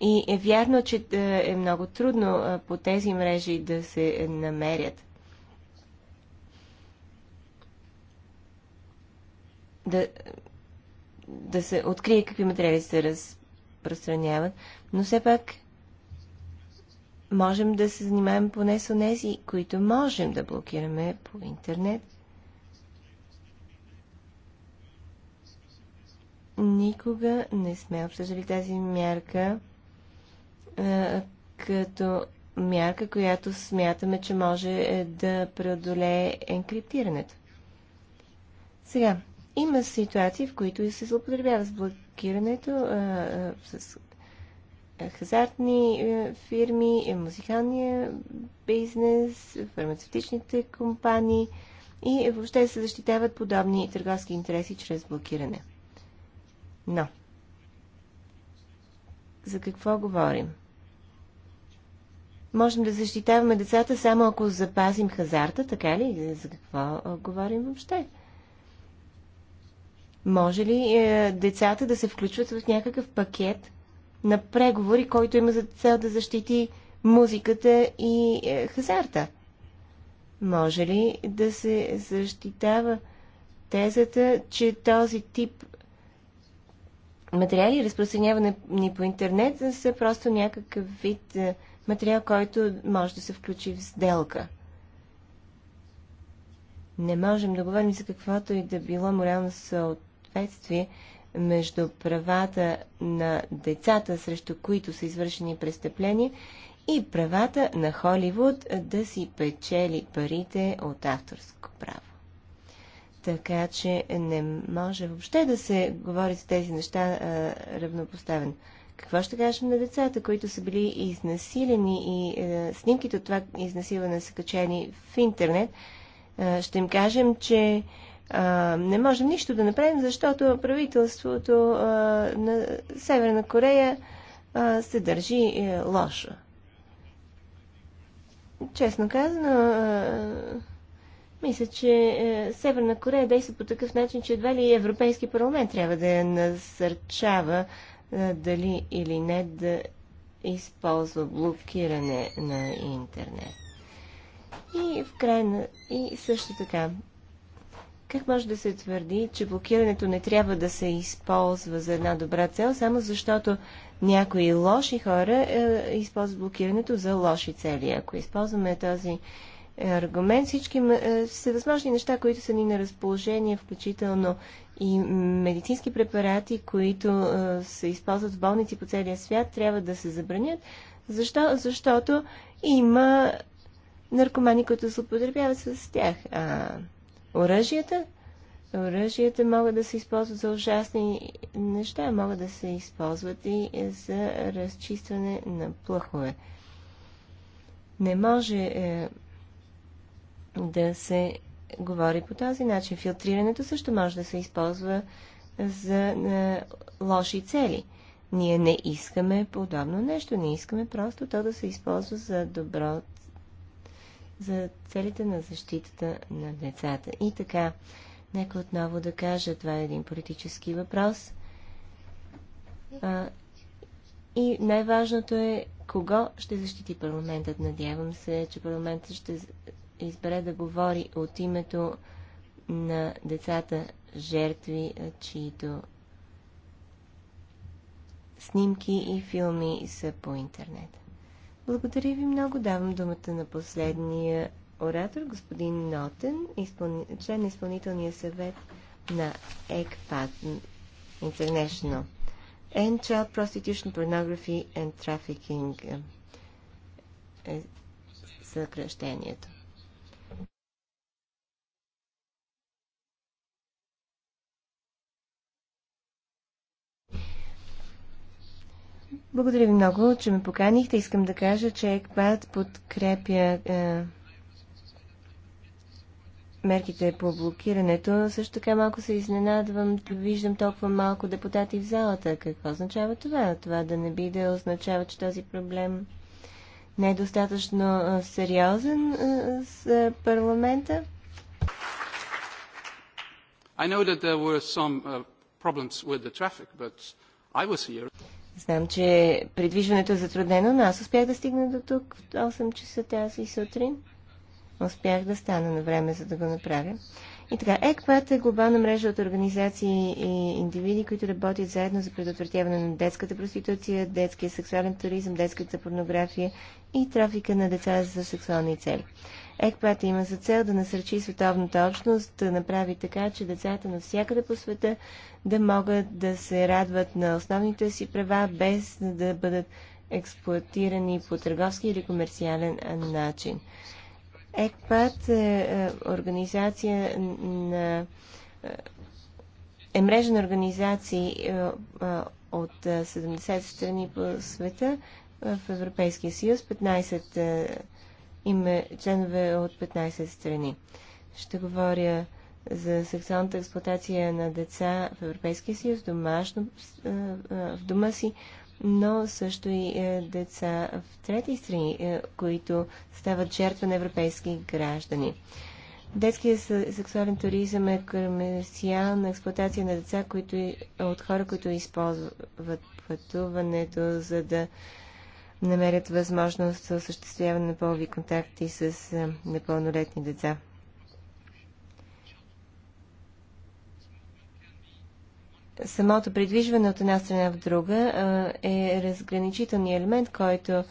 и е вярно, че е, е много трудно по тези мрежи да се намерят да, да се открие какви материали се разпространяват, но все пак можем да се занимаем поне с тези, които можем да блокираме по интернет. Никога не сме обсъждали тази мярка а, като мярка, която смятаме, че може е, да преодолее енкриптирането. Сега, има ситуации, в които се злоупотребява с блокирането, с хазартни фирми, е, музикалния бизнес, фармацевтичните компании и въобще се защитават подобни търговски интереси чрез блокиране. Но, за какво говорим? Можем да защитаваме децата само ако запазим хазарта, така ли? За какво говорим въобще? Може ли е, децата да се включват в някакъв пакет на преговори, който има за цел да защити музиката и е, хазарта? Може ли да се защитава тезата, че този тип материали, разпространяване ни по интернет, са просто някакъв вид е, материал, който може да се включи в сделка? Не можем да говорим за каквото и да било морално съответствие несъответствие между правата на децата, срещу които са извършени престъпления, и правата на Холивуд да си печели парите от авторско право. Така че не може въобще да се говори за тези неща а, равнопоставено. Какво ще кажем на децата, които са били изнасилени и а, е, снимките от това изнасилване са качени в интернет? А, е, ще им кажем, че а, не можем нищо да направим, защото правителството а, на Северна Корея а, се държи е, лошо. Честно казано, а, мисля, че е, Северна Корея действа по такъв начин, че едва ли Европейски парламент трябва да я насърчава а, е, дали или не да използва блокиране на интернет. И в крайна... И също така, как може да се твърди, че блокирането не трябва да се използва за една добра цел, само защото някои лоши хора е, използват блокирането за лоши цели? Ако използваме този е, аргумент, всички е, всевъзможни неща, които са ни на разположение, включително и медицински препарати, които е, се използват в болници по целия свят, трябва да се забранят, защо? защото има наркомани, които се употребяват с тях. А, оръжията. Оръжията могат да се използват за ужасни неща, могат да се използват и за разчистване на плъхове. Не може е, да се говори по този начин. Филтрирането също може да се използва за е, лоши цели. Ние не искаме подобно нещо, не искаме просто то да се използва за добро за целите на защитата на децата. И така, нека отново да кажа, това е един политически въпрос. А, и най-важното е кого ще защити парламентът. Надявам се, че парламентът ще избере да говори от името на децата жертви, чието снимки и филми са по интернет. Благодаря ви много. Давам думата на последния оратор, господин Нотен, изпълн... член на изпълнителния съвет на ECPAT International. End Child Prostitution, Pornography and Trafficking е съкръщението. Благодаря ви много, че ме поканихте. Искам да кажа, че ЕКБАТ подкрепя е, мерките по блокирането. Също така малко се изненадвам, виждам толкова малко депутати в залата. Какво означава това? Това да не би да означава, че този проблем не е достатъчно е, сериозен е, с е, парламента? I know that there were some uh, problems with the traffic, but I was here. Знам, че придвижването е затруднено, но аз успях да стигна до тук в 8 часа тази сутрин. Успях да стана на време, за да го направя. И така, ЕКПАТ е глобална мрежа от организации и индивиди, които работят заедно за предотвратяване на детската проституция, детския сексуален туризъм, детската порнография и трафика на деца за сексуални цели. ЕКПАТ има за цел да насърчи световната общност да направи така, че децата навсякъде по света да могат да се радват на основните си права, без да бъдат експлуатирани по търговски или комерциален начин. ЕКПАТ е, е организация на е, е мрежа на организации е, от 70 страни по света в Европейския съюз, 15 има членове от 15 страни. Ще говоря за сексуалната експлуатация на деца в Европейския съюз, домашно, в дома си, но също и е, деца в трети страни, е, които стават жертва на европейски граждани. Детският сексуален туризъм е комерциална експлуатация на деца, които, от хора, които използват пътуването, за да намерят възможност за осъществяване на полови контакти с непълнолетни деца. Самото придвижване от една страна в друга е разграничителният елемент, който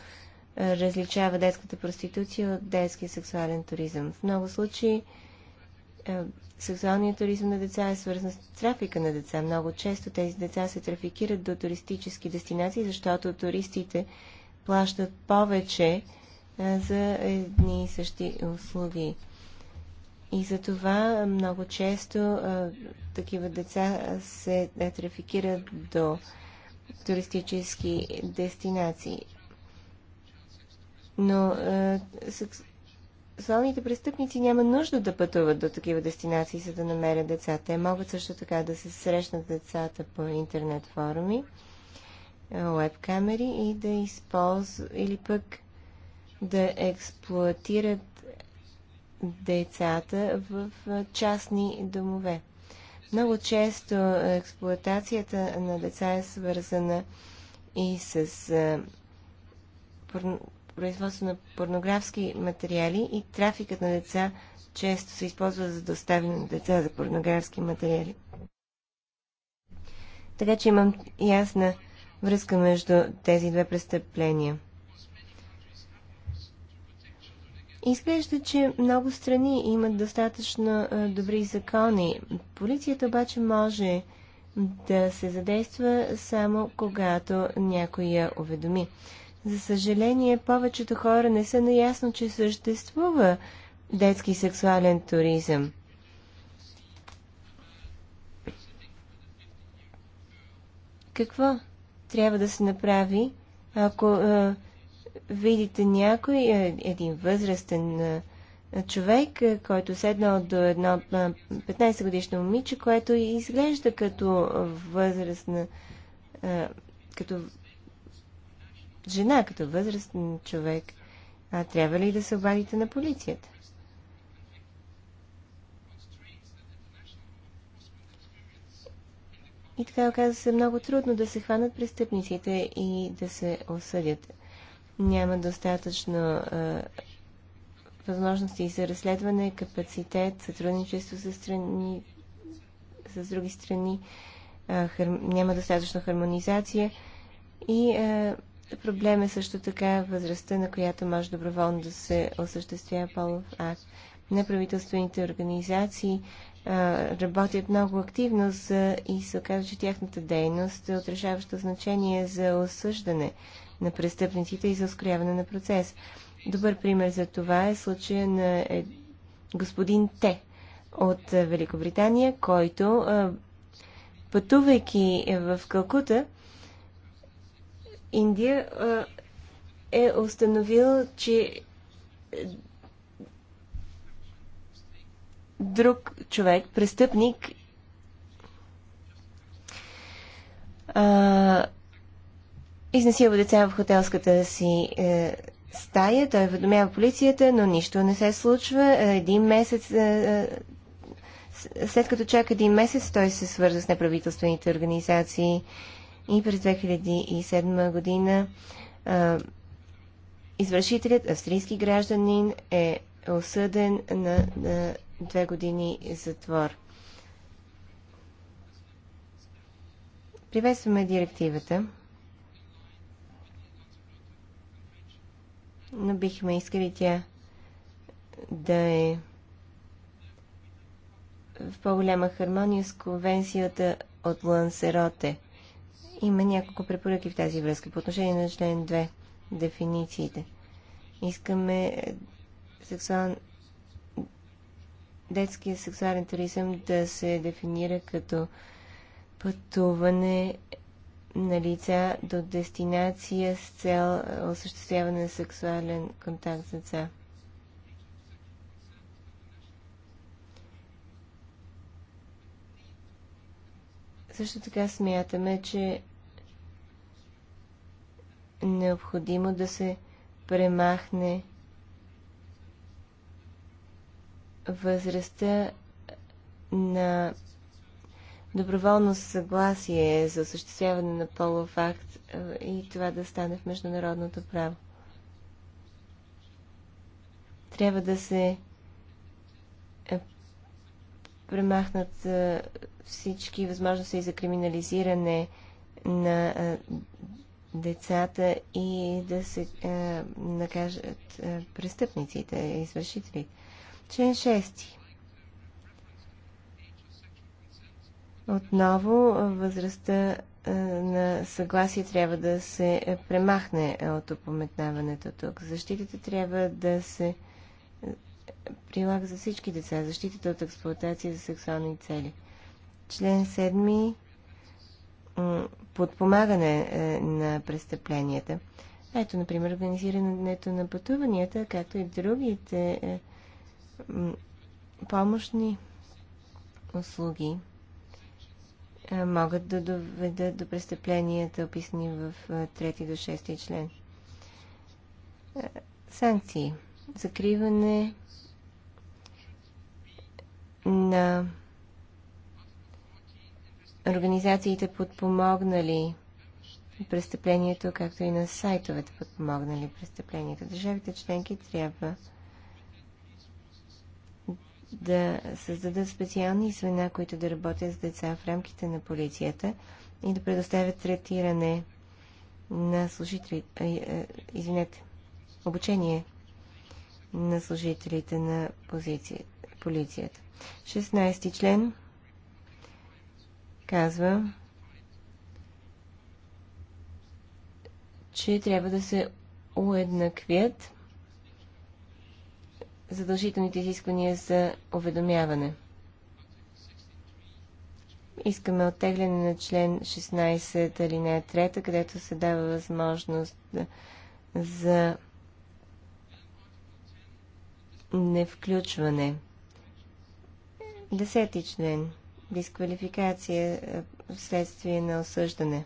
различава детската проституция от детския сексуален туризъм. В много случаи сексуалният туризъм на деца е свързан с трафика на деца. Много често тези деца се трафикират до туристически дестинации, защото туристите плащат повече за едни и същи услуги. И за това много често такива деца се трафикират до туристически дестинации. Но сексуалните престъпници няма нужда да пътуват до такива дестинации, за да намерят децата. Те могат също така да се срещнат децата по интернет форуми веб-камери и да използват или пък да експлуатират децата в частни домове. Много често експлуатацията на деца е свързана и с производство на порнографски материали и трафикът на деца често се използва за доставяне на деца за порнографски материали. Така че имам ясна връзка между тези две престъпления. Изглежда, че много страни имат достатъчно добри закони. Полицията обаче може да се задейства само когато някой я уведоми. За съжаление, повечето хора не са наясно, че съществува детски сексуален туризъм. Какво трябва да се направи, ако а, видите някой, а, един възрастен а, човек, а, който седнал до едно 15-годишно момиче, което изглежда като възрастна, а, като жена, като възрастен човек, а трябва ли да се обадите на полицията? И така оказва се много трудно да се хванат престъпниците и да се осъдят. Няма достатъчно е, възможности за разследване, капацитет, сътрудничество с, страни, с други страни, е, хар... няма достатъчно хармонизация и е, проблем е също така възрастта, на която може доброволно да се осъществява полов акт. Неправителствените организации работят много активно за, и се оказва, че тяхната дейност е отрешаващо значение за осъждане на престъпниците и за ускоряване на процес. Добър пример за това е случая на е, господин Те от Великобритания, който пътувайки в Калкута, Индия е установил, че друг човек, престъпник, а, изнасилва деца в хотелската си е, стая. Той уведомява полицията, но нищо не се случва. Е, един месец, е, е, след като чака един месец, той се свърза с неправителствените организации и през 2007 година е, извършителят, австрийски гражданин, е е осъден на, на две години затвор. Приветстваме директивата, но бихме искали тя да е в по-голяма хармония с конвенцията от Лансероте. Има няколко препоръки в тази връзка по отношение на член 2, дефинициите. Искаме сексуал... детския сексуален туризъм да се дефинира като пътуване на лица до дестинация с цел осъществяване на сексуален контакт с деца. Също така смятаме, че необходимо да се премахне възрастта на доброволно съгласие за осъществяване на полов акт е, и това да стане в международното право. Трябва да се е, премахнат е, всички възможности за криминализиране на децата и да се накажат престъпниците, извършителите. Член 6. Отново възрастта на съгласие трябва да се премахне от опометнаването тук. Защитата трябва да се прилага за всички деца. Защитата от експлуатация за сексуални цели. Член 7. Подпомагане е, на престъпленията. Ето, например, организирането на пътуванията, както и другите е, помощни услуги е, могат да доведат до престъпленията, описани в 3 е, до 6 член. Е, санкции. Закриване на организациите подпомогнали престъплението, както и на сайтовете подпомогнали престъплението. Държавите членки трябва да създадат специални звена, които да работят с деца в рамките на полицията и да предоставят третиране на служителите, извинете, обучение на служителите на позиция, полицията. 16 ти член казва, че трябва да се уеднаквят задължителните изисквания за уведомяване. Искаме оттегляне на член 16 алинея 3, където се дава възможност за невключване. Десети член. Дисквалификация е, вследствие на осъждане.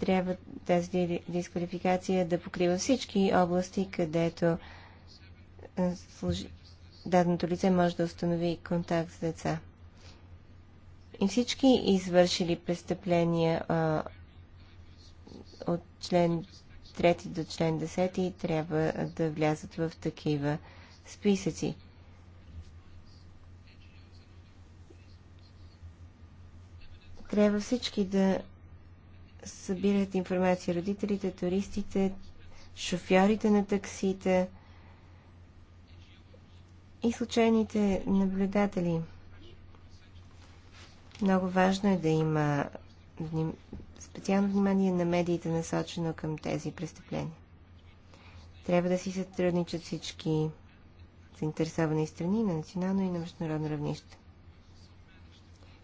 Трябва тази дисквалификация да покрива всички области, където е, даденото лице може да установи контакт с деца. И всички извършили престъпления а, от член 3 до член 10 трябва да влязат в такива списъци. Трябва всички да събират информация. Родителите, туристите, шофьорите на таксите – и случайните наблюдатели. Много важно е да има специално внимание на медиите, насочено към тези престъпления. Трябва да си сътрудничат всички заинтересовани страни на национално и на международно равнище.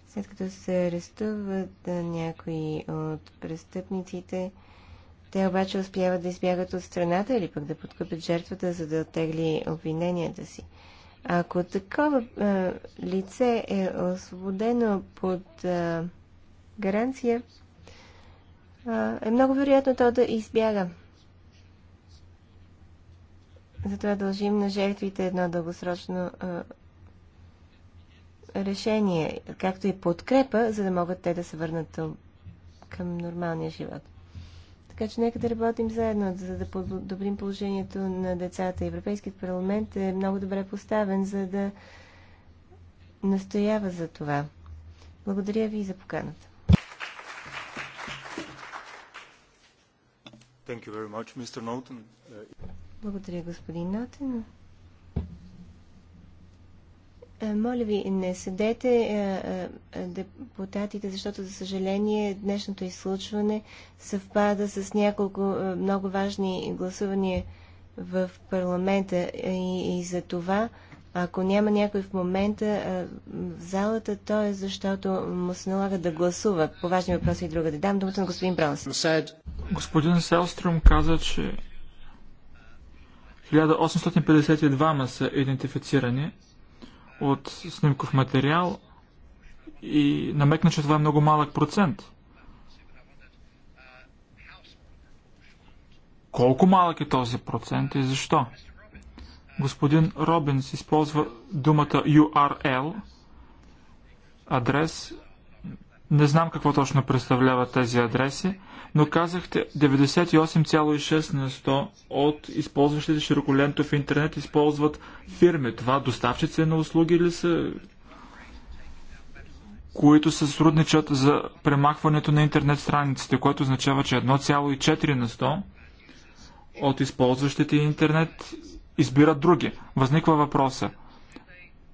След като се арестуват някои от престъпниците, те обаче успяват да избягат от страната или пък да подкупят жертвата, за да оттегли обвиненията си. Ако такова а, лице е освободено под а, гаранция, а, е много вероятно то да избяга. Затова дължим на жертвите едно дългосрочно а, решение, както и подкрепа, за да могат те да се върнат към нормалния живот. Така че нека да работим заедно, за да подобрим положението на децата. Европейският парламент е много добре поставен, за да настоява за това. Благодаря ви за поканата. Благодаря, господин Нотен. Е, моля ви, не седете е, е, депутатите, защото, за съжаление, днешното изслучване съвпада с няколко много важни гласувания в парламента и, и за това, ако няма някой в момента в залата, то е защото му се налага да гласува по важни въпроси и друга. Да дам думата на господин Бронс. Господин Селстрюм каза, че 1852 са идентифицирани от снимков материал и намекна, че това е много малък процент. Колко малък е този процент и защо? Господин Робинс използва думата URL, адрес, не знам какво точно представляват тези адреси, но казахте 98,6 на 100 от използващите широколентов интернет използват фирми. Това доставчици на услуги ли са, които се срудничат за премахването на интернет страниците, което означава, че 1,4 на 100 от използващите интернет избират други. Възниква въпроса.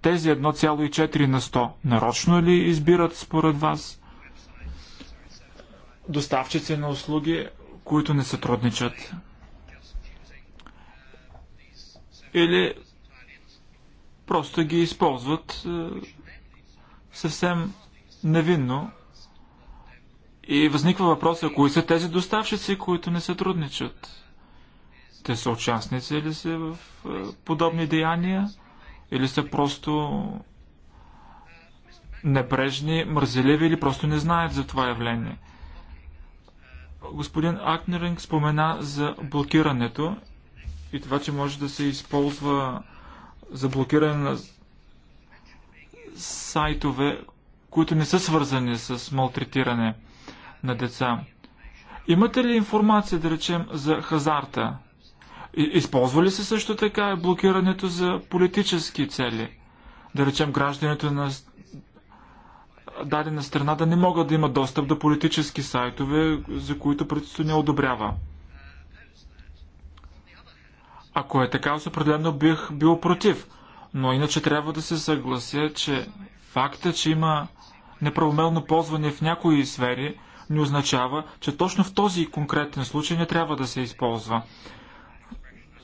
Тези 1,4 на 100 нарочно ли избират според вас? доставчици на услуги, които не сътрудничат. Или просто ги използват е, съвсем невинно. И възниква въпроса, кои са тези доставчици, които не сътрудничат? Те са участници или са в е, подобни деяния? Или са просто небрежни, мързеливи или просто не знаят за това явление? Господин Акнеринг спомена за блокирането и това, че може да се използва за блокиране на сайтове, които не са свързани с малтретиране на деца. Имате ли информация, да речем, за хазарта? Използва ли се също така блокирането за политически цели? Да речем, граждането на дадена страна да не могат да имат достъп до политически сайтове, за които правителството не одобрява. Ако е така, определено бих бил против. Но иначе трябва да се съглася, че факта, че има неправомерно ползване в някои сфери, не означава, че точно в този конкретен случай не трябва да се използва.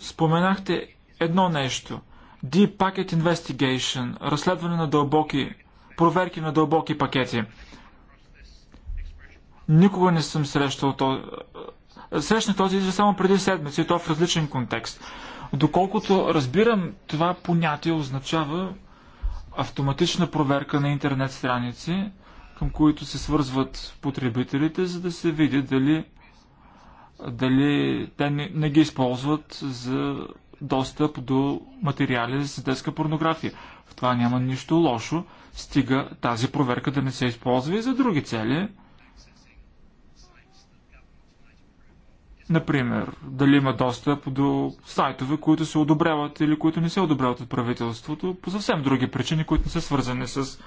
Споменахте едно нещо. Deep Packet Investigation, разследване на дълбоки проверки на дълбоки пакети. Никога не съм срещал този. Срещна този израз само преди седмици и то в различен контекст. Доколкото разбирам, това понятие означава автоматична проверка на интернет страници, към които се свързват потребителите, за да се види дали, дали те не, не ги използват за достъп до материали за детска порнография. В това няма нищо лошо стига тази проверка да не се използва и за други цели. Например, дали има достъп до сайтове, които се одобряват или които не се одобряват от правителството, по съвсем други причини, които не са свързани с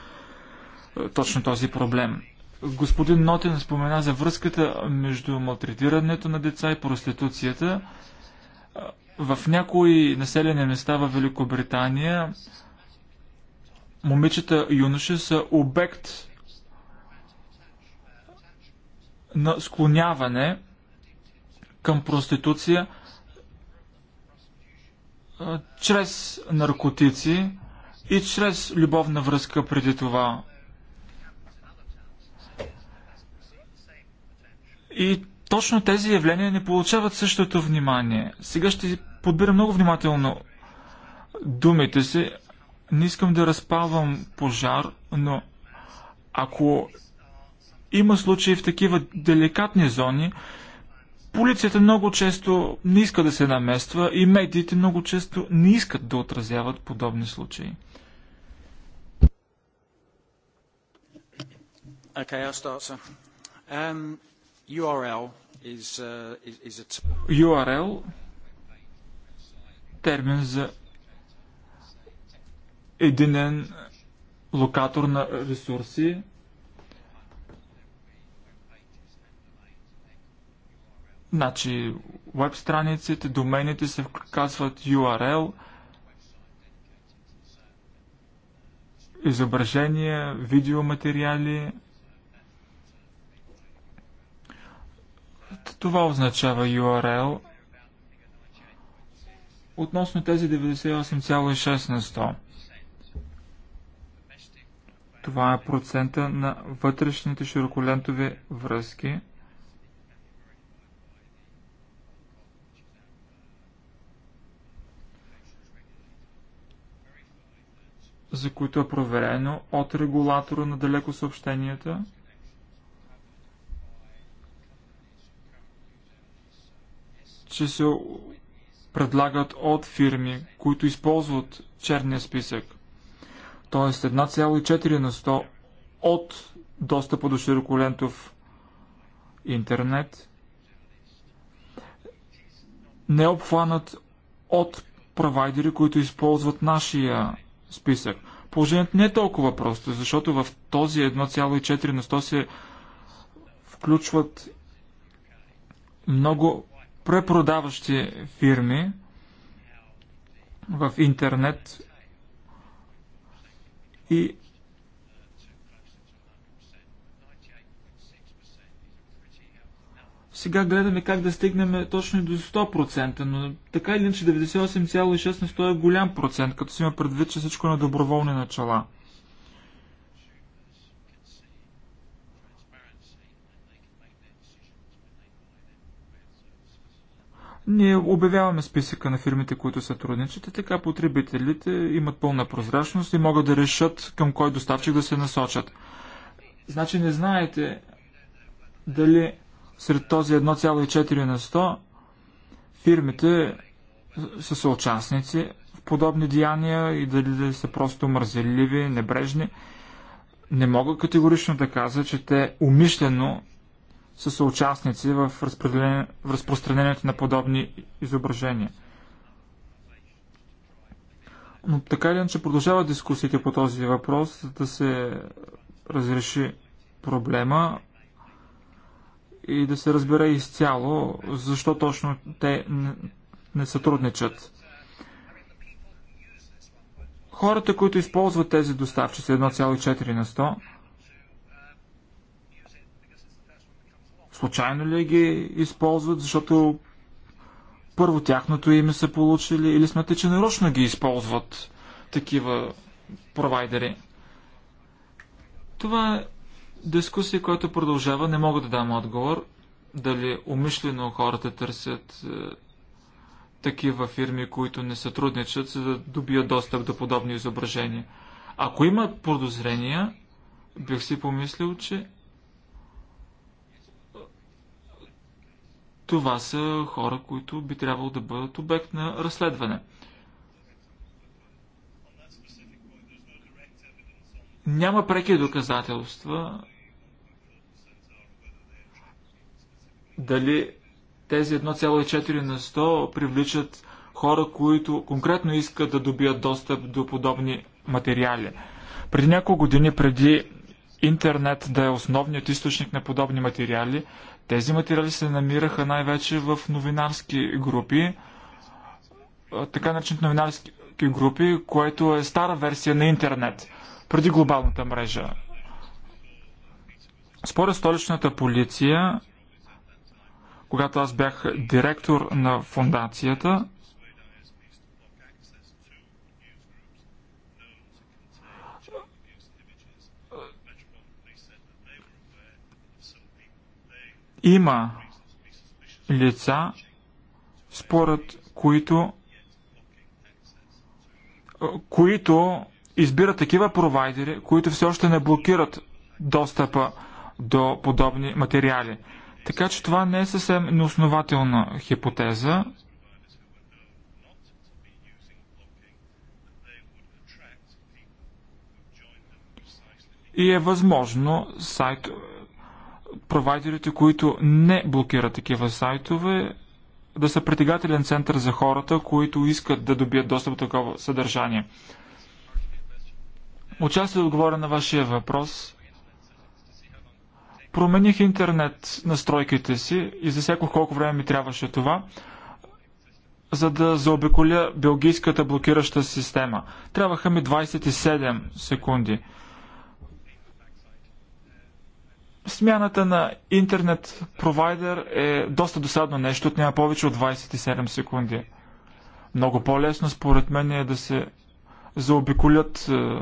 е, точно този проблем. Господин Нотин спомена за връзката между малтретирането на деца и проституцията. Е, в някои населени места в Великобритания момичета и юноши са обект на склоняване към проституция чрез наркотици и чрез любовна връзка преди това. И точно тези явления не получават същото внимание. Сега ще подбира много внимателно думите си, не искам да разпалвам пожар, но ако има случаи в такива деликатни зони, полицията много често не иска да се намества и медиите много често не искат да отразяват подобни случаи. Okay, I'll start, sir. Um, URL is, uh, is, is a... URL термин за единен локатор на ресурси. Значи, веб страниците, домените се казват URL, изображения, видеоматериали. Това означава URL относно тези 98,6 на 100. Това е процента на вътрешните широколентови връзки. за които е проверено от регулатора на далеко съобщенията. че се предлагат от фирми, които използват черния списък т.е. 1,4 на 100 от достъпа до широколентов интернет не е обхванат от провайдери, които използват нашия списък. Положението не е толкова просто, защото в този 1,4 на 100 се включват много препродаващи фирми в интернет и сега гледаме как да стигнем точно до 100%, но така или иначе 98,6 на е голям процент, като си има предвид, че всичко е на доброволни начала. Ние обявяваме списъка на фирмите, които сътрудничат и така потребителите имат пълна прозрачност и могат да решат към кой доставчик да се насочат. Значи не знаете дали сред този 1,4 на 100 фирмите са съучастници в подобни деяния и дали са просто мързеливи, небрежни. Не мога категорично да кажа, че те умишлено са съучастници в, в разпространението на подобни изображения. Но така или иначе продължават дискусиите по този въпрос, за да се разреши проблема и да се разбере изцяло защо точно те не сътрудничат. Хората, които използват тези доставчици 1,4 на 100, случайно ли ги използват, защото първо тяхното име са получили или смятате, че нарочно ги използват такива провайдери. Това е дискусия, която продължава. Не мога да дам отговор дали умишлено хората търсят е, такива фирми, които не сътрудничат, за да добият достъп до подобни изображения. Ако има подозрения, бих си помислил, че това са хора, които би трябвало да бъдат обект на разследване. Няма преки доказателства дали тези 1,4 на 100 привличат хора, които конкретно искат да добият достъп до подобни материали. Преди няколко години, преди интернет да е основният източник на подобни материали, тези материали се намираха най-вече в новинарски групи, така наречените новинарски групи, което е стара версия на интернет, преди глобалната мрежа. Според столичната полиция, когато аз бях директор на фундацията, Има лица, според които, които избират такива провайдери, които все още не блокират достъпа до подобни материали. Така че това не е съвсем неоснователна хипотеза. И е възможно сайто провайдерите, които не блокират такива сайтове, да са притегателен център за хората, които искат да добият достъп до такова съдържание. Участвам да отговоря на вашия въпрос. Промених интернет настройките си и засекох колко време ми трябваше това, за да заобиколя белгийската блокираща система. Трябваха ми 27 секунди. Смяната на интернет провайдер е доста досадно нещо, отнява повече от 27 секунди. Много по-лесно според мен е да се заобиколят е,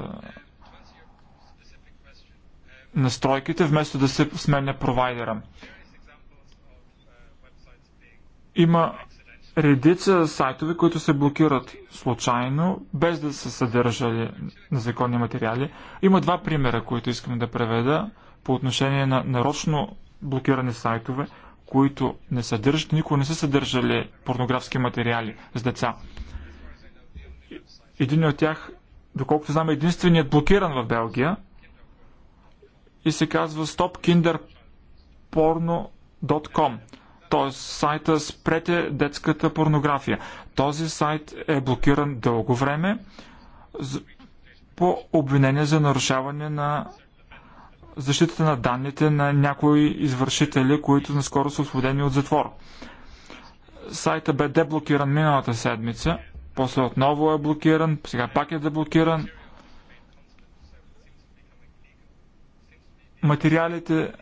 настройките, вместо да се сменя провайдера. Има редица сайтове, които се блокират случайно, без да са съдържали законни материали. Има два примера, които искам да преведа по отношение на нарочно блокирани сайтове, които не съдържат, никога не са съдържали порнографски материали с деца. Един от тях, доколкото знам, е единственият блокиран в Белгия и се казва stopkinderporno.com т.е. сайта спрете детската порнография. Този сайт е блокиран дълго време по обвинение за нарушаване на защитата на данните на някои извършители, които наскоро са освободени от затвор. Сайта бе деблокиран миналата седмица, после отново е блокиран, сега пак е деблокиран. Материалите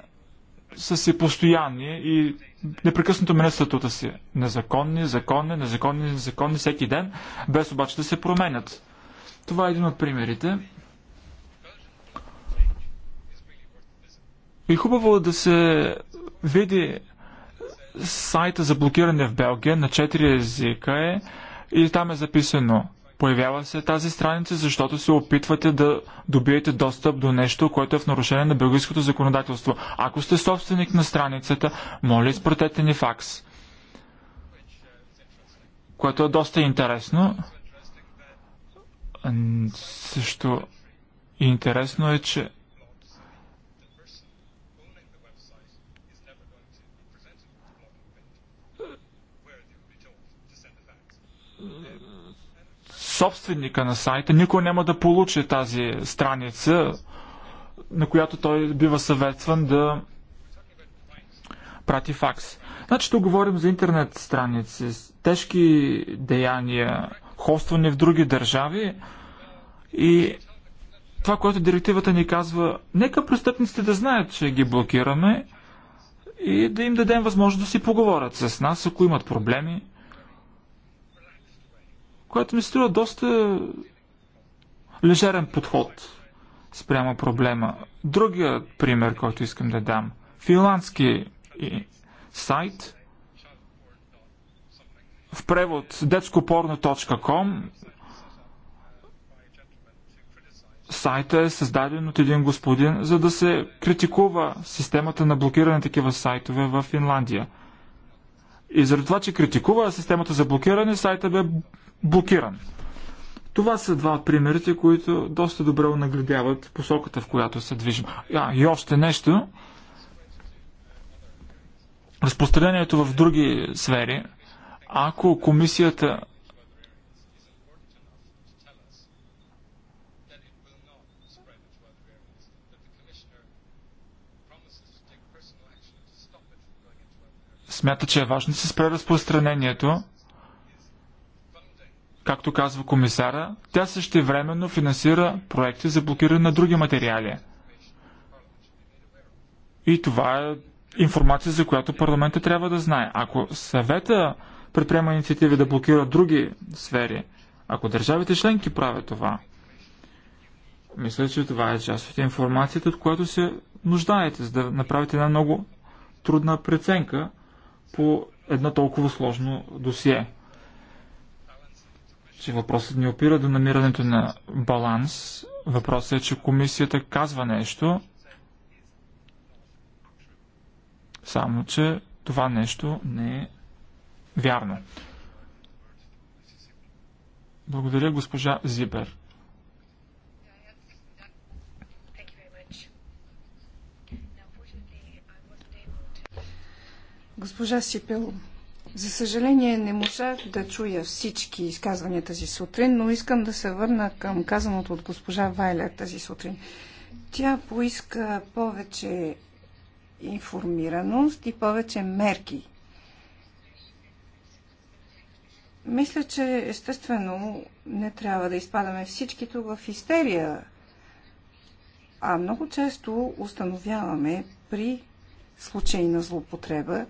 са си постоянни и непрекъснато мене статута си. Незаконни, законни, незаконни, незаконни всеки ден, без обаче да се променят. Това е един от примерите. И хубаво е да се види сайта за блокиране в Белгия на 4 езика е и там е записано Появява се тази страница, защото се опитвате да добиете достъп до нещо, което е в нарушение на белгийското законодателство. Ако сте собственик на страницата, моля изпратете ни факс, което е доста интересно. Също интересно е, че собственика на сайта никой няма да получи тази страница, на която той бива съветван да прати факс. Значи тук говорим за интернет страници, тежки деяния, хостване в други държави и това, което директивата ни казва, нека престъпниците да знаят, че ги блокираме и да им дадем възможност да си поговорят с нас, ако имат проблеми което ми струва доста лежерен подход спрямо проблема. Другият пример, който искам да дам. Финландски сайт в превод детскопорно.com сайта е създаден от един господин, за да се критикува системата на блокиране такива сайтове в Финландия – и заради това, че критикува системата за блокиране, сайта бе блокиран. Това са два от примерите, които доста добре онагледяват посоката, в която се движим. А, и още нещо. Разпространението в други сфери. Ако комисията Смята, че е важно да се спре разпространението. Както казва комисара, тя също временно финансира проекти за блокиране на други материали. И това е информация, за която парламента трябва да знае. Ако съвета предприема инициативи да блокира други сфери, ако държавите членки правят това, мисля, че това е част от информацията, от която се нуждаете, за да направите една много трудна преценка – по едно толкова сложно досие. Че въпросът ни опира до намирането на баланс. Въпросът е, че комисията казва нещо, само че това нещо не е вярно. Благодаря, госпожа Зибер. Госпожа Сипел, за съжаление не можах да чуя всички изказвания тази сутрин, но искам да се върна към казаното от госпожа Вайлер тази сутрин. Тя поиска повече информираност и повече мерки. Мисля, че естествено не трябва да изпадаме всички тук в истерия, а много често установяваме при случаи на злоупотреба,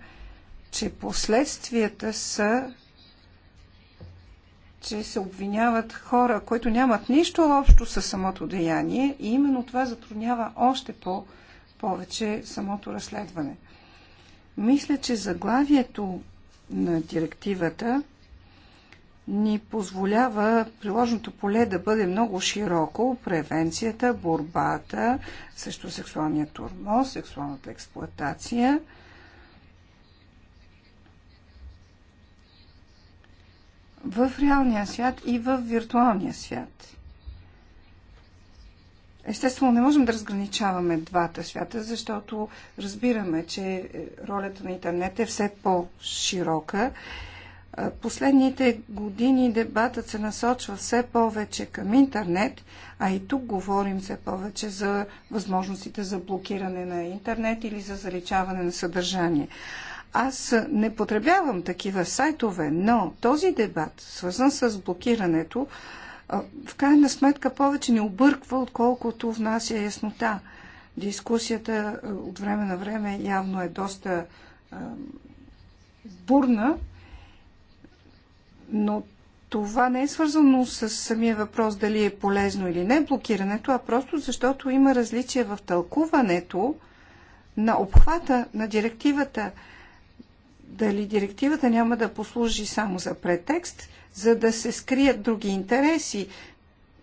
че последствията са, че се обвиняват хора, които нямат нищо общо с самото деяние и именно това затруднява още по повече самото разследване. Мисля, че заглавието на директивата ни позволява приложното поле да бъде много широко. Превенцията, борбата срещу сексуалния турмоз, сексуалната експлоатация – в реалния свят и в виртуалния свят. Естествено, не можем да разграничаваме двата свята, защото разбираме, че е, ролята на интернет е все по-широка. Последните години дебатът се насочва все повече към интернет, а и тук говорим все повече за възможностите за блокиране на интернет или за заличаване на съдържание. Аз не потребявам такива сайтове, но този дебат, свързан с блокирането, в крайна сметка повече ни обърква, отколкото внася яснота. Дискусията от време на време явно е доста бурна, но това не е свързано с самия въпрос дали е полезно или не блокирането, а просто защото има различия в тълкуването на обхвата на директивата – дали директивата няма да послужи само за претекст, за да се скрият други интереси,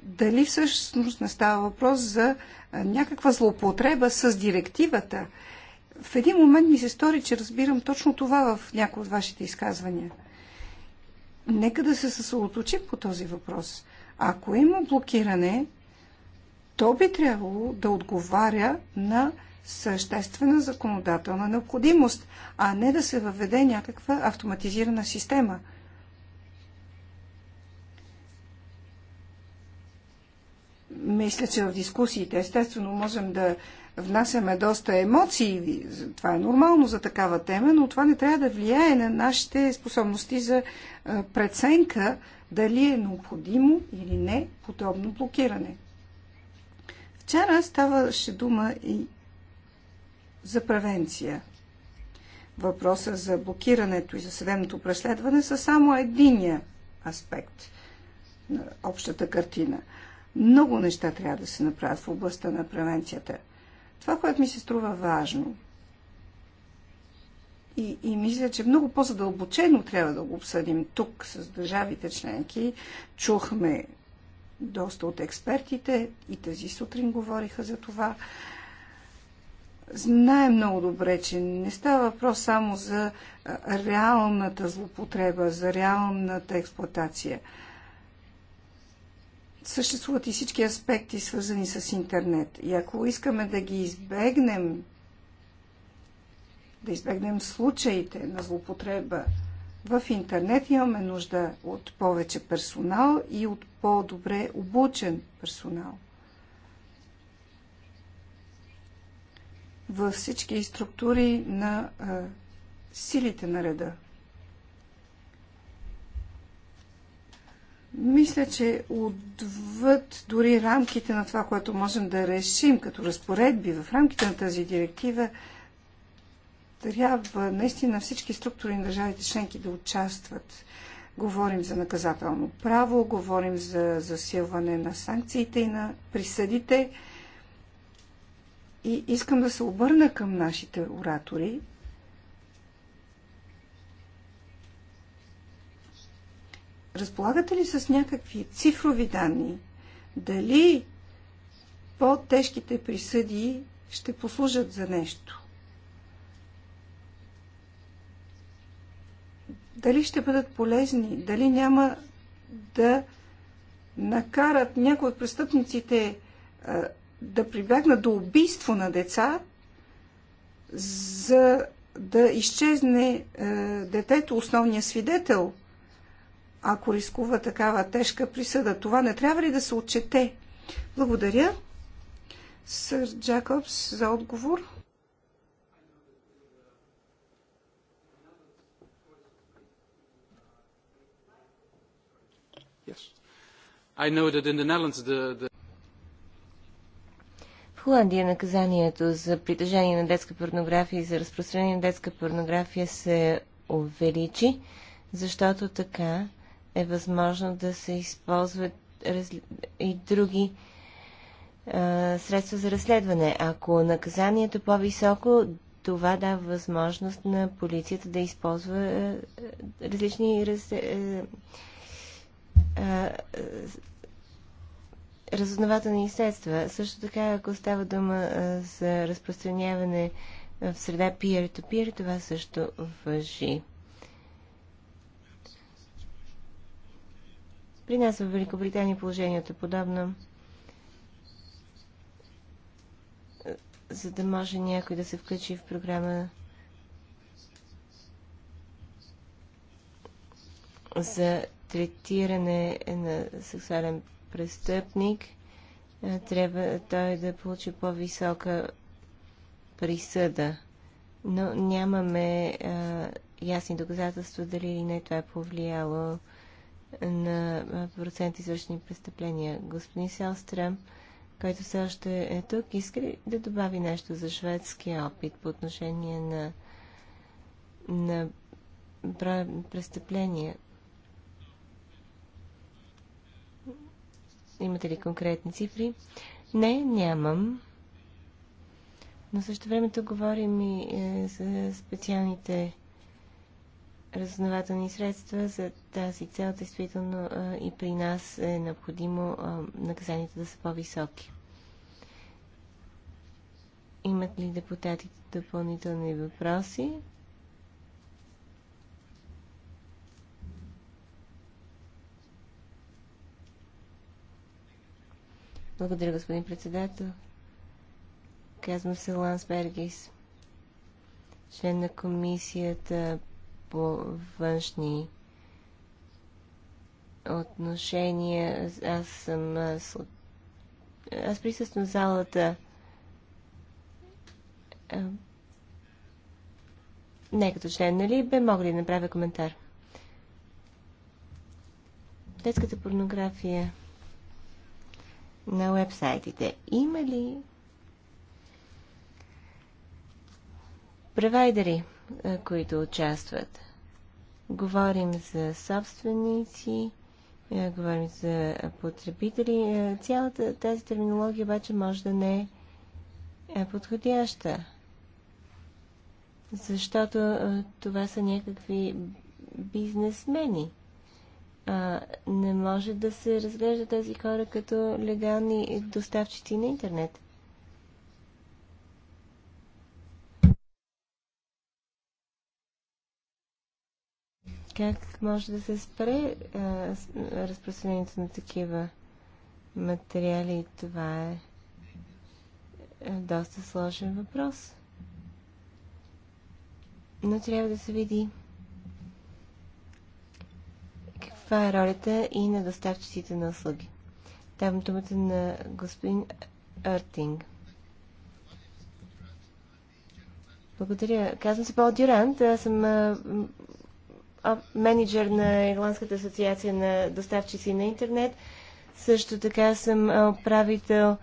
дали всъщност не става въпрос за някаква злоупотреба с директивата. В един момент ми се стори, че разбирам точно това в някои от вашите изказвания. Нека да се съсредоточим по този въпрос. Ако има блокиране, то би трябвало да отговаря на съществена законодателна необходимост, а не да се въведе някаква автоматизирана система. Мисля, че в дискусиите естествено можем да внасяме доста емоции. Това е нормално за такава тема, но това не трябва да влияе на нашите способности за е, преценка дали е необходимо или не подобно блокиране. Вчера ставаше дума и за превенция. Въпроса за блокирането и за съдебното преследване са само единия аспект на общата картина. Много неща трябва да се направят в областта на превенцията. Това, което ми се струва важно и, и мисля, че много по-задълбочено трябва да го обсъдим тук с държавите членки. Чухме доста от експертите и тази сутрин говориха за това. Знае много добре, че не става въпрос само за реалната злопотреба, за реалната експлоатация. Съществуват и всички аспекти, свързани с интернет. И ако искаме да ги избегнем, да избегнем случаите на злопотреба в интернет, имаме нужда от повече персонал и от по-добре обучен персонал. във всички структури на а, силите на реда. Мисля, че отвъд дори рамките на това, което можем да решим като разпоредби в рамките на тази директива, трябва наистина всички структури на държавите членки да участват. Говорим за наказателно право, говорим за засилване на санкциите и на присъдите. И искам да се обърна към нашите оратори. Разполагате ли с някакви цифрови данни? Дали по-тежките присъди ще послужат за нещо? Дали ще бъдат полезни? Дали няма да накарат някои от престъпниците да прибягнат до убийство на деца, за да изчезне е, детето, основния свидетел, ако рискува такава тежка присъда. Това не трябва ли да се отчете? Благодаря, сър Джакобс, за отговор. Yes. I know that in the Netherlands the, the в Холандия наказанието за притежание на детска порнография и за разпространение на детска порнография се увеличи, защото така е възможно да се използват и други а, средства за разследване. Ако наказанието е по-високо, това дава възможност на полицията да използва а, различни раз, е, е, а, разузнавателни средства. Също така, ако става дума за разпространяване в среда peer-to-peer, -to -peer, това също въжи. При нас в Великобритания положението е подобно. За да може някой да се включи в програма за третиране на сексуален престъпник, е, трябва той да получи по-висока присъда. Но нямаме а, е, ясни доказателства дали или не това е повлияло на е, процент извършени престъпления. Господин Селстрем, който все още е тук, иска ли да добави нещо за шведския опит по отношение на, на броя престъпления? Имате ли конкретни цифри? Не, нямам. Но също времето говорим и е, за специалните разнователни средства. За тази цел, действително, е, и при нас е необходимо е, наказанията да са по-високи. Имат ли депутатите допълнителни въпроси? Благодаря, господин председател. Казвам се Ланс Бергис, член на комисията по външни отношения. Аз съм... Аз присъствам в залата не като член на Либе, мога ли да направя коментар? Детската порнография на уебсайтите. Има ли провайдери, които участват? Говорим за собственици, говорим за потребители. Цялата тази терминология обаче може да не е подходяща, защото това са някакви бизнесмени а, не може да се разглежда тези хора като легални доставчици на интернет. Как може да се спре а, разпространението на такива материали? Това е, е доста сложен въпрос. Но трябва да се види каква е ролята и на доставчиците на услуги. Там думата на господин Артинг. Благодаря. Казвам се Пол Дюрант. Аз съм а, а, менеджер на Ирландската асоциация на доставчици на интернет. Също така съм управител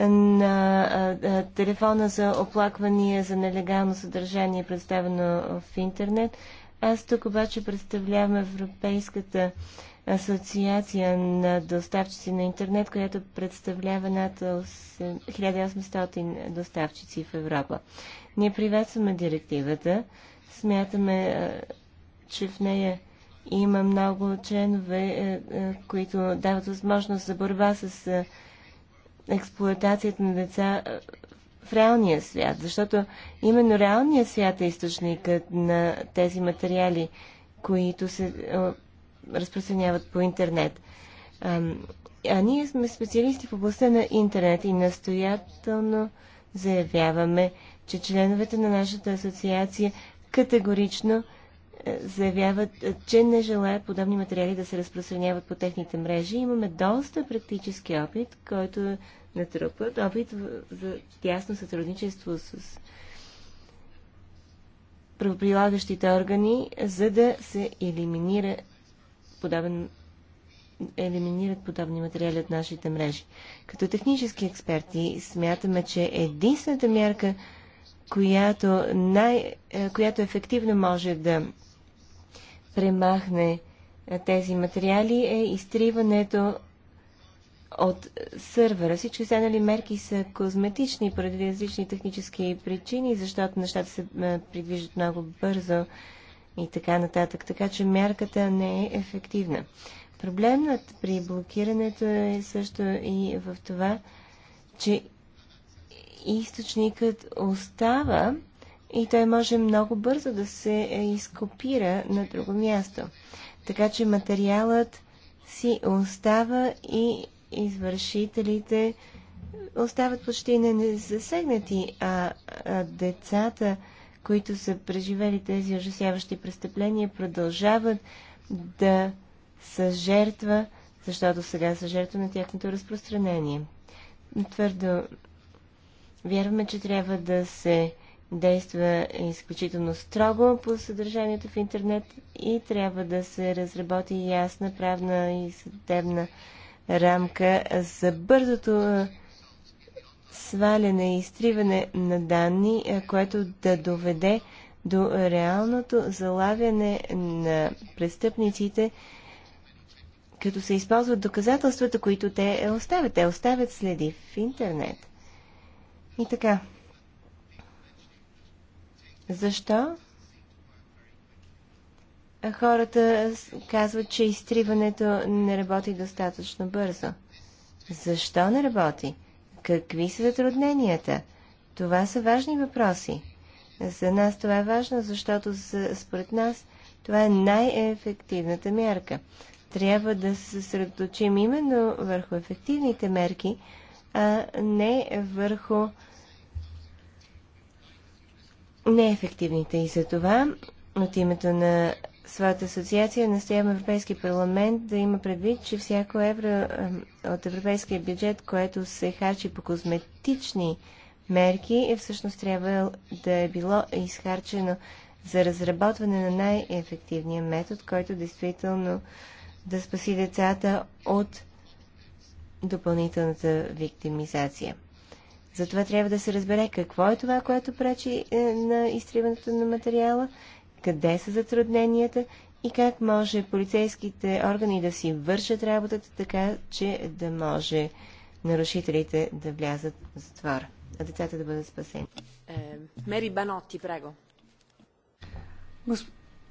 на а, телефона за оплаквания за нелегално съдържание, представено в интернет. Аз тук обаче представлявам Европейската асоциация на доставчици на интернет, която представлява над 1800 доставчици в Европа. Ние приветстваме директивата. Смятаме, че в нея има много членове, които дават възможност за борба с експлуатацията на деца в реалния свят, защото именно реалният свят е източникът на тези материали, които се а, разпространяват по интернет. А, а ние сме специалисти в областта на интернет и настоятелно заявяваме, че членовете на нашата асоциация категорично е, заявяват, е, че не желаят подобни материали да се разпространяват по техните мрежи. Имаме доста практически опит, който натрупват опит за тясно сътрудничество с правоприлагащите органи, за да се елиминира подобен елиминират подобни материали от нашите мрежи. Като технически експерти смятаме, че единствената мярка, която, най, е, която ефективно може да премахне тези материали е изтриването от сървъра. Всички останали мерки са козметични поради различни технически причини, защото нещата се придвижат много бързо и така нататък. Така че мярката не е ефективна. Проблемът при блокирането е също и в това, че източникът остава и той може много бързо да се е, изкопира на друго място. Така че материалът си остава и извършителите остават почти незасегнати, а, а децата, които са преживели тези ужасяващи престъпления, продължават да са жертва, защото сега са жертва на тяхното разпространение. Твърдо вярваме, че трябва да се действа изключително строго по съдържанието в интернет и трябва да се разработи ясна правна и съдебна рамка за бързото сваляне и изтриване на данни, което да доведе до реалното залавяне на престъпниците, като се използват доказателствата, които те оставят. Те оставят следи в интернет. И така, защо? Хората казват, че изтриването не работи достатъчно бързо. Защо не работи? Какви са затрудненията? Това са важни въпроси. За нас това е важно, защото за, според нас това е най-ефективната мярка. Трябва да се съсредоточим именно върху ефективните мерки, а не върху неефективните. И за това от името на своята асоциация настоявам Европейски парламент да има предвид, че всяко евро от европейския бюджет, което се харчи по козметични мерки, е всъщност трябва да е било изхарчено за разработване на най-ефективния метод, който действително да спаси децата от допълнителната виктимизация. Затова трябва да се разбере какво е това, което пречи е, на изтриването на материала, къде са затрудненията и как може полицейските органи да си вършат работата така, че да може нарушителите да влязат в затвора, а децата да бъдат спасени. Е, Мери Баноти, прего.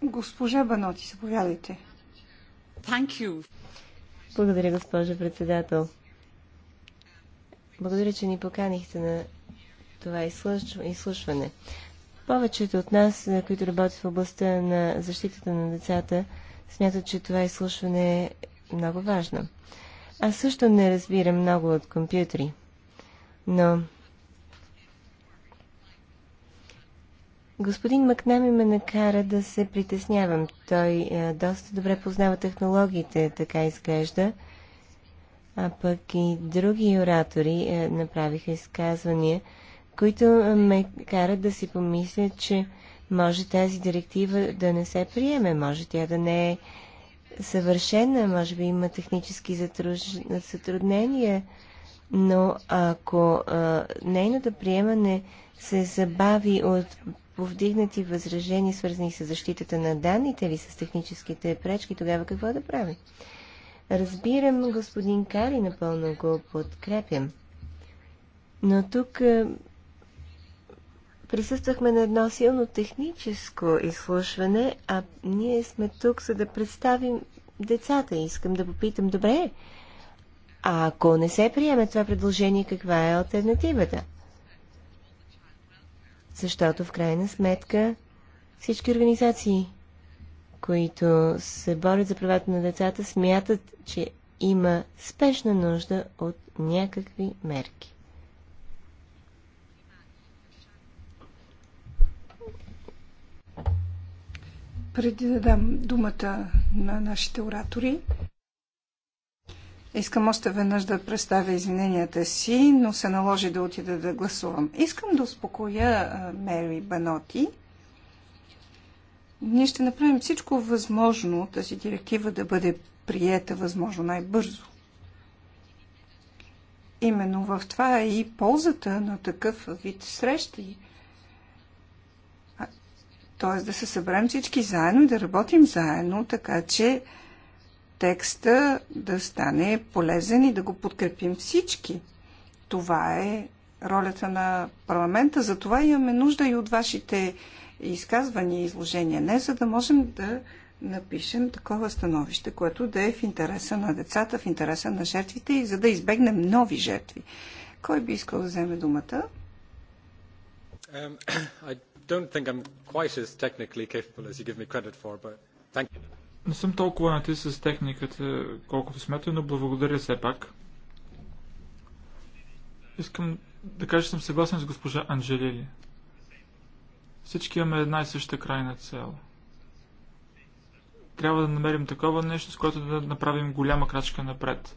Госпожа Баноти, заповядайте. Благодаря, госпожа председател. Благодаря, че ни поканихте на това изслушване. Повечето от нас, е, които работят в областта на защитата на децата, смятат, че това изслушване е много важно. Аз също не разбирам много от компютри, но Господин Макнами ме накара да се притеснявам. Той е, доста добре познава технологиите, така изглежда а пък и други оратори а, е, направиха изказвания, които е, ме карат да си помисля, че може тази директива да не се приеме, може тя да не е съвършена, може би има технически затруж... затруднения, но ако а, е, нейното приемане се забави от повдигнати възражения, свързани с защитата на данните или с техническите пречки, тогава какво да правим? Разбирам господин Кари напълно го подкрепям. Но тук е, присъствахме на едно силно техническо изслушване, а ние сме тук, за да представим децата. Искам да попитам, добре, а ако не се приеме това предложение, каква е альтернативата? Защото в крайна сметка всички организации които се борят за правата на децата, смятат, че има спешна нужда от някакви мерки. Преди да дам думата на нашите оратори, искам още веднъж да представя извиненията си, но се наложи да отида да гласувам. Искам да успокоя Мери Баноти – ние ще направим всичко възможно тази директива да бъде приета възможно най-бързо. Именно в това е и ползата на такъв вид срещи. Тоест да се съберем всички заедно и да работим заедно, така че текста да стане полезен и да го подкрепим всички. Това е ролята на парламента. Затова имаме нужда и от вашите изказвания и изложения не, за да можем да напишем такова становище, което да е в интереса на децата, в интереса на жертвите и за да избегнем нови жертви. Кой би искал да вземе думата? Um, не съм толкова натис с техниката, колкото смятам, но благодаря все пак. Искам да кажа, че съм съгласен с госпожа Анжелили. Всички имаме една и съща крайна цел. Трябва да намерим такова нещо, с което да направим голяма крачка напред.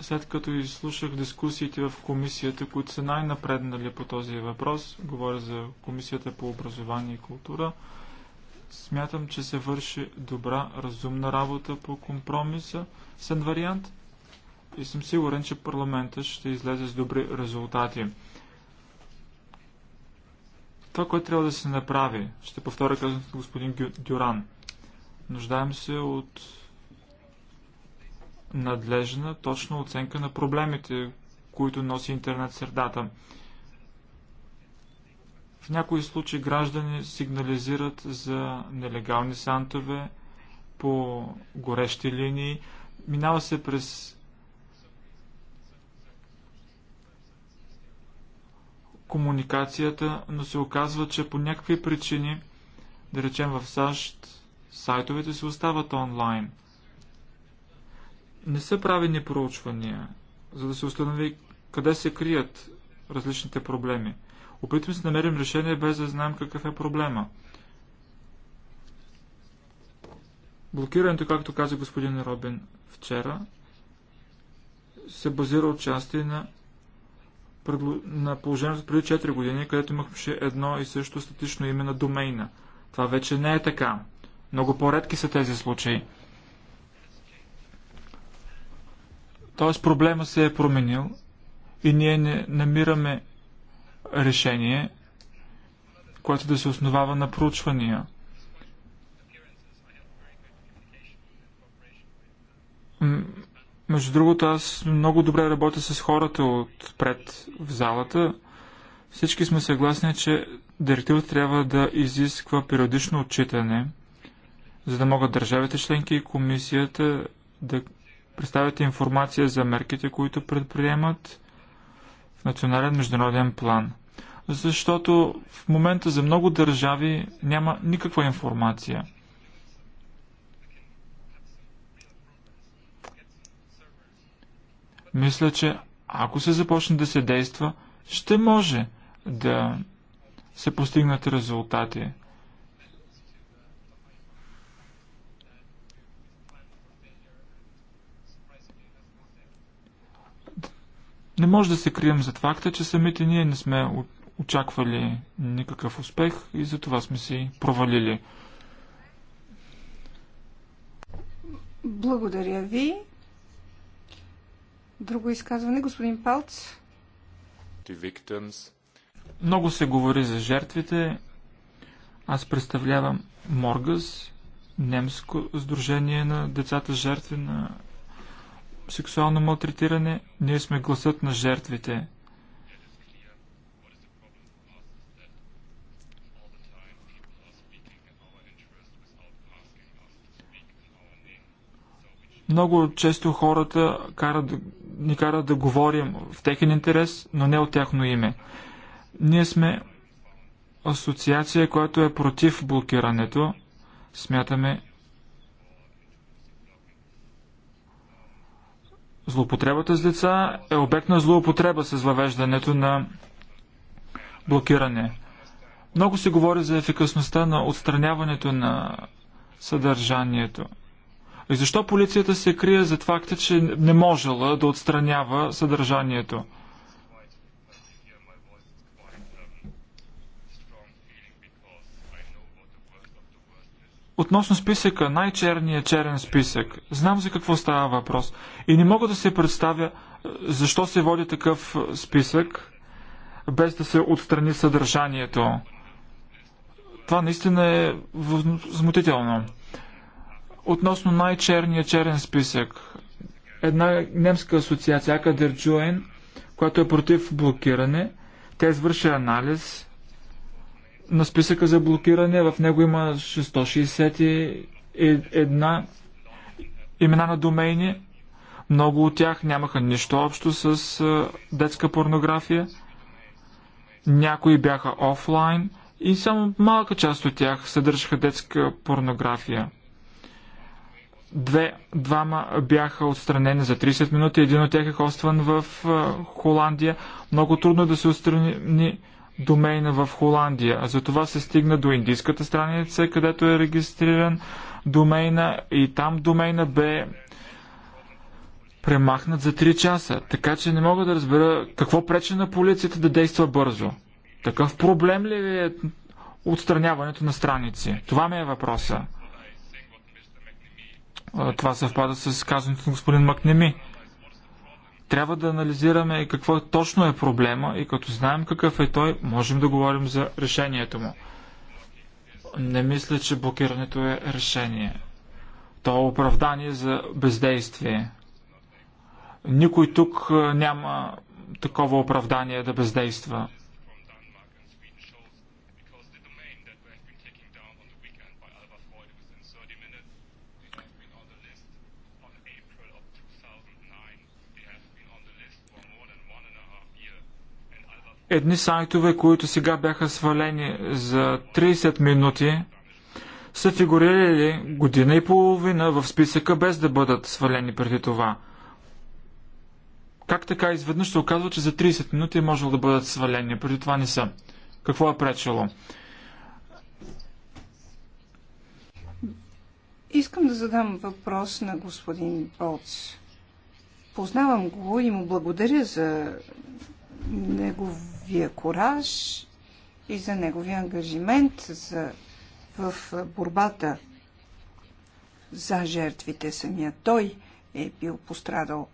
След като изслушах дискусиите в комисията, които са най-напреднали по този въпрос, говоря за комисията по образование и култура, смятам, че се върши добра, разумна работа по компромиса, с вариант и съм сигурен, че парламента ще излезе с добри резултати. Това, което трябва да се направи, ще повторя казаното господин Дюран. Нуждаем се от надлежна, точна оценка на проблемите, които носи интернет средата. В някои случаи граждани сигнализират за нелегални сантове по горещи линии. Минава се през комуникацията, но се оказва, че по някакви причини, да речем в САЩ, сайтовете се остават онлайн. Не са правени проучвания, за да се установи къде се крият различните проблеми. Опитваме се да намерим решение, без да знаем какъв е проблема. Блокирането, както каза господин Робин вчера, се базира отчасти на на положението преди 4 години, където имахме едно и също статично име на домейна. Това вече не е така. Много по-редки са тези случаи. Тоест проблема се е променил и ние не намираме решение, което да се основава на проучвания. Между другото, аз много добре работя с хората отпред в залата. Всички сме съгласни, че директивата трябва да изисква периодично отчитане, за да могат държавите членки и комисията да представят информация за мерките, които предприемат в национален международен план. Защото в момента за много държави няма никаква информация – Мисля, че ако се започне да се действа, ще може да се постигнат резултати. Не може да се крием зад факта, че самите ние не сме очаквали никакъв успех и за това сме си провалили. Благодаря ви. Друго изказване, господин Палц. Много се говори за жертвите. Аз представлявам Моргас, немско сдружение на децата жертви на сексуално малтретиране. Ние сме гласът на жертвите. Много често хората карат, ни карат да говорим в техен интерес, но не от тяхно име. Ние сме асоциация, която е против блокирането. Смятаме, Злоупотребата с деца е обект на злоупотреба с въвеждането на блокиране. Много се говори за ефикасността на отстраняването на съдържанието. И защо полицията се крие зад факта, че не можела да отстранява съдържанието? Относно списъка, най-черният черен списък, знам за какво става въпрос. И не мога да се представя е, защо се води такъв е, списък, без да се отстрани съдържанието. Това наистина е възмутително. Относно най-черния черен списък, една немска асоциация, Акадер Джуен, която е против блокиране, тя извърши анализ на списъка за блокиране. В него има 661 имена на домейни. Много от тях нямаха нищо общо с детска порнография. Някои бяха офлайн и само малка част от тях съдържаха детска порнография. Две, двама бяха отстранени за 30 минути. Един от тях е хостван в Холандия. Много трудно е да се отстрани домейна в Холандия. Затова се стигна до индийската страница, където е регистриран домейна и там домейна бе премахнат за 3 часа. Така че не мога да разбера какво пречи на полицията да действа бързо. Такъв проблем ли е отстраняването на страници? Това ми е въпроса. Това съвпада с казването на господин Макнеми. Трябва да анализираме какво точно е проблема и като знаем какъв е той, можем да говорим за решението му. Не мисля, че блокирането е решение. То е оправдание за бездействие. Никой тук няма такова оправдание да бездейства. едни сайтове, които сега бяха свалени за 30 минути, са фигурирали година и половина в списъка без да бъдат свалени преди това. Как така изведнъж се оказва, че за 30 минути е можело да бъдат свалени, преди това не са? Какво е пречело? Искам да задам въпрос на господин Боц. Познавам го и му благодаря за негов неговия кораж и за неговия ангажимент за, в борбата за жертвите. Самия той е бил пострадал.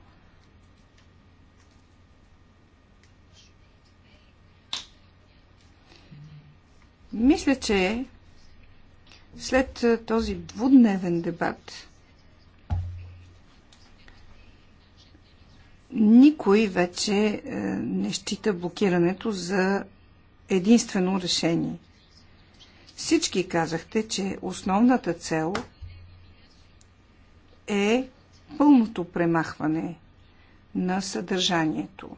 Мисля, че след този двудневен дебат Никой вече е, не счита блокирането за единствено решение. Всички казахте, че основната цел е пълното премахване на съдържанието.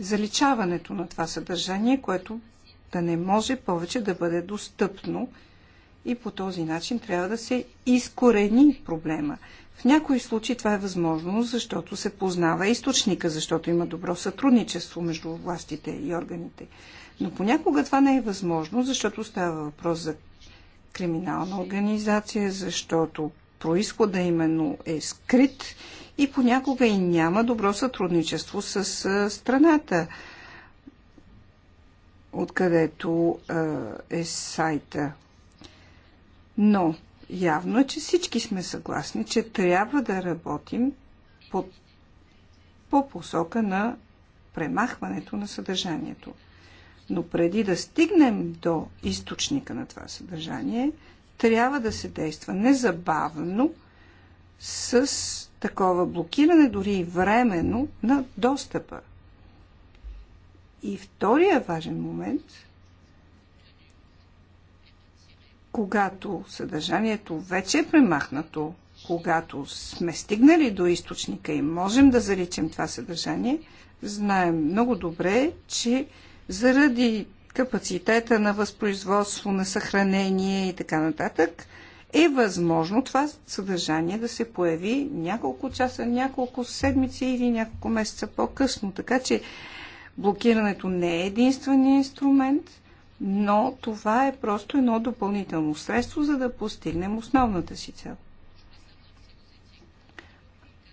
Заличаването на това съдържание, което да не може повече да бъде достъпно и по този начин трябва да се изкорени проблема. В някои случаи това е възможно, защото се познава източника, защото има добро сътрудничество между властите и органите. Но понякога това не е възможно, защото става въпрос за криминална организация, защото происхода именно е скрит и понякога и няма добро сътрудничество с страната, откъдето е сайта но явно е, че всички сме съгласни, че трябва да работим по, по посока на премахването на съдържанието. Но преди да стигнем до източника на това съдържание, трябва да се действа незабавно с такова блокиране, дори и временно, на достъпа. И втория важен момент – когато съдържанието вече е премахнато, когато сме стигнали до източника и можем да заличим това съдържание, знаем много добре, че заради капацитета на възпроизводство, на съхранение и така нататък, е възможно това съдържание да се появи няколко часа, няколко седмици или няколко месеца по-късно. Така че блокирането не е единствения инструмент, но това е просто едно допълнително средство, за да постигнем основната си цел.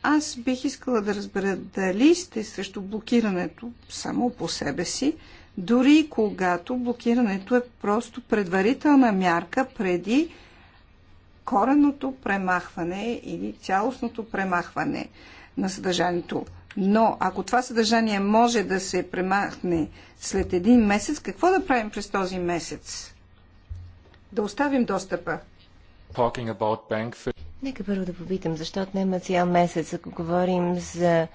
Аз бих искала да разбера дали сте срещу блокирането само по себе си, дори когато блокирането е просто предварителна мярка преди кореното премахване или цялостното премахване на съдържанието. Но ако това съдържание може да се премахне след един месец, какво да правим през този месец? Да оставим достъпа. Нека първо да попитам, защо отнема цял месец, ако говорим за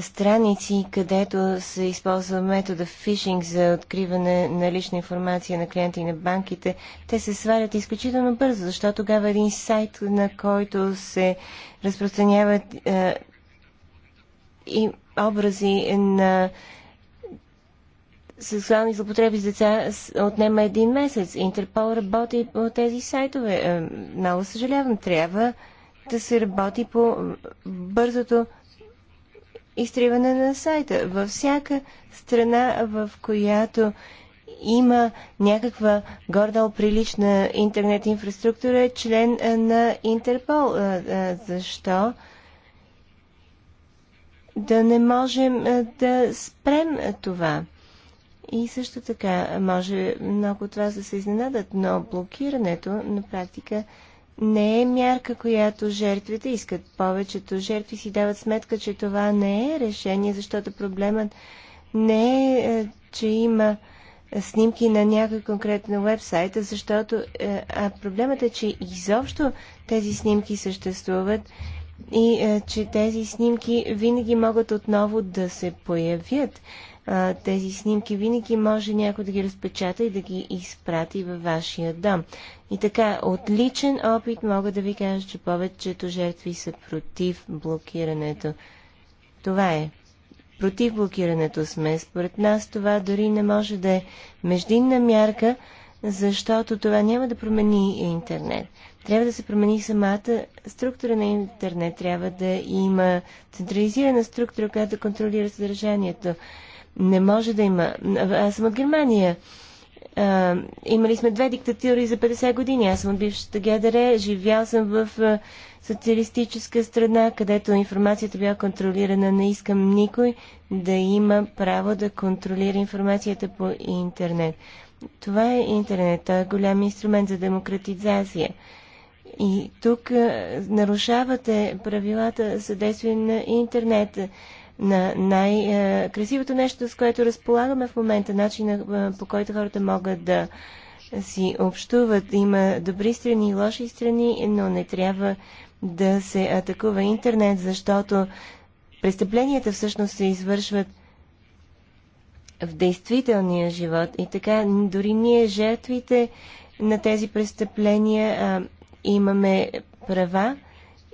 страници, където се използва метода фишинг за откриване на лична информация на клиенти и на банките, те се свалят изключително бързо, защото тогава един сайт, на който се разпространяват е, и образи на сексуални злопотреби с деца отнема един месец. Интерпол работи по тези сайтове. Е, много съжалявам, трябва да се работи по бързото изтриване на сайта. Във всяка страна, в която има някаква горда прилична интернет инфраструктура, е член е, на Интерпол. Е, защо? да не можем е, да спрем е, това. И също така може много от вас да се изненадат, но блокирането на практика не е мярка, която жертвите искат. Повечето жертви си дават сметка, че това не е решение, защото проблемът не е, е че има снимки на някой конкретен вебсайт, защото а проблемът е, че изобщо тези снимки съществуват и а, е, че тези снимки винаги могат отново да се появят. А, тези снимки винаги може някой да ги разпечата и да ги изпрати във вашия дом. И така, от личен опит мога да ви кажа, че повечето жертви са против блокирането. Това е. Против блокирането сме. Според нас това дори не може да е междинна мярка, защото това няма да промени интернет. Трябва да се промени самата структура на интернет. Трябва да има централизирана структура, която да контролира съдържанието. Не може да има. Аз съм от Германия. А, имали сме две диктатури за 50 години. Аз съм от бившата ГДР. Живял съм в социалистическа страна, където информацията била контролирана. Не искам никой да има право да контролира информацията по интернет. Това е интернет. Той е голям инструмент за демократизация. И тук е, нарушавате правилата за действие на интернет, на най-красивото нещо, с което разполагаме в момента, начина е, по който хората могат да си общуват. Има добри страни и лоши страни, но не трябва да се атакува интернет, защото престъпленията всъщност се извършват в действителния живот. И така, дори ние, жертвите на тези престъпления, имаме права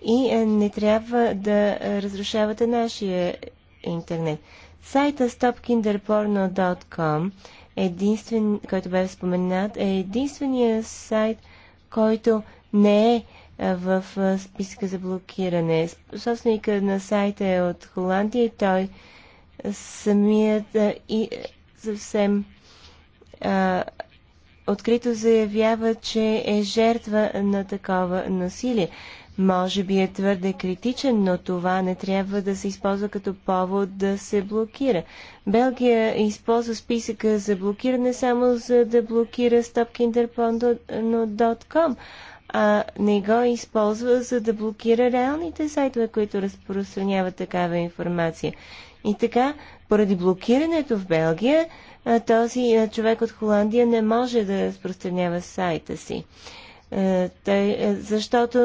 и е, не трябва да разрушавате нашия интернет. Сайта stopkinderporno.com единствен, който бе споменат, е единствения сайт, който не е, е в е, списка за блокиране. Собственика на сайта е от Холандия и той самият и съвсем а, открито заявява, че е жертва на такова насилие. Може би е твърде критичен, но това не трябва да се използва като повод да се блокира. Белгия използва списъка за блокиране само за да блокира stopkinderporn.com, а не го използва за да блокира реалните сайтове, които разпространяват такава информация. И така, поради блокирането в Белгия, този човек от Холандия не може да разпространява сайта си. защото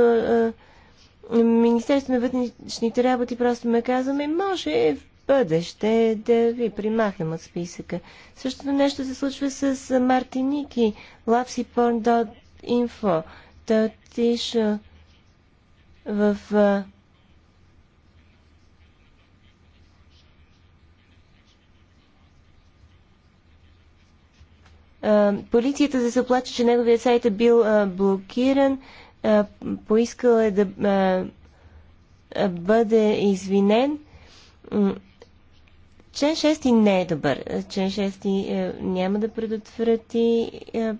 Министерството на вътрешните работи просто ме казваме, може в бъдеще да ви примахнем от списъка. Същото нещо се случва с Мартиники, lapsiporn.info. Той отишъл в Полицията се оплаче, че неговият сайт е бил блокиран. Поискал е да бъде извинен. Член 6 не е добър. Член 6 е, няма да предотврати. Е,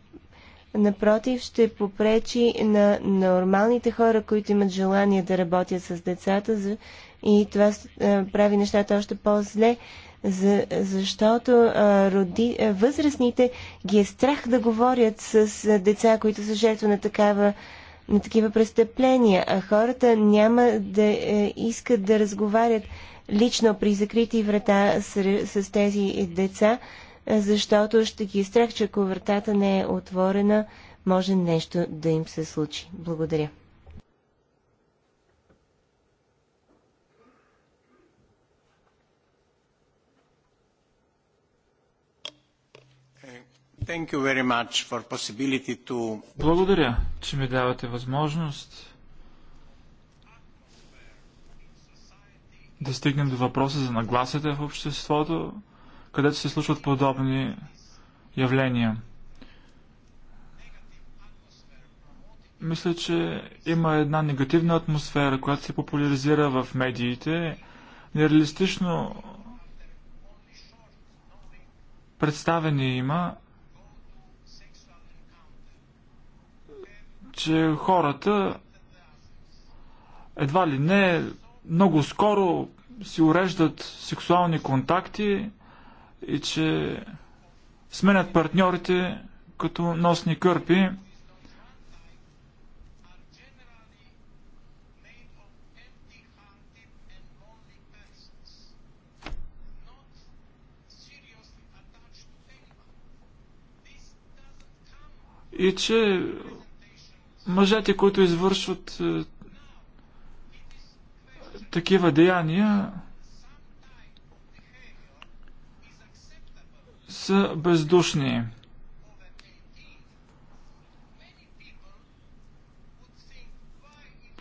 напротив, ще попречи на нормалните хора, които имат желание да работят с децата, за и това е, прави нещата още по-зле, защото е, роди, е, възрастните ги е страх да говорят с деца, които са жертва на, такава, на такива престъпления, а хората няма да искат да разговарят лично при закрити врата с, с тези деца, защото ще ги е страх, че ако вратата не е отворена, може нещо да им се случи. Благодаря. Благодаря, че ми давате възможност да стигнем до въпроса за нагласите в обществото, където се случват подобни явления. Мисля, че има една негативна атмосфера, която се популяризира в медиите. Нереалистично представени има че хората едва ли не много скоро си уреждат сексуални контакти и че сменят партньорите като носни кърпи. И че мъжете, които извършват е, такива деяния, са бездушни.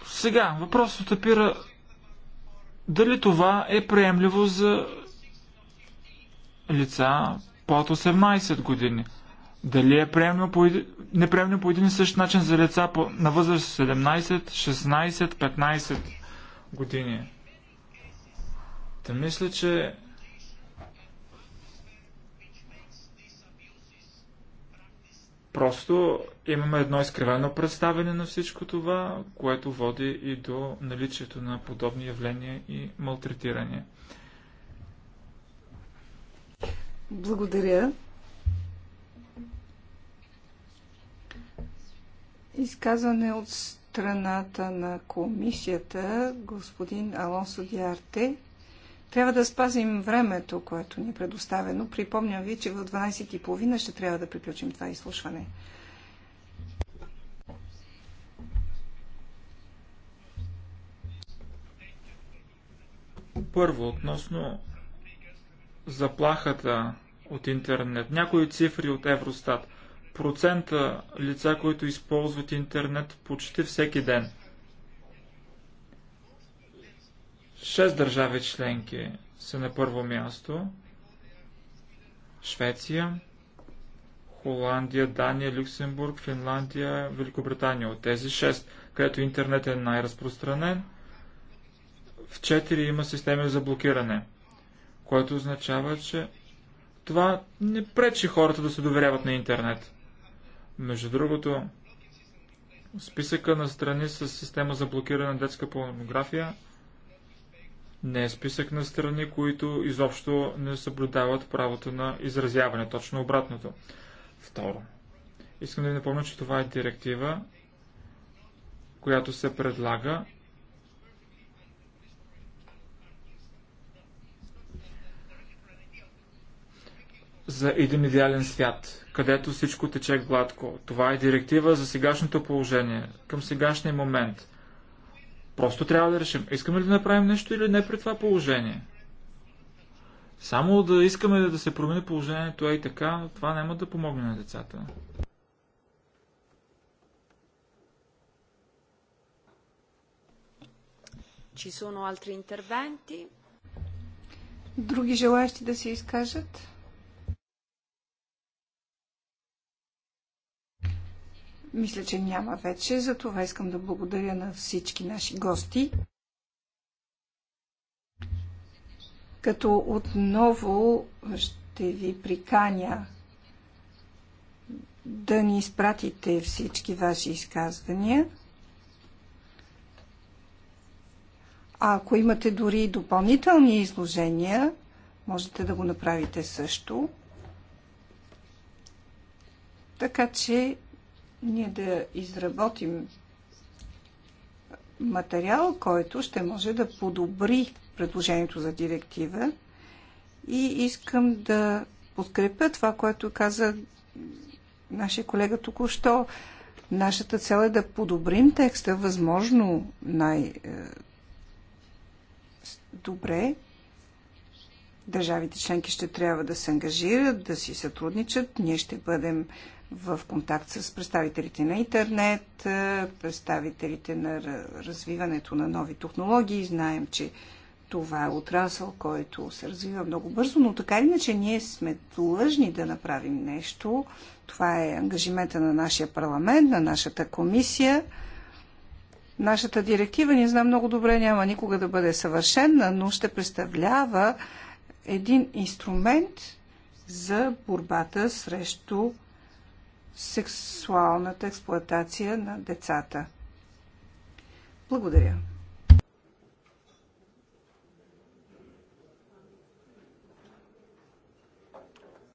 Сега, въпросът опира дали това е приемливо за лица под 18 години. Дали е приемно по, неприемно по един и същ начин за деца на възраст 17, 16, 15 години? Да мисля, че Просто имаме едно изкривено представяне на всичко това, което води и до наличието на подобни явления и малтретиране. Благодаря. изказване от страната на комисията, господин Алонсо Диарте. Трябва да спазим времето, което ни е предоставено. Припомням ви, че в 12.30 ще трябва да приключим това изслушване. Първо, относно заплахата от интернет. Някои цифри от Евростат – процента лица, които използват интернет почти всеки ден. Шест държави членки са на първо място. Швеция, Холандия, Дания, Люксембург, Финландия, Великобритания. От тези шест, където интернет е най-разпространен, в 4 има системи за блокиране, което означава, че това не пречи хората да се доверяват на интернет. Между другото, списъка на страни с система за блокиране на детска порнография не е списък на страни, които изобщо не съблюдават правото на изразяване, точно обратното. Второ, искам да ви напомня, че това е директива, която се предлага за един идеален свят където всичко тече гладко. Това е директива за сегашното положение, към сегашния момент. Просто трябва да решим, искаме ли да направим нещо или не при това положение. Само да искаме да се промени положението е и така, това няма да помогне на децата. Ci sono altri interventi? Други желаящи да се изкажат? Мисля, че няма вече. затова искам да благодаря на всички наши гости. Като отново ще ви приканя да ни изпратите всички ваши изказвания. А ако имате дори допълнителни изложения, можете да го направите също. Така че ние да изработим материал, който ще може да подобри предложението за директива и искам да подкрепя това, което каза нашия колега току-що. Нашата цел е да подобрим текста възможно най-добре. Е, Държавите членки ще трябва да се ангажират, да си сътрудничат. Ние ще бъдем в контакт с представителите на интернет, е, представителите на развиването на нови технологии. Знаем, че това е отрасъл, който се развива много бързо, но така иначе ние сме длъжни да направим нещо. Това е ангажимента на нашия парламент, на нашата комисия. Нашата директива, не знам много добре, няма никога да бъде съвършена, но ще представлява един инструмент за борбата срещу сексуалната експлоатация на децата. Благодаря.